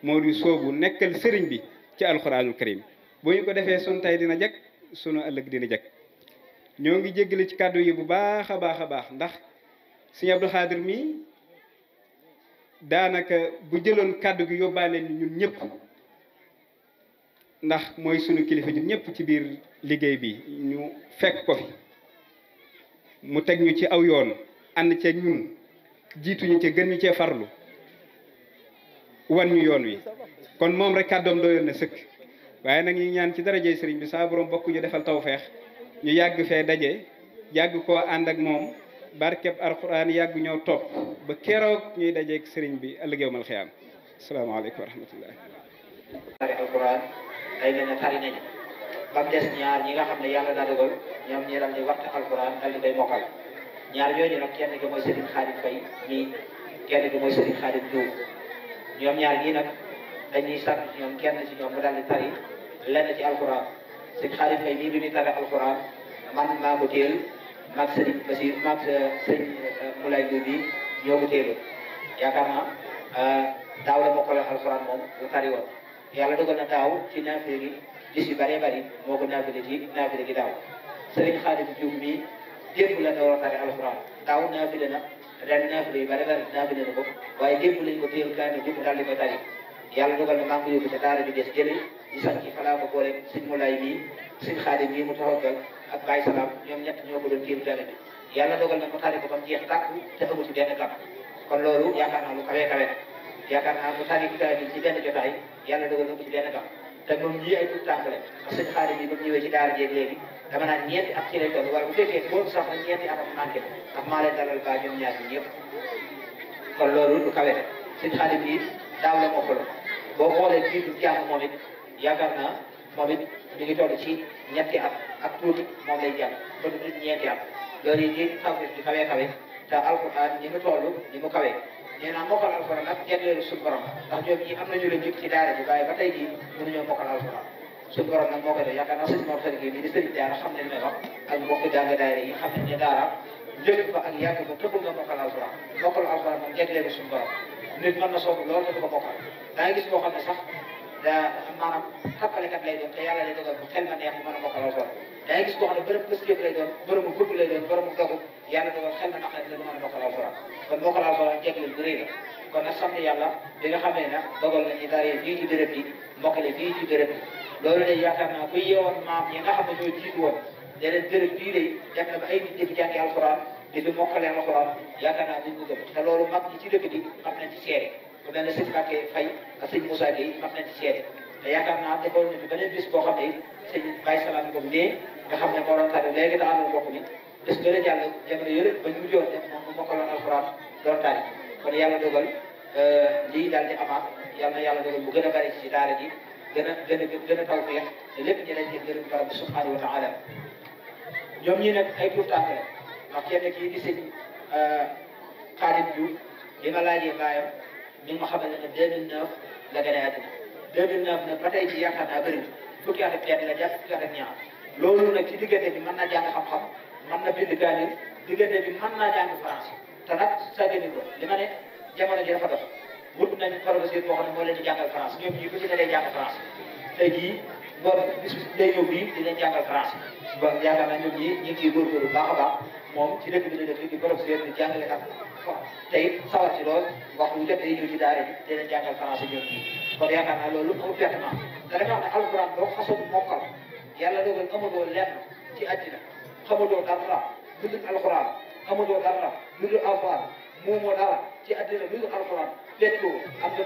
moo di soobu nekkal sëriñ bi ci alxuraanul karim bu ñu ko defee sunu dina jag sunu ëllëg dina jag ñoo ngi jéggale ci kàddu yi bu baax a baax a baax ndax sëñ Abdou Khadir mii daanaka bu jëloon kàddu gi yóbbaale ñun ñëpp ndax mooy sunu kilifa ñun ñëpp ci biir liggéey bi ñu fekk ko fi mu teg ñu ci aw yoon ànd ceeg ñun jiituñu ca gën ñu cee farlu wan ñu yoon wi kon moom rek kàddoom doo yoon sëkk waaye nag ñu ñaan ci darajey sëriñ bi saa borom bokk ñu defal tawfeex ñu yàgg fee daje jàgg ko ànd ak moom barkeb alxuraan yàgg ñoo topp ba keroog ñuy dajeeg sëriñ bi ëllëg yawmal xiyaam asalaamaaleykum wa rahmatullah tari ñaar xam ne yàlla yooyu nag kenn gi mooy sëriñ Xaadim Fay mii kenn gi mooy sëriñ Xaadim Diouf ñoom ñaar ñii nag dañuy sàkk ñoom kenn si ñoom mu daal di tari lenn ci alxuraan sëñ Xaadim Fay mii bi muy tari alxuraan man maa ko téel maag euh, sëñ Basiir maag sëñ Moulay Ndour bi ñoo ko téelu yaakaar naa euh, daaw la mokkale alxuraan moom lu tari woon na daaw ci naafile gi bis yu bëree bëri moo ko naafile ci naafile gi daaw sëriñ Xaadim Juuf mii démb la doon tari alxuraan daaw naafile na ren naafila yu bëri bëri naafila na ko waaye lépp lañ ko téyel kaamil lépp daal di koy tari yàlla dogal na maa ko yóbbu ca daara ju des jële ñu sax ci falaa ko boole sëñ Mulaay bii sëñ ko doon téyel kaamil bi yàlla dogal na ko ba mu jeex tàkk te amul ci benn gàmm kon loolu yaakaar naa lu kawee kawe yaakaar naa mu tari kaamil ci benn jotaay yàlla dogal na ko ci benn te moom ñii ay tuut tàmbale sëñ Xaadim bi ba mu ñëwee ci daara jeeg léegi dama naan ñeenti at ci lañ toll wala bu fekkee boobu sax nag ñeenti atam manqué ko ndax maa leen dalal ba ñoom ñaar ñi kon loolu du kawe rek suñu xaalis bi boo xoolee kii du jàng moom it yaakaar naa moom ngi toll ci ñetti am ak tuuti moom lay jàng ba du ñeenti at loolu it di kawe di kawe kawe te alquran ñi mu toll ni mu kawe nee naa mokkal alquran ak kenn leelu suñu borom ndax ñoom ñi am nañu la njëkk ci daara bi waaye ba tey jii mënuñoo mokkal alquran suñu borom nag moo koy def yaakaar naa sëñ Mor Fadilou mii di sëriñ daara xam ne li may wax ak mbokk daara daara yi xam nañ ne daara njëriñ ba ak yàgg ba tëbul nga mokkal alxuraan mokkal alxuraan moom jagleel ko suñu borom nit mën na soog lool te du ko mokkal da ngay gis boo xam ne sax da maanaam tappalekat lay doon te yàlla lay dogal bu xel ma neex mu mën a mokkal alxuraan da ngay gis boo xam ne bërëb pëskëb lay doon bërëbu bëgg lay doon bërëbu dogu yàlla dogal xel ma naqari la du mën a mokkal alxuraan kon mokkal alxuraan jagleel bu rëy la kon nag sant yàlla bi nga xam xamee nag dogal nañu dara bii ci béréb bi mbokkale fii ci béréb bi loolu de yaakaar naa bu yeewoon maam ñi nga xam ne ñoo jiitu woon ne leen béréb bii de dem na ba ay nit di jàngi alxuraan di fi mokkale alxuraan yaakaar naa duñ ko gëm te loolu mag ñi ci dëkk bi am nañ ci seere ku mel ne sëñ Mbacke Faye ak sëñ Moussa Gueye am nañ ci seere te yaakaar naa xam ne sëñ Baye Salam ne nga xam ne moo doon tari léegi te àndul mbokk mi bés bële jàll ba ñu mujjoon def moom mu tari kon yàlla dogal euh, lii daal di amaat yàlla na yàlla dogal bu gën a bari ci daara ji gën a gën a gën a taw feex te lépp ñu leen di gërëm borom bi subhanahu wa taala ñoom ñii nag ay pour tànk la ndax kenn kii di sëñ xaadim euh, ju bi ma laajee baayam ñu ngi ma xamal ne 2009 la gën a àddina 2009 nag ba tey ji yaakaar naa bëri fukki at ak benn la jàpp fukki at ak loolu nag ci diggante bi man naa jàng xam-xam mën na bind kaamil diggante naa jàng te nag sàggane ko li ma ne jamono ji dafa dox wut nañ professeur boo xam ne moo leen di jàngal France ñoom ñii ku ci ne day jàng France tey jii boobu bis day ñëw bii di leen jàngal France ba yaakaar naa ñoom ñii ñu ngi ciy góorgóorlu bu baax a baax moom ci dëkk bi la def di professeur di jàngale ak tey sawar ci lool wax bu jot day ñëw ci daara ji di leen jàngal France ñoom ñii kon yaakaar naa loolu amul pertement te dañoo wax ne alxuraan boo xasoon mokkal yàlla dogal amadoo lenn ci àddina xamadoo dara lu dul alxuraan xamuloo dara lu dul alquran moomoo dara ci àddina lu dul alquran lépp am na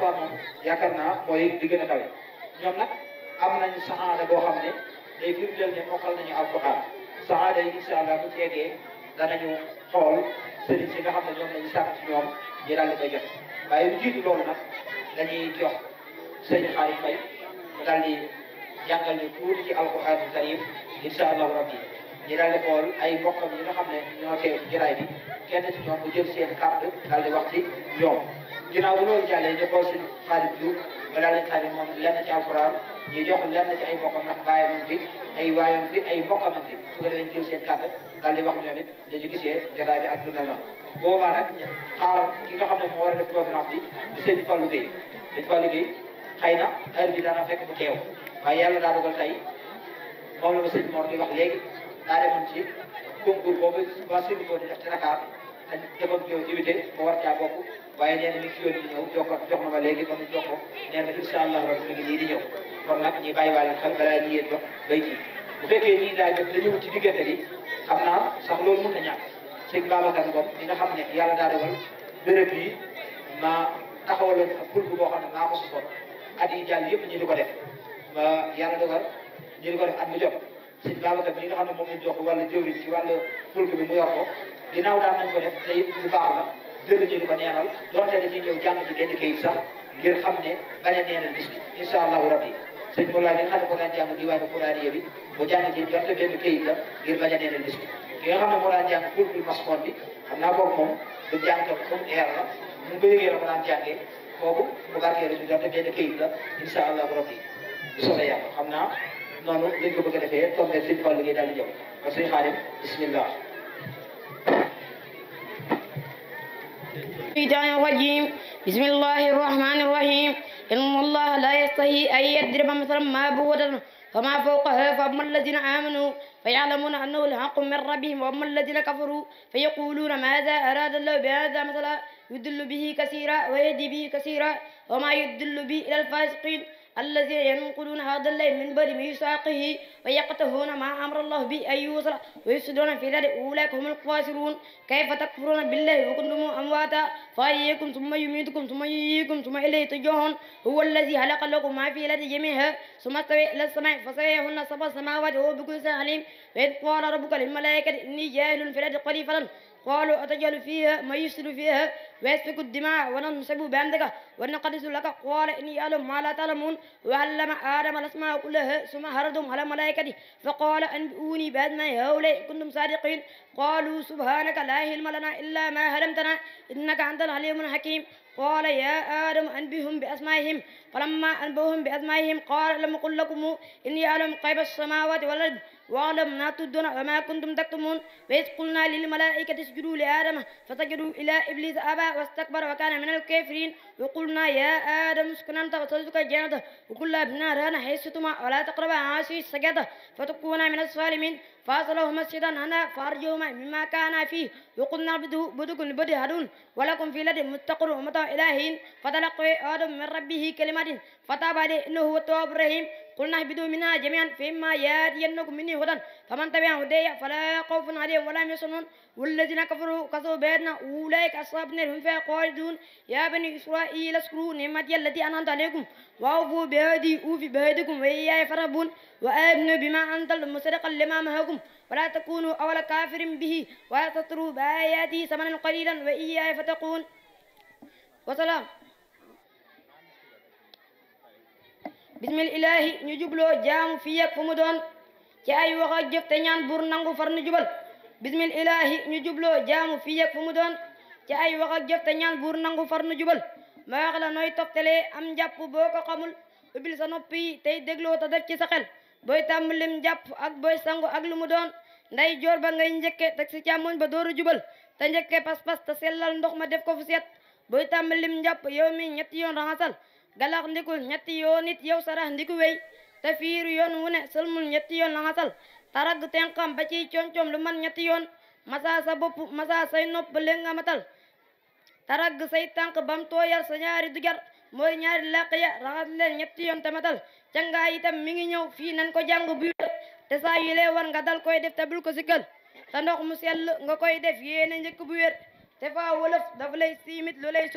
benn bu yaakaar naa mooy di gën a kawe ñoom nag am nañu saxaada boo xam ne day firndeel ne mokkal nañu alquran saxaada yi incha allah bu fekkee danañu xool sëriñ si nga xam ne ñoom lañu sàkk ci ñoom ñu daal di ko jot waaye lu jiitu loolu nag dañuy jox sëñ Xarit Faye mu daal di jàngal ñu tuuti ci alquran karim incha allahu rabbi ñu daal di xool ay bokkam yi nga xam ne ñoo teew ci jaraay bi kenn ci ñoom bu jël seen carte daal di wax ci ñoom. ginnaaw bu loolu jàllee ñu xool bi ba daal di moom lenn ci alxuraan ñu jox lenn ay bokkam ndax bàyyam bi ay waayam bi ay bokkam bi su ko defee ñu jël seen carte di wax ñoom it dañu gisee jaraay bi ak lu mel noonu. boobaa nag xaaral ki nga xam ne moo war a def programme bi di sëñ Fallou Gueye sëñ Fallou Gueye xëy na heure bi dana fekk bu teew waaye yàlla daa dogal tey moom la ma sëñ Mor di wax léegi daa demoon ci concours boobu boo suivi ko di def ci Dakar dañ defoon yow invité ba war caa bokk waaye nee na mi ngi ñëw jox jox na ma léegi mu jox ko nee na incha allah rabbi mi ngi nii di ñëw kon nag ñu bàyyi waale xel balaa ñuy yéen ba bay ji bu fekkee ñii daay def dañu ci diggante bi xam naa sax loolu mën na ñàkk sëñ Babacar Ngom mi nga xam ne yàlla daa dogal béréb yi ma taxawaloon boo xam ne maa ko sosoon at yi yëpp ñu di ko def ba yàlla dogal ñu di ko def at mu jot si Babacar mi nga xam ne moom lañ jox wala jëwriñ ci wàllu fulk bi mu yor ko ginnaaw daan nañ ko def te it baax na jëlu ci di ko neenal donte da ciy ñëw jàng ci genn kayit sax ngir xam ne bañ a neenal bis bi incha allahu rabbi sëñ Moulaay bi nga xam ne moo daan jàng diwaanu Quraaniya bi bu jàng ci donte benn kayit la ngir bañ a neenal bis bi ki nga xam ne moo daan jàng fulkul maskoon bi xam naa boobu moom du jàng ko comme air la mu bëyigee la ko daan jàngee kooku bu barkeelu ci donte benn kayit la incha allahu rabbi bu xam naa noonu lañ بسم الله الرحمن الرحيم إن الله لا يستحي أن يضرب مثلا ما بعوضة فما فوقها فأما الذين آمنوا فيعلمون أنه الحق من ربهم وأما الذين كفروا فيقولون ماذا أراد الله بهذا مثلا يدل به كثيرا ويهدي به كثيرا وما يدل به إلى الفاسقين الذين ينقلون هذا الليل من بعد ميثاقه ويقتهون ما أمر الله به أن يوصل ويفسدون في ذلك أولئك هم القاسرون كيف تكفرون بالله وكنتم أمواتا فأحييكم ثم يميتكم ثم يحييكم ثم إليه تجهون هو الذي خلق لكم ما في الأرض جميعا ثم استوى إلى السماء فسويهن سبع سماوات وهو بكل شيء عليم وإذ قال ربك للملائكة إني جاهل في الأرض قليلا قالوا أتجعل فيها ما يفسد فيها ويسفك الدماء وننصب بأمدك ونقدس لك قال إني أعلم ما لا تعلمون وعلم آدم الأسماء كلها ثم هردهم على ملائكته فقال أنبئوني بعد ما هؤلاء كنتم صادقين قالوا سبحانك لا علم لنا إلا ما علمتنا إنك أنت العليم الحكيم قال يا آدم أنبئهم بأسمائهم فلما أنبئهم بأسمائهم قال لم أقل لكم إني أعلم قيب السماوات والأرض واعلم ما تدون وما كنتم تكتمون وإذ قلنا للملائكة اسجدوا لآدم فسجدوا إلى إبليس أبا واستكبر وكان من الكافرين وقلنا يا آدم اسكن أنت وزوجك الجنة وكلا بنارها رانا حيثتما ولا تقربا هذه السجدة فتكونا من الصالمين فاصله مسجدا أنا فارجوهما مما كان فيه وقلنا بدو بدي هدون ولكم في لد متقر ومتى إلهين فتلقى آدم من ربه كلمات فتاب عليه إنه هو التواب الرحيم قلنا بدو منها جميعا فإما يأتينكم مني هدى فمن تبع هدايا فلا خوف عليهم ولا هم يحزنون والذين كفروا كفروا بيتنا أولئك أصحاب النار هم فيها خالدون يا بني إسرائيل اذكروا نعمتي التي أنعمت عليكم وأوفوا بهدي اوفي بعهدكم وإياي فرهبون وآمنوا بما أنزل مصدقا لما معكم ولا تكونوا أول كافر به ولا تطروا بآياتي ثمنا قليلا وإياي فتقون وسلام bismil ilahi ñu jubloo jaamu fi yeg fu mu doon ci ay wax ak jëf te ñaan buur nangu far nu jubal bismil ilahi ñu jubloo jaamu fi yeg mu doon ci ay wax ak jëf te ñaan buur nangu far nu jubal ma wax la nooy toftalee am njàpp boo ko xamul ubbil sa noppi yi tey dégloo ta def ci sa booy tàmm lim njàpp ak booy sangu ak lu mu doon nday joor ba ngay njëkke teg si càmmoñ ba dooru jubal te njëkke pas-pas te sellal ndox ma def ko fu set booy tàmm lim njàpp yow mi ñetti yoon raxasal galax ndikul ñetti yoo nit yow sarax ndiku wey te fiiru yoon wu ne sëlmul ñetti yoon la ngasal tarag tenqam ba ciy concom lu man ñetti yoon masa sa bopp masa say nopp ba léeg ta matal tarag say tànk bam tooyal sa ñaari dugar mooy ñaari làq ya raxas leen ñetti yoon te matal cangaa itam mi ngi ñëw fii nan ko jàng bu te saa war nga dal koy def te bul ko sikkal te ndox mu sell nga koy def yéene njëkk bu wér te faa wolof dafa lay siimit lu lay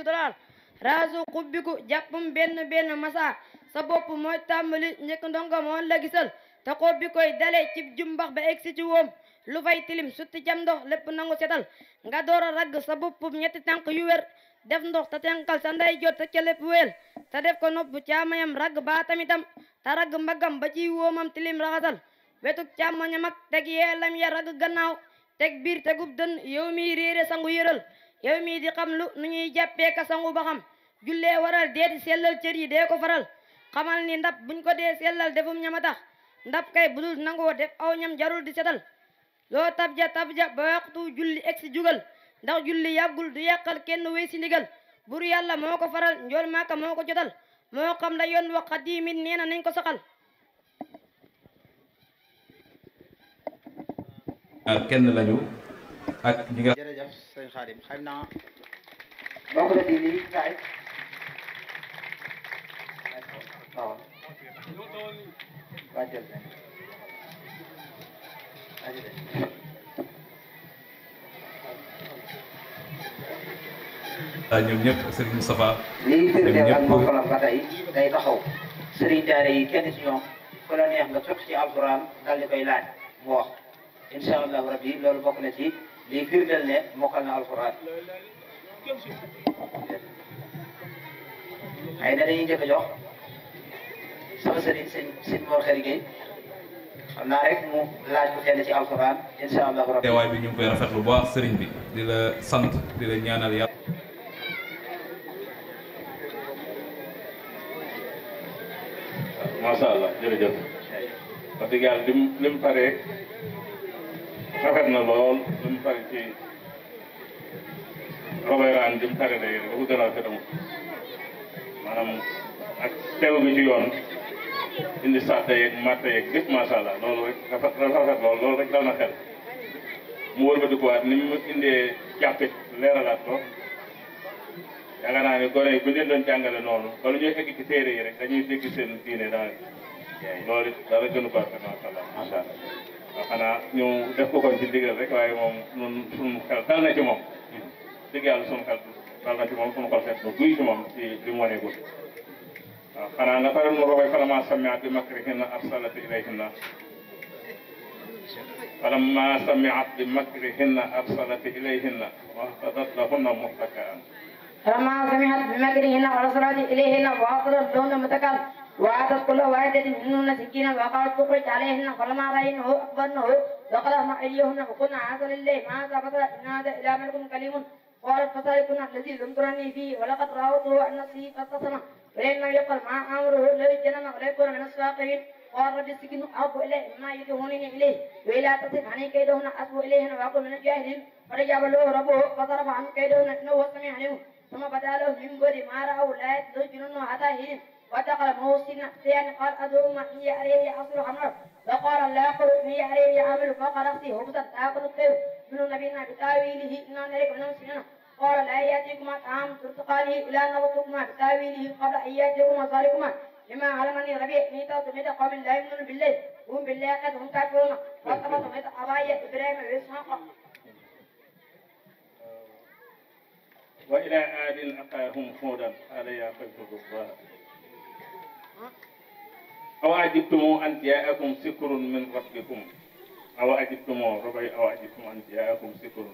raasu xubbiku jàppum benn benn masa sa bopp mooy tàmbali njëkk ndongo moon la gisal te xobbi koy dalee ci jumbax ba egg si ci woom lu fay tilim sutti jam ndox lépp nangu setal nga door a ragg sa bopp ñetti tànk yu wér def ndox te tenqal sa nday jot te ca lépp wéel te def ko nopp caamayam ragg ba tamitam te ragg mbaggam ba ciy woomam tilim raxasal wetuk càmmoñam ak teg yeelam ya ragg gannaaw teg biir tegub dën yow miy réere sangu yëral yow miy di nu ñuy jàppee ka sangu ba xam jullee waral dee di sellal cër ko faral xamal ni ndab buñ ko dee sellal defum ñama tax ndab kay budul nangoo def aw ñam jarul di setal loo tabja tabja ba waxtu julli egsi jugal ndax julli yàggul du yàqal kenn wey ndigal bur yàlla moo ko faral njool maaka moo ko jotal moo xam la yoon wa xadiimit nee na nañ ko saxal kenn lañu ak ñi nga jërëjëf sëñ Xaadim पावन राज्य ñoom ñëpp Serigne Moustapha. lii firnde ak moom xolam ba tey day taxaw. Serigne daara yi kenn ci ñoom ku la neex nga soppi ci alxuraan dal di koy laaj mu wax incha allahu rabbi loolu bokk na ci lii firndeel ne mokkal na alxuraan. sama sëriñ sëñ sëñ Mor naa rek mu laaj ko kenn ci alxuraan incha allah rabbi teewaay bi ñu ngi koy rafetlu bu baax sëriñ bi di la sant di la ñaanal yàlla macha allah jërëjëf wax dëgg yàlla lim lim pare rafet na lool lim pare ci Robert Rane lim pare day dafa gën a rafet maanaam ak teew bi ci yoon indi saate yeeg matte yeeg yëpp macha allah loolu rek dafa rafet lool loolu rek dal na xel mu wëlbatikuwaat ni mu indee jàppit leeralaat ko yaakaar naa ne gone yi bu leen doon jàngale noonu bala ñuy egg ci téere yi rek dañuy dégg seen diine daal loolu it dara gënu ko rafet macha allah macha allah waaw xanaa ñu def ko kon ci digal rek waaye moom ñun suñu xel dal na ci moom dëgg yàlla suñu xel dal na ci moom suñu xol fet ba guy ci moom ci li mu waneegul xanaa na bare mu rogoy falamma samiat bi makrihinna arsalat ilayhinna falamma samiat bi makrihinna arsalat فلما سمعت بمكرهن أرسلت اليهن واخذت لهن متكئا واتت كل واحده منهن سكينا وقالت تخرج عليهن فلما هو دخل مع إليهن فقلنا هذا لله ما هذا بصر ان هذا الى ملك كريم قالت فسالكن الذي لم ترني فيه ولقد راوته عن نفسه فاتصمه فإنه يقول ما أمره الذي جنم ولا من الساقين قال رب السجن أبو إليه ما يدهونني إليه وإلا تصف عني كيدهن أصب إليهن وأكون من الجاهلين فرجع له ربه فضرب عن كيدهن إنه هو السميع عليم ثم بدا له من بعد ما رأوا لا يتزوجن حتى حين ودخل موسى نفسيا قال أدعو ما هي عليه أصل عمر وقال لا يخرج هي عليه عمل فقال أختي هبطت تأكل الطير من نبينا بتاويله إنا نريك من قال لا يأتيكما طعام الى ان نبطكما بتاويله قبل أن يأتيكما ذلكما لما علمني ربيع ميتا توسميت قوم لا يؤمنون بالله هم بالله قد هم كافرون واتقى سميت أبايا إبراهيم وإسحاق وإلى عاد أقاهم هودا قال يا قلت الله أو أجبتم أن جاءكم سكر من ربكم أو أجبتم ربي أو أجبتم أن جاءكم سكر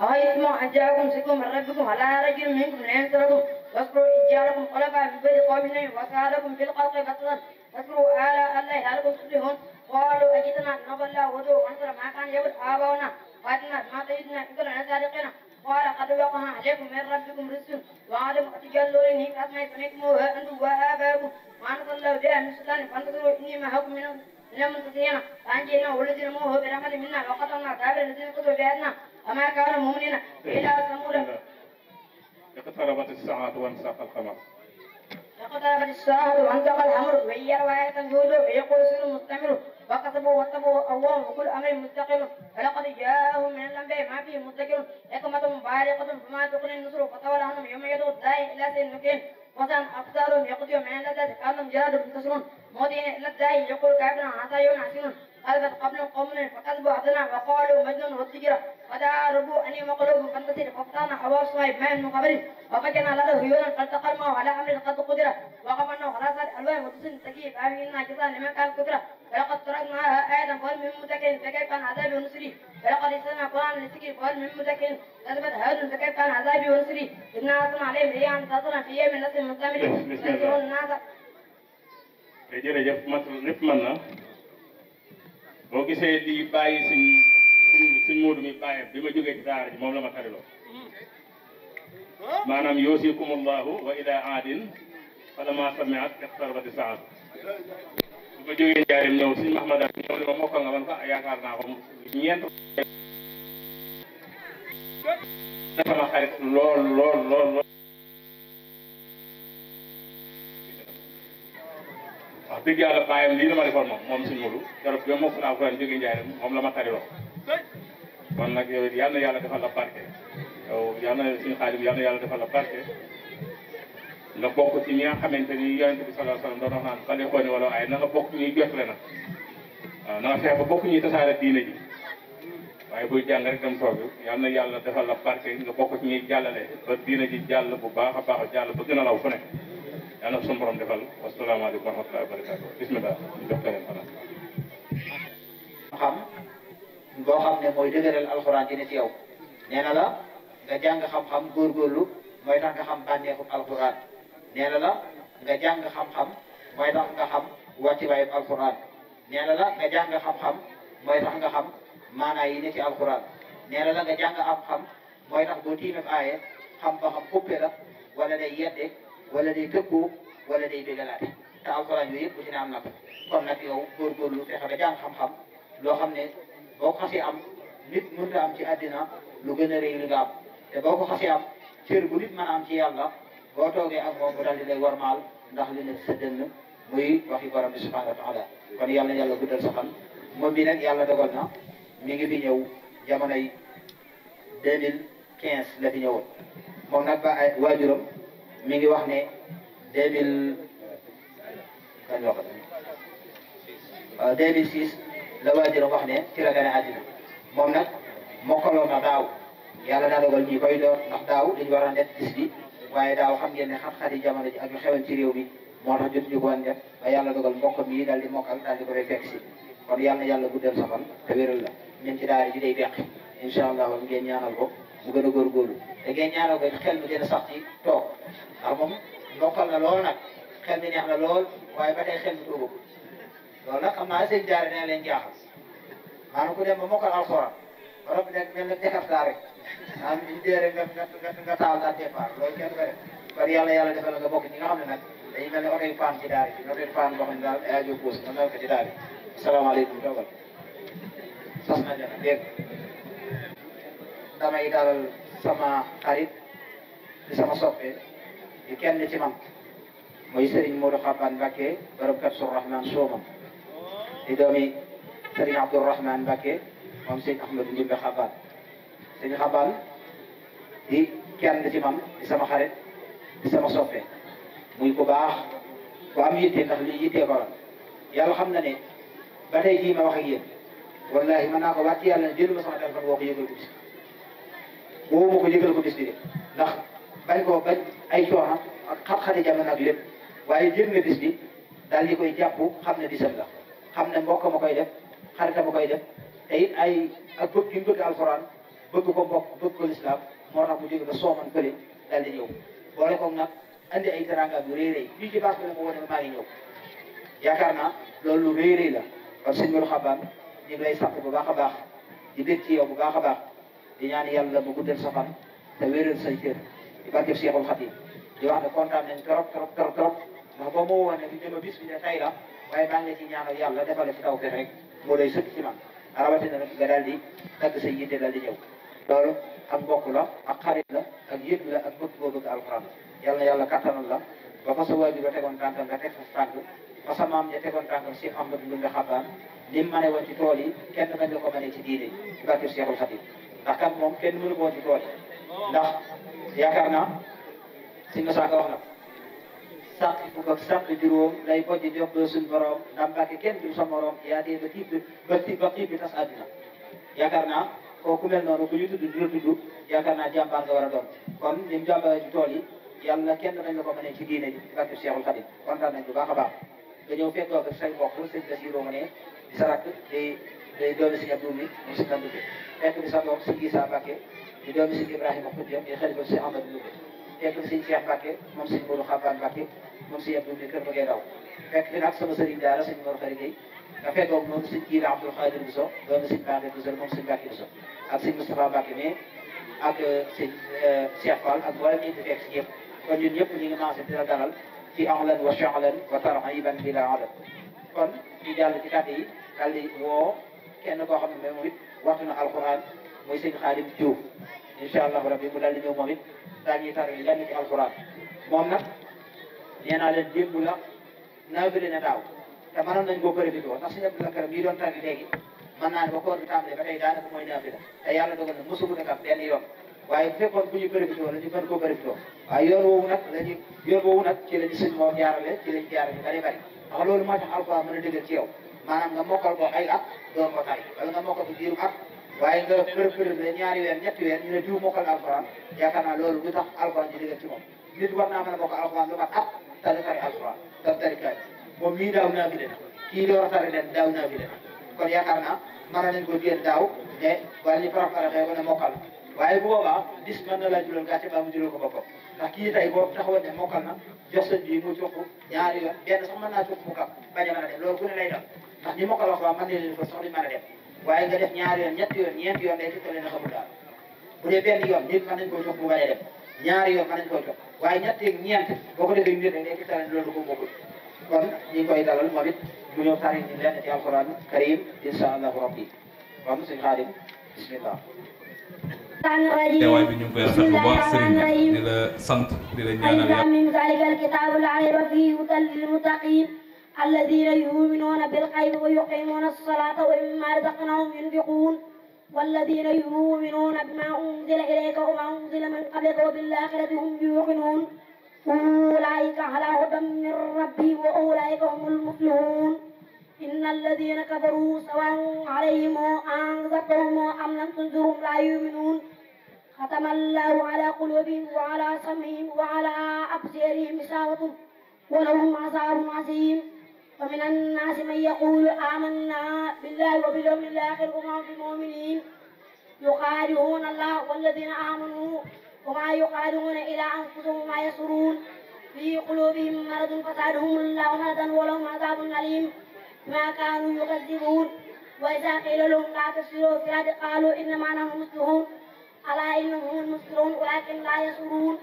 أهيتم أن جاءكم سكم من ربكم على رجل منكم لين واذكروا وصلوا إجاركم خلفاء من بين قومنا وصاركم في الخلق بصرا وصلوا على الله هل كنتم تفلحون قالوا أجدنا نضل وضوء أنصر ما كان يبر آباؤنا فاتنا ما تجدنا إن كنا صادقين قال قد وقها عليكم من ربكم رسل وعلم تجلوني في أسماء سمعتموها أنتم وآباؤكم وأنا صلى الله بها من سلطان فانتظروا إني منهم لم المنتصرين فأنجينا ولدنا موه برحمة منا وقتلنا ثابت الذين كتبوا وما كان مؤمنا إلا سمودا اقتربت الساعة وانساق القمر اقتربت الساعة وانساق الأمر وهي رواية تنزل ويقول سن مستمر وكسبوا واتقوا أوام وكل أمر مستقر فلقد جاءهم من الأنبياء ما فيه مدكر حكمة بارقة فما تغني النصر فتولى عنهم يوم يدعو الداعي إلى سن نكير وزن أبصارهم يقضي من الذات كانهم جراد منتصرون مودين إلى الداعي يقول كافر عطايون عسيرون أذبت قبل قوم فكذبوا عبدنا وقالوا مجنون وسجرة وتعاربوا أني مقلوب فانتصر فاقتنع حواس صاحب ماء من قبره وفكنا له هيولا فالتقى الماء على أمر قد قدر وقفنا على سر ألوان وتسن تكيف آمنا آه، جزاء لمن كان كفرة ولقد تركناها آية فهل من متكل فكيف كان عذابي ونصري ولقد استمع قرآن للذكر فهل من متكل كذبت هود فكيف كان عذابي ونصري إنا أصنع عليهم ريان تطلع في يوم لسن مستمر ينصرون الناس رجل رجل نفمنا boo gisee lii bàyyi suñ suñ suñ mi bàyyi bi ma jógee ci moom la ma tariloo maanaam yuusikumullahu wa ila aadin falamma samiat iqtarabati saatu bi ma jógee njaarim ñëw suñ Mahmadan ñëw ma mokkal nga man ko yaakaar naa ko ñeent sama xarit lool lool lool lool dëgg yàlla bàyyam lii la ma defal moom moom suñu mulu garab bi mokk naa alxuraan jóge njaay rek moom la ma tariloo kon nag yow yal na yàlla defal la barke yow yal na suñu xaadim yal na yàlla defal la barke la bokk ci ñi nga xamante ni yonente bi sallallahu alayhi wasallam doon wax naan bale wala ay na nga bokk ñuy jotle nag na nga feex ba bokk ñuy tasaare diine ji waaye buy jàng rek dem toog yal na yàlla defal la barke nga bokk ci ñuy jàllale ba diine ji jàll bu baax a baax jàll ba gën a law fu nekk yàlla na ko suñu borom defal wasalaamaaleykum wa rahmatulah xam ne mooy dëgëral alxuraan ji ne ci yow la nga jàng xam-xam góorgóorlu mooy tax nga xam bànneexu alxuraan nee la nga jàng xam-xam mooy tax nga xam wàcciwaayu alxuraan nee na la nga jàng xam-xam mooy tax nga xam maanaa yi ci alxuraan nee na la nga jàng am xam boo xam ba xam la wala day yedde wala day tëggoo wala day bégalaate te alxuraan yooyu yëpp bu ci ne am na ko kon nag yow góorgóorlu fexe ba jàng xam-xam loo xam ne boo ko xasee am nit mënut a am ci àddina lu gën a rëy li nga am te boo ko xasee am cër bu nit mën a am ci yàlla boo toogee ak moom bu dal di war warmaal ndax li nekk sa dënn muy waxi borom bi subhanahu wa taala kon yàlla yàlla guddal sa fan moom bi nag yàlla dogal na mi ngi fi ñëw jamonoy deux mille quinze la fi ñëwoon moom nag ba ay mi ngi wax ne deux mille kan la ko waaw euh, deux mille wax ne ci la gane àddina moom nag mokkaloon na daaw yàlla daa dogal ñi koy door ndax daaw dañu waroon def bis bi waaye daaw xam ngeen ne xat-xat yi ji ak yu xewoon ci réew mi moo tax jot ñu ko woon def yàlla dogal mbokk mi daal di mokkal daal di ko fay kon yàlla yàlla guddal sa fan te wéral la ñun ci daara ji day beq incha allah ngeen ñaanal ko. mu gën a góorgóorlu te ngeen ñaanal ko xel mi gën a sax ci toog ndax moom mokkal na lool nag xel mi neex na lool waaye ba tey xel mi dugg loolu nag xam naa seen jaare nee leen jaaxal maanaam ku dem ba mokkal alxuraan ba noppi nag mel na dekaftaa rek maanaam ñu dee rek nga nga nga taal daal départ loolu kenn ko def kon yàlla yàlla defal la nga bokk ñi nga xam ne nag dañu mel ne oto yu paan ci daara yi oto yu paan boo xam ne daal ay ajo puus damay dalal sama xarit di sama soppe di kenn ci man muy Serigne Modou Xaban Mbacké borom Kabsur Soomam di doomi Serigne Abdou Rahman Mbacké moom Serigne Ahmadou Ndimbe Xaban Serigne Xaban di kenn ci man sama xarit di sama soppe muy ku baax ku am yitte ndax lii yittee waral yàlla xam na ne ba tey jii wax ak yéen wallahi mën naa ko waat ci yàlla ne jëluma sama téléphone woo ko yëgal ko woo ma ko yëgal ko bis bi ndax bañ koo bañ ay coono ak xam-xati jamono ak lépp waaye yëg na bis bi daal di koy jàpp xam ne disam la xam ne mbokkam ma koy def xarita ma koy def te it ay ak yu mu bëgg bëgg ko mbokk bëgg ko lislaam moo tax mu jóge ba sooman fële daal di ñëw boole andi ay teraanga yu rëy rëy fii ci bâche yaakaar naa loolu lu rëy la kon sëñ Modou Xabaan ñu ngi lay bu baax a baax di bég ci yow bu baax a baax di ñaan yàlla mu guddal sa fan te wéeral say kër di barke di wax ne kontaan nañ trop trop trop trop ndax boo ma woo ne fi jëma bis bi ne tey la waaye maa ngi ci ñaanal yàlla defale rek moo doy sëkk ci man rawatina nag nga daal di tagg say yitte daal di ñëw loolu ak mbokk la ak xarit la ak yëg la ak bëgg boo bëgg alxuraan yàlla na yàlla kattanal la ba fa sa waajur ba tegoon tànkam nga teg fa sa tànk ba sa maam tegoon tànkam si Ahmadu lu nga xataan li mu mane woon ci tool yi kenn bañ la ko mënee ci diine ci barke Seexul Xadim akan mungkin kenn mënu koo ci boole ndax yaakaar naa si nga saaka wax na sàq fukk ak sàq juróom day bojj jox doo suñ borom ndax mbàkke kenn du sa morom yaa dee ba tiib ba tiib ba xiib bi tas àdduna ya, yaakaar kon ñun jam ci tool yi yàlla kian dengan la ko mënee ci diine ji barke Cheikhul Khadim kontaan nañ bu baax a baax di day doomi sëñ Abdou mi mu sëñ Abdou Gueye nekk di sa doom sëñ Issa Mbacke di doomi sëñ Ibrahima Khoudia di xalifa sëñ Amadou Mbacke nekk di sëñ Cheikh Mbacke moom sëñ Modou Xaban Mbacke moom sëñ Abdou Gueye kër ba ngay daw fekk fi nag sama sëriñ daara sëñ Mor Khary Gueye nga fekkoon moom sëñ Jiila Abdoul Khadir Bousso doomi sëñ Mbacke Bousso moom sëñ Mbacke Bousso ak sëñ Moustapha Mbacke mais ak sëñ Cheikh Fall ak mboolem ñi di fekk si ñëpp kon ñun ñëpp ñu ngi mancé dina dalal ci ahlan wa sahlan wa tarhiban bila adad kon ñu jàll ci kàddu yi daal di woo kenn koo xam ne moom it waxtu na alxuraan muy sëñ Xaadim Diouf incha allahu rabbi mu daal di ñëw moom it daal ñuy tar yi lenn ci alxuraan moom nag nee naa leen démb la naafile na daaw te mënoon nañ koo profité ndax suñu Abdou Bakar mii yi léegi mën naa ne ba koor bi tàmbalee ba daanaka mooy a te yàlla dogal na mosu mën a kam benn yoon waaye bu fekkoon bu ñu profité la ñu mën koo profité waaye yoon woowu nag la ñu yoon woowu nag ci la ñu sëñ moom ci la ñu jaarale bari bari ndax loolu moo tax alxuraan mën ci yow maanaam nga mokkal ko ay at doo ko tay wala nga mokkal ko diirum at waaye nga përëb përëb le ñaari weer ñetti weer ñu ne diw mokkal alxuraan yaakaar naa loolu du tax alxuraan di dëgër ci moom nit war naa mën a mokkal alxuraan lu mat at tali tari alxuraan tam tari kaay moom mii daaw naa fi kii door a tari leen daaw naa fi dena kon yaakaar naa mën nañ ko diyen daaw ne wala ñu préparé ko ne mokkal waaye bu boobaa dis mën na laa jural gàcce baa mu jural ko boppam ndax kii tay boo taxawoon ne mokkal na mu jox ko ñaari yoon benn a ndax ni ma ko wax waa mën na leen ko sax duñ mën a dem waaye nga def ñaari yoon ñetti yoon ñeenti yoon day tëkkale na xamul daal bu dee benn yoon nit mën nañ koo jox bu bañ a dem ñaari yoon mën nañ koo jox waaye ñett yeeg ñeent boo ko defee mbir day tëkkale loolu ko bokkul kon ñu ngi koy dalal moom it mu ñëw tari ñu lenn ci alquran karim insha allahu rabbi kon suñu xaadim bismillah teewaay bi ñu ngi koy rafet bu baax sëriñ bi di la sant di la ñaanal yàlla الذين يؤمنون بالغيب ويقيمون الصلاة ومما رزقناهم ينفقون والذين يؤمنون بما أنزل إليك وما أنزل من قبلك وبالآخرة هم يوقنون أولئك على هدى من ربي وأولئك هم المفلحون إن الذين كفروا سواء عليهم أنذرتهم أم لم تنذرهم لا يؤمنون ختم الله على قلوبهم وعلى سمعهم وعلى أبصارهم مساوة ولهم عذاب عظيم ومن الناس من يقول آمنا بالله وباليوم الآخر وما هم بمؤمنين يخادعون الله والذين آمنوا وما يخادعون إلى أنفسهم ما يسرون في قلوبهم مرض فزادهم الله مرضا ولهم عذاب أليم ما كانوا يكذبون وإذا قيل لهم لا تسروا في هذا قالوا إنما نحن مسلمون ألا إنهم المسلمون ولكن لا يسرون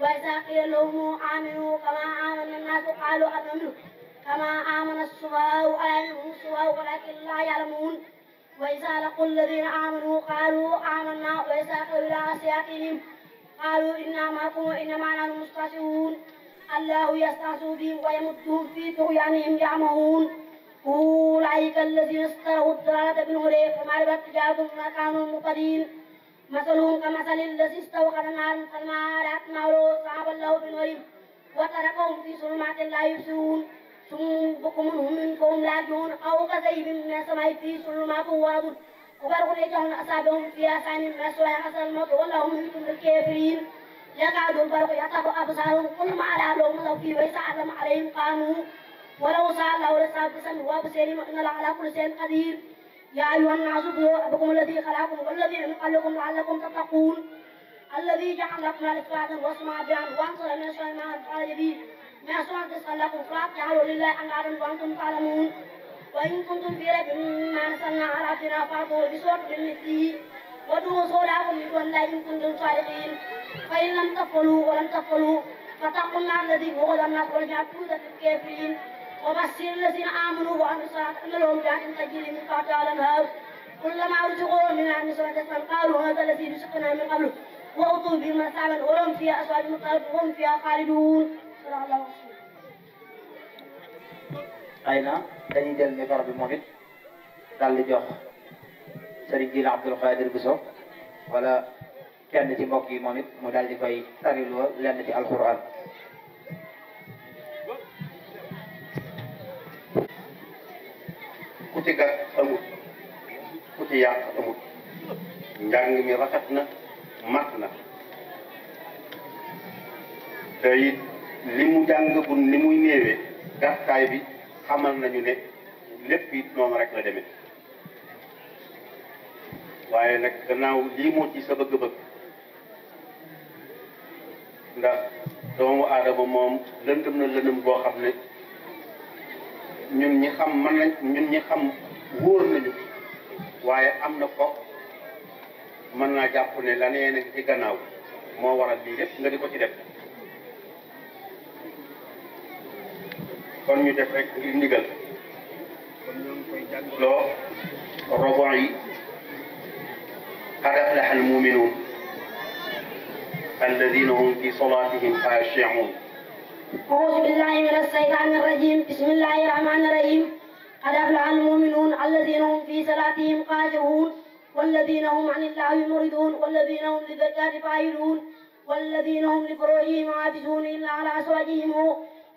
وإذا قيل لهم آمنوا كما آمن الناس قالوا أتمنوا كما آمن السفهاء أهلهم سواء ولكن لا يعلمون وإذا لقوا الذين آمنوا قالوا آمنا وإذا قلوا إلى أسياقهم قالوا إنا معكم وإنما نحن مستهزئون الله يستعص بهم ويمدهم في طغيانهم يعمهون أولئك الذين اشتروا الضلالة بالهدى فما ربت تجارتهم ما كانوا مقتدين مثلهم كمثل الذي استوقد نارا فلما أراد ناره صعب الله بنوره وتركهم في ظلمات لا يبصرون سموم بكم هم فهم لاجون أو غزيب من السماء في كل ما فواب وبرغوا لجهن أصابهم في أسان ما سوى حصل الموت واللهم يكون الكافرين يقعد البرق يطفو أبصارهم كل ما على لهم لو في ويسع عليهم قاموا ولو سعى الله بسن بسم وابصيرهم إن الله على كل شيء قدير يا أيها الناس اذكروا ربكم الذي خلقكم والذي من قبلكم لعلكم تتقون الذي جعل لكم الأفراد والسماء بها وأنصر من السماء ماء Wa'udhu bi'l-masa'aban urum fiyya aswa'il-muqalib urum fiyya khalidun. xëy na dañuy jël micro bi moom it daal di jox sëriñ Jil Abdul Qadir Buso wala kenn ci mbokk yi moom it mu daal di koy tariloo lenn ci alquran ku ci gàtt amut ku ci yàq amut njàng mi rafet na mat na te it li mu jàng bu muy néewee gàttaay bi xamal nañu ne lépp it noonu rek la deme waaye nag gannaaw lii moo ci sa bëgg-bëgg ndax doomu aadama moom lëndëm na lëndëm boo xam ne ñun ñi xam mën nañ ñun ñi xam wóor nañu waaye am na ko mën naa jàpp ne la nee nag ci gannaaw moo waral lii lépp nga di ko ci def kon ñu def rek li ndigal loo robon yi qad aflaha almuminuun alladina hum fi salatihim xaashicuun أعوذ بالله من الشيطان الرجيم بسم الله الرحمن الرحيم قد أفلح المؤمنون الذين هم في صلاتهم خاشعون والذين هم عن الله معرضون والذين هم للزكاة فاعلون والذين هم لفروجهم عابدون إلا على أزواجهم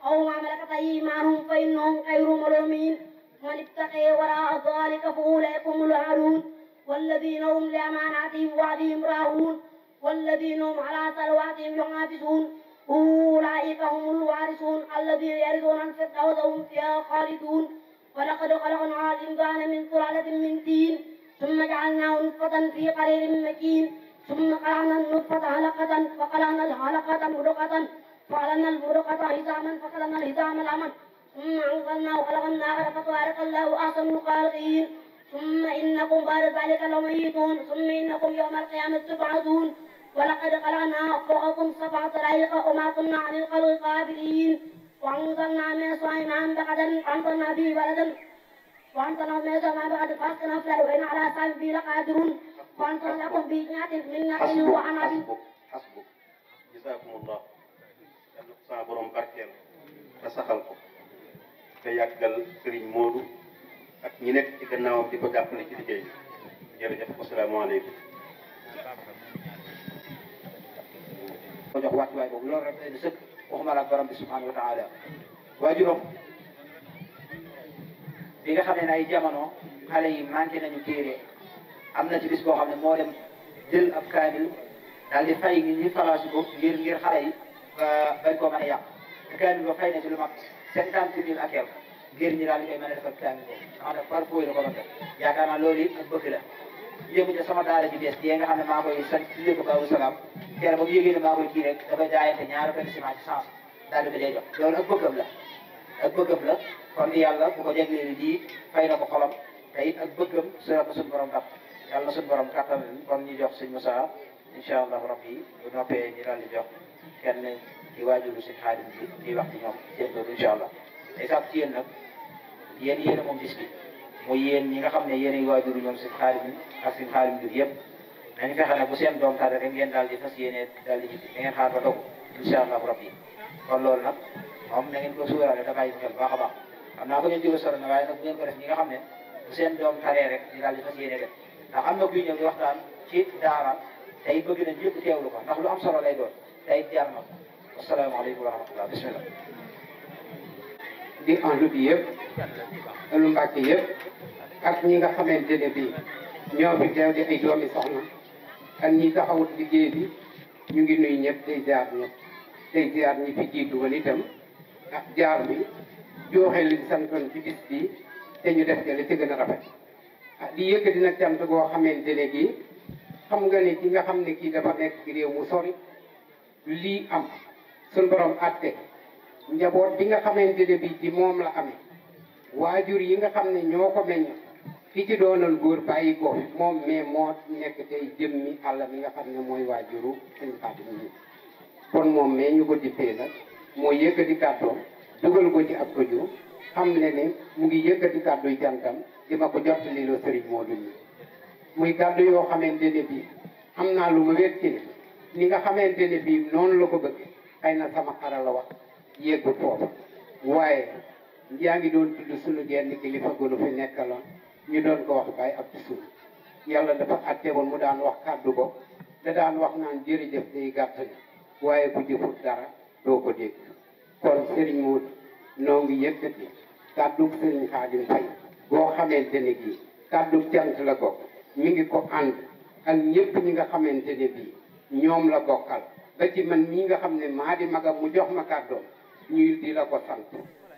أو ما ملكت أيمانهم فإنهم خير ملومين من اتقي وراء ذلك فأولئك هم العادون والذين هم لأماناتهم وعدهم راهون والذين هم على صلواتهم يحافظون أولئك هم الوارثون الذين يرثون الفردوس هم فيها خالدون ولقد خلقنا الإنسان من سلالة من دين ثم جعلناه نطفة في قرير مكين ثم قرأنا النطفة علقة وقرأنا العلقة مدقة فعلنا البرقة هزاما فكلنا الهزام العمل ثم عقلناه خلقنا آخر فتبارك الله أحسن الخالقين ثم إنكم بعد ذلك لميتون ثم إنكم يوم القيامة تبعثون ولقد خلقنا فوقكم سبع طرائق وما كنا عن الخلق قابلين وأنزلنا من السماء ماء بقدر فأمطرنا به بلدا وأنزلنا من السماء بقدر فأسقنا في الأرض وإن على أصحابه لقادرون فأنزل لكم بجنات من نخيل وعنب حسبك جزاكم الله saa borom barkeel te saxal ko te yàggal sëriñ Modou ak ñi nekk ci gannaawam di ko jàppale ci liggéey jërëjëf asalaamaaleykum ko jox wàccuwaay boobu loolu rek day di sëkk waxuma la ak borom bi waaye juróom bi nga xam ne ay jamono xale yi manqué nañu téere am na ci bis xam ne moo dem jël ab kaamil daal di fay ngi ñu falaasi ko ngir ngir xale yi bañ koo mën a yàq te kaamil ba fay na ci lu mat cinquante mille ak yow ngir ñi daal di koy mën a defal kaamil boobu xam la ko mën a loolu it ak bëgg la yëngu ca sama daal bi bees yee nga xam ne maa koy sant tuddee ko Babou Salam keroog ba mu yëgee ne maa koy kii rek dafa jaayante ñaari tonnes ciment daal di ko loolu ak bëggam la ak bëggam la kon yàlla bu ko jagleelu ji fay na ko xolam te ak bëggam su ko suñu borom kat yàlla suñu borom kattan kon ñu jox sëñ Moussa incha allah rabbi bu noppee ñu daal di jox kenn ci waajuru si xaalis bi ñuy wax ci ñoom seen loolu incha yéen nag yéen yéen a moom bi muy yéen ñi nga xam ne yéen ay waajuru ñoom si xaalis bi ak si xaalis bi yëpp nañu fexe ne bu seen doom tàggat rek ngeen daal di fas yéene daal di ñibbi da allah rabbi kon loolu nag moom na ngeen ko suuraale da bàyyi xel baax a baax xam naa ko ñu na waaye ko def ñi nga xam ne bu seen doom taree rek ñu daal di fas yéene def ndax am na kuy ñëw di waxtaan ci daara tey bëgg nañ ñëpp lu ko ndax lu am solo lay doon day jaar na asalaamaaleykum wa rahmatulah bisimilah. di enjeu bi yëpp lu mbàkk ak ñi nga xamante ne bi ñoo fi teew liggéey bi ñu ngi nuyu ñëpp day jaar ñëpp day jaar ñi jaar bi jooxe liñ santoon ci bis bi te ñu def jële ci gën a rafet. ah di yëkkati nag cant goo xamee ne bii xam nga ni ki nga xam ne kii dafa nekk ci réew mu sori. lii am suñ borom atte njaboot bi nga xamante ne bi ci moom la amee waajur yi nga xam ne ñoo ko meññ ki ci doonal góor bàyyi ko moom mais moo nekk tey jëmmi àll bi nga xam ne mooy waajuru suñu xaatim yi kon moom mais ñu ko dippee nag moo yëkkati kàddoom dugal ko ci ab rajo xam le ne mu ngi yëkkati kàdduy yi jànkam di ma ko jottali loo sëriñ moo dul muy kàddu yoo xamante ne bi am naa lu ma wér ne li nga xamante ne bii noonu la ko bëgg xëy na sama xara la wax yéegul foofu waaye yaa ngi doon tudd sunu genn kilifa gënu fi nekkaloon ñu doon ko wax Baye Abdou Sow yàlla dafa àtte woon mu daan wax kàddu ko da daan wax naan jërëjëf day gàtt na waaye bu jëfut dara doo ko dégg kon Serigne Modou noo ngi yëkkati kàddu Serigne Khadim Faye boo xamante ne bii kàddu cant la ko mi ngi ko ànd ak ñëpp ñi nga xamante ne bii ñoom la bokkal ba ci man ñi nga xam ne maa di magam mu jox ma kàddoom ñuy di la ko sant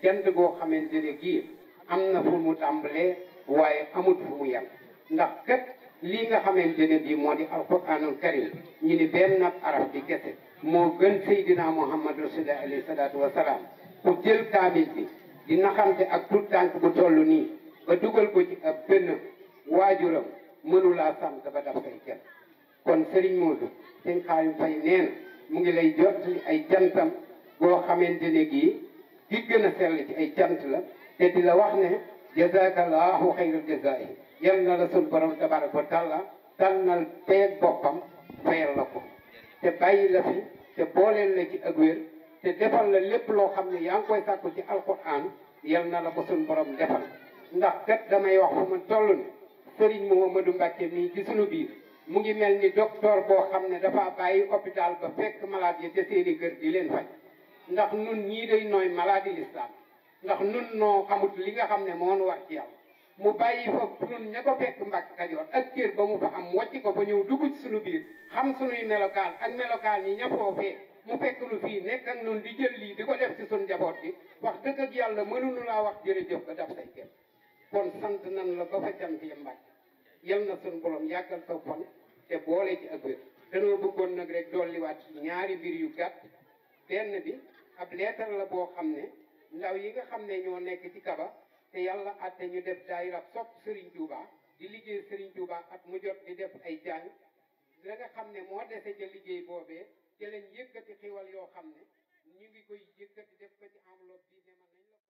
cant boo xamee ne gii am na fu mu tàmbalee waaye amut fu mu yem ndax kat lii nga xamante ne bii moo di alquranul karim ñu ni benn araf di kese moo gën Seydina Muhammad rasulullah alayhi salaatu salaat salaam ku jël kaamil bi di naxante ak tout tànk bu toll nii ba dugal ko ci ab benn waajuram mënulaa sant ba daf koy kenn kon Serigne Modou dénkaayu fay neen mu ngi lay jottali ay jantam boo xamante ne gii gi gën a sell ci ay jant la te di la wax ne jazakallahu xayral jazaa'i yal na la sun borom tabaraka wa taala tànnal teeg boppam fayal la ko te bàyyi la fi te booleel la ci ak wér te defal la lépp loo xam ne yaa ngi koy sàkku ci alquran yal na la ko sun borom defal ndax kat damay wax fu ma toll ne Serigne Mouhamadou Mbacke mii ci sunu biir mu ngi mel ni docteur boo xam ne dafa bàyyi hôpital ba fekk malade yi te seeni kër di leen faj ndax nun ñii day nooy maladie l'islam ndax nun noo xamut li nga xam ne moo nu war ci yàlla mu bàyyi fa nun ña ko fekk Mbàkke Kajoor ak kër ba mu fa am wàcc ko ba ñëw dugg ci suñu biir xam suñuy melokaan ak melokaan yi ña foofee mu fekk lu fii nekk ak nun di jël lii di ko def si suñu njaboot bi wax dëgg ak yàlla mënuñu laa wax jërëjëf ba daf say kenn kon sant nan la ba fa cant yal na suñu borom yàggal sa fan te boole ci ak wér danoo bëggoon nag rek dolliwaat ñaari mbir yu gàtt benn bi ab leetar la boo xam ne ndaw yi nga xam ne ñoo nekk ci kaba te yàlla atte ñu def daayira sopp Serigne Touba di liggéey Serigne Touba ak mu jot def ay jàng la xam ne moo dese ca liggéey boobee te leen yëkkati xiwal yoo xam ne ñu ngi koy yëkkati def ko ci enveloppe bi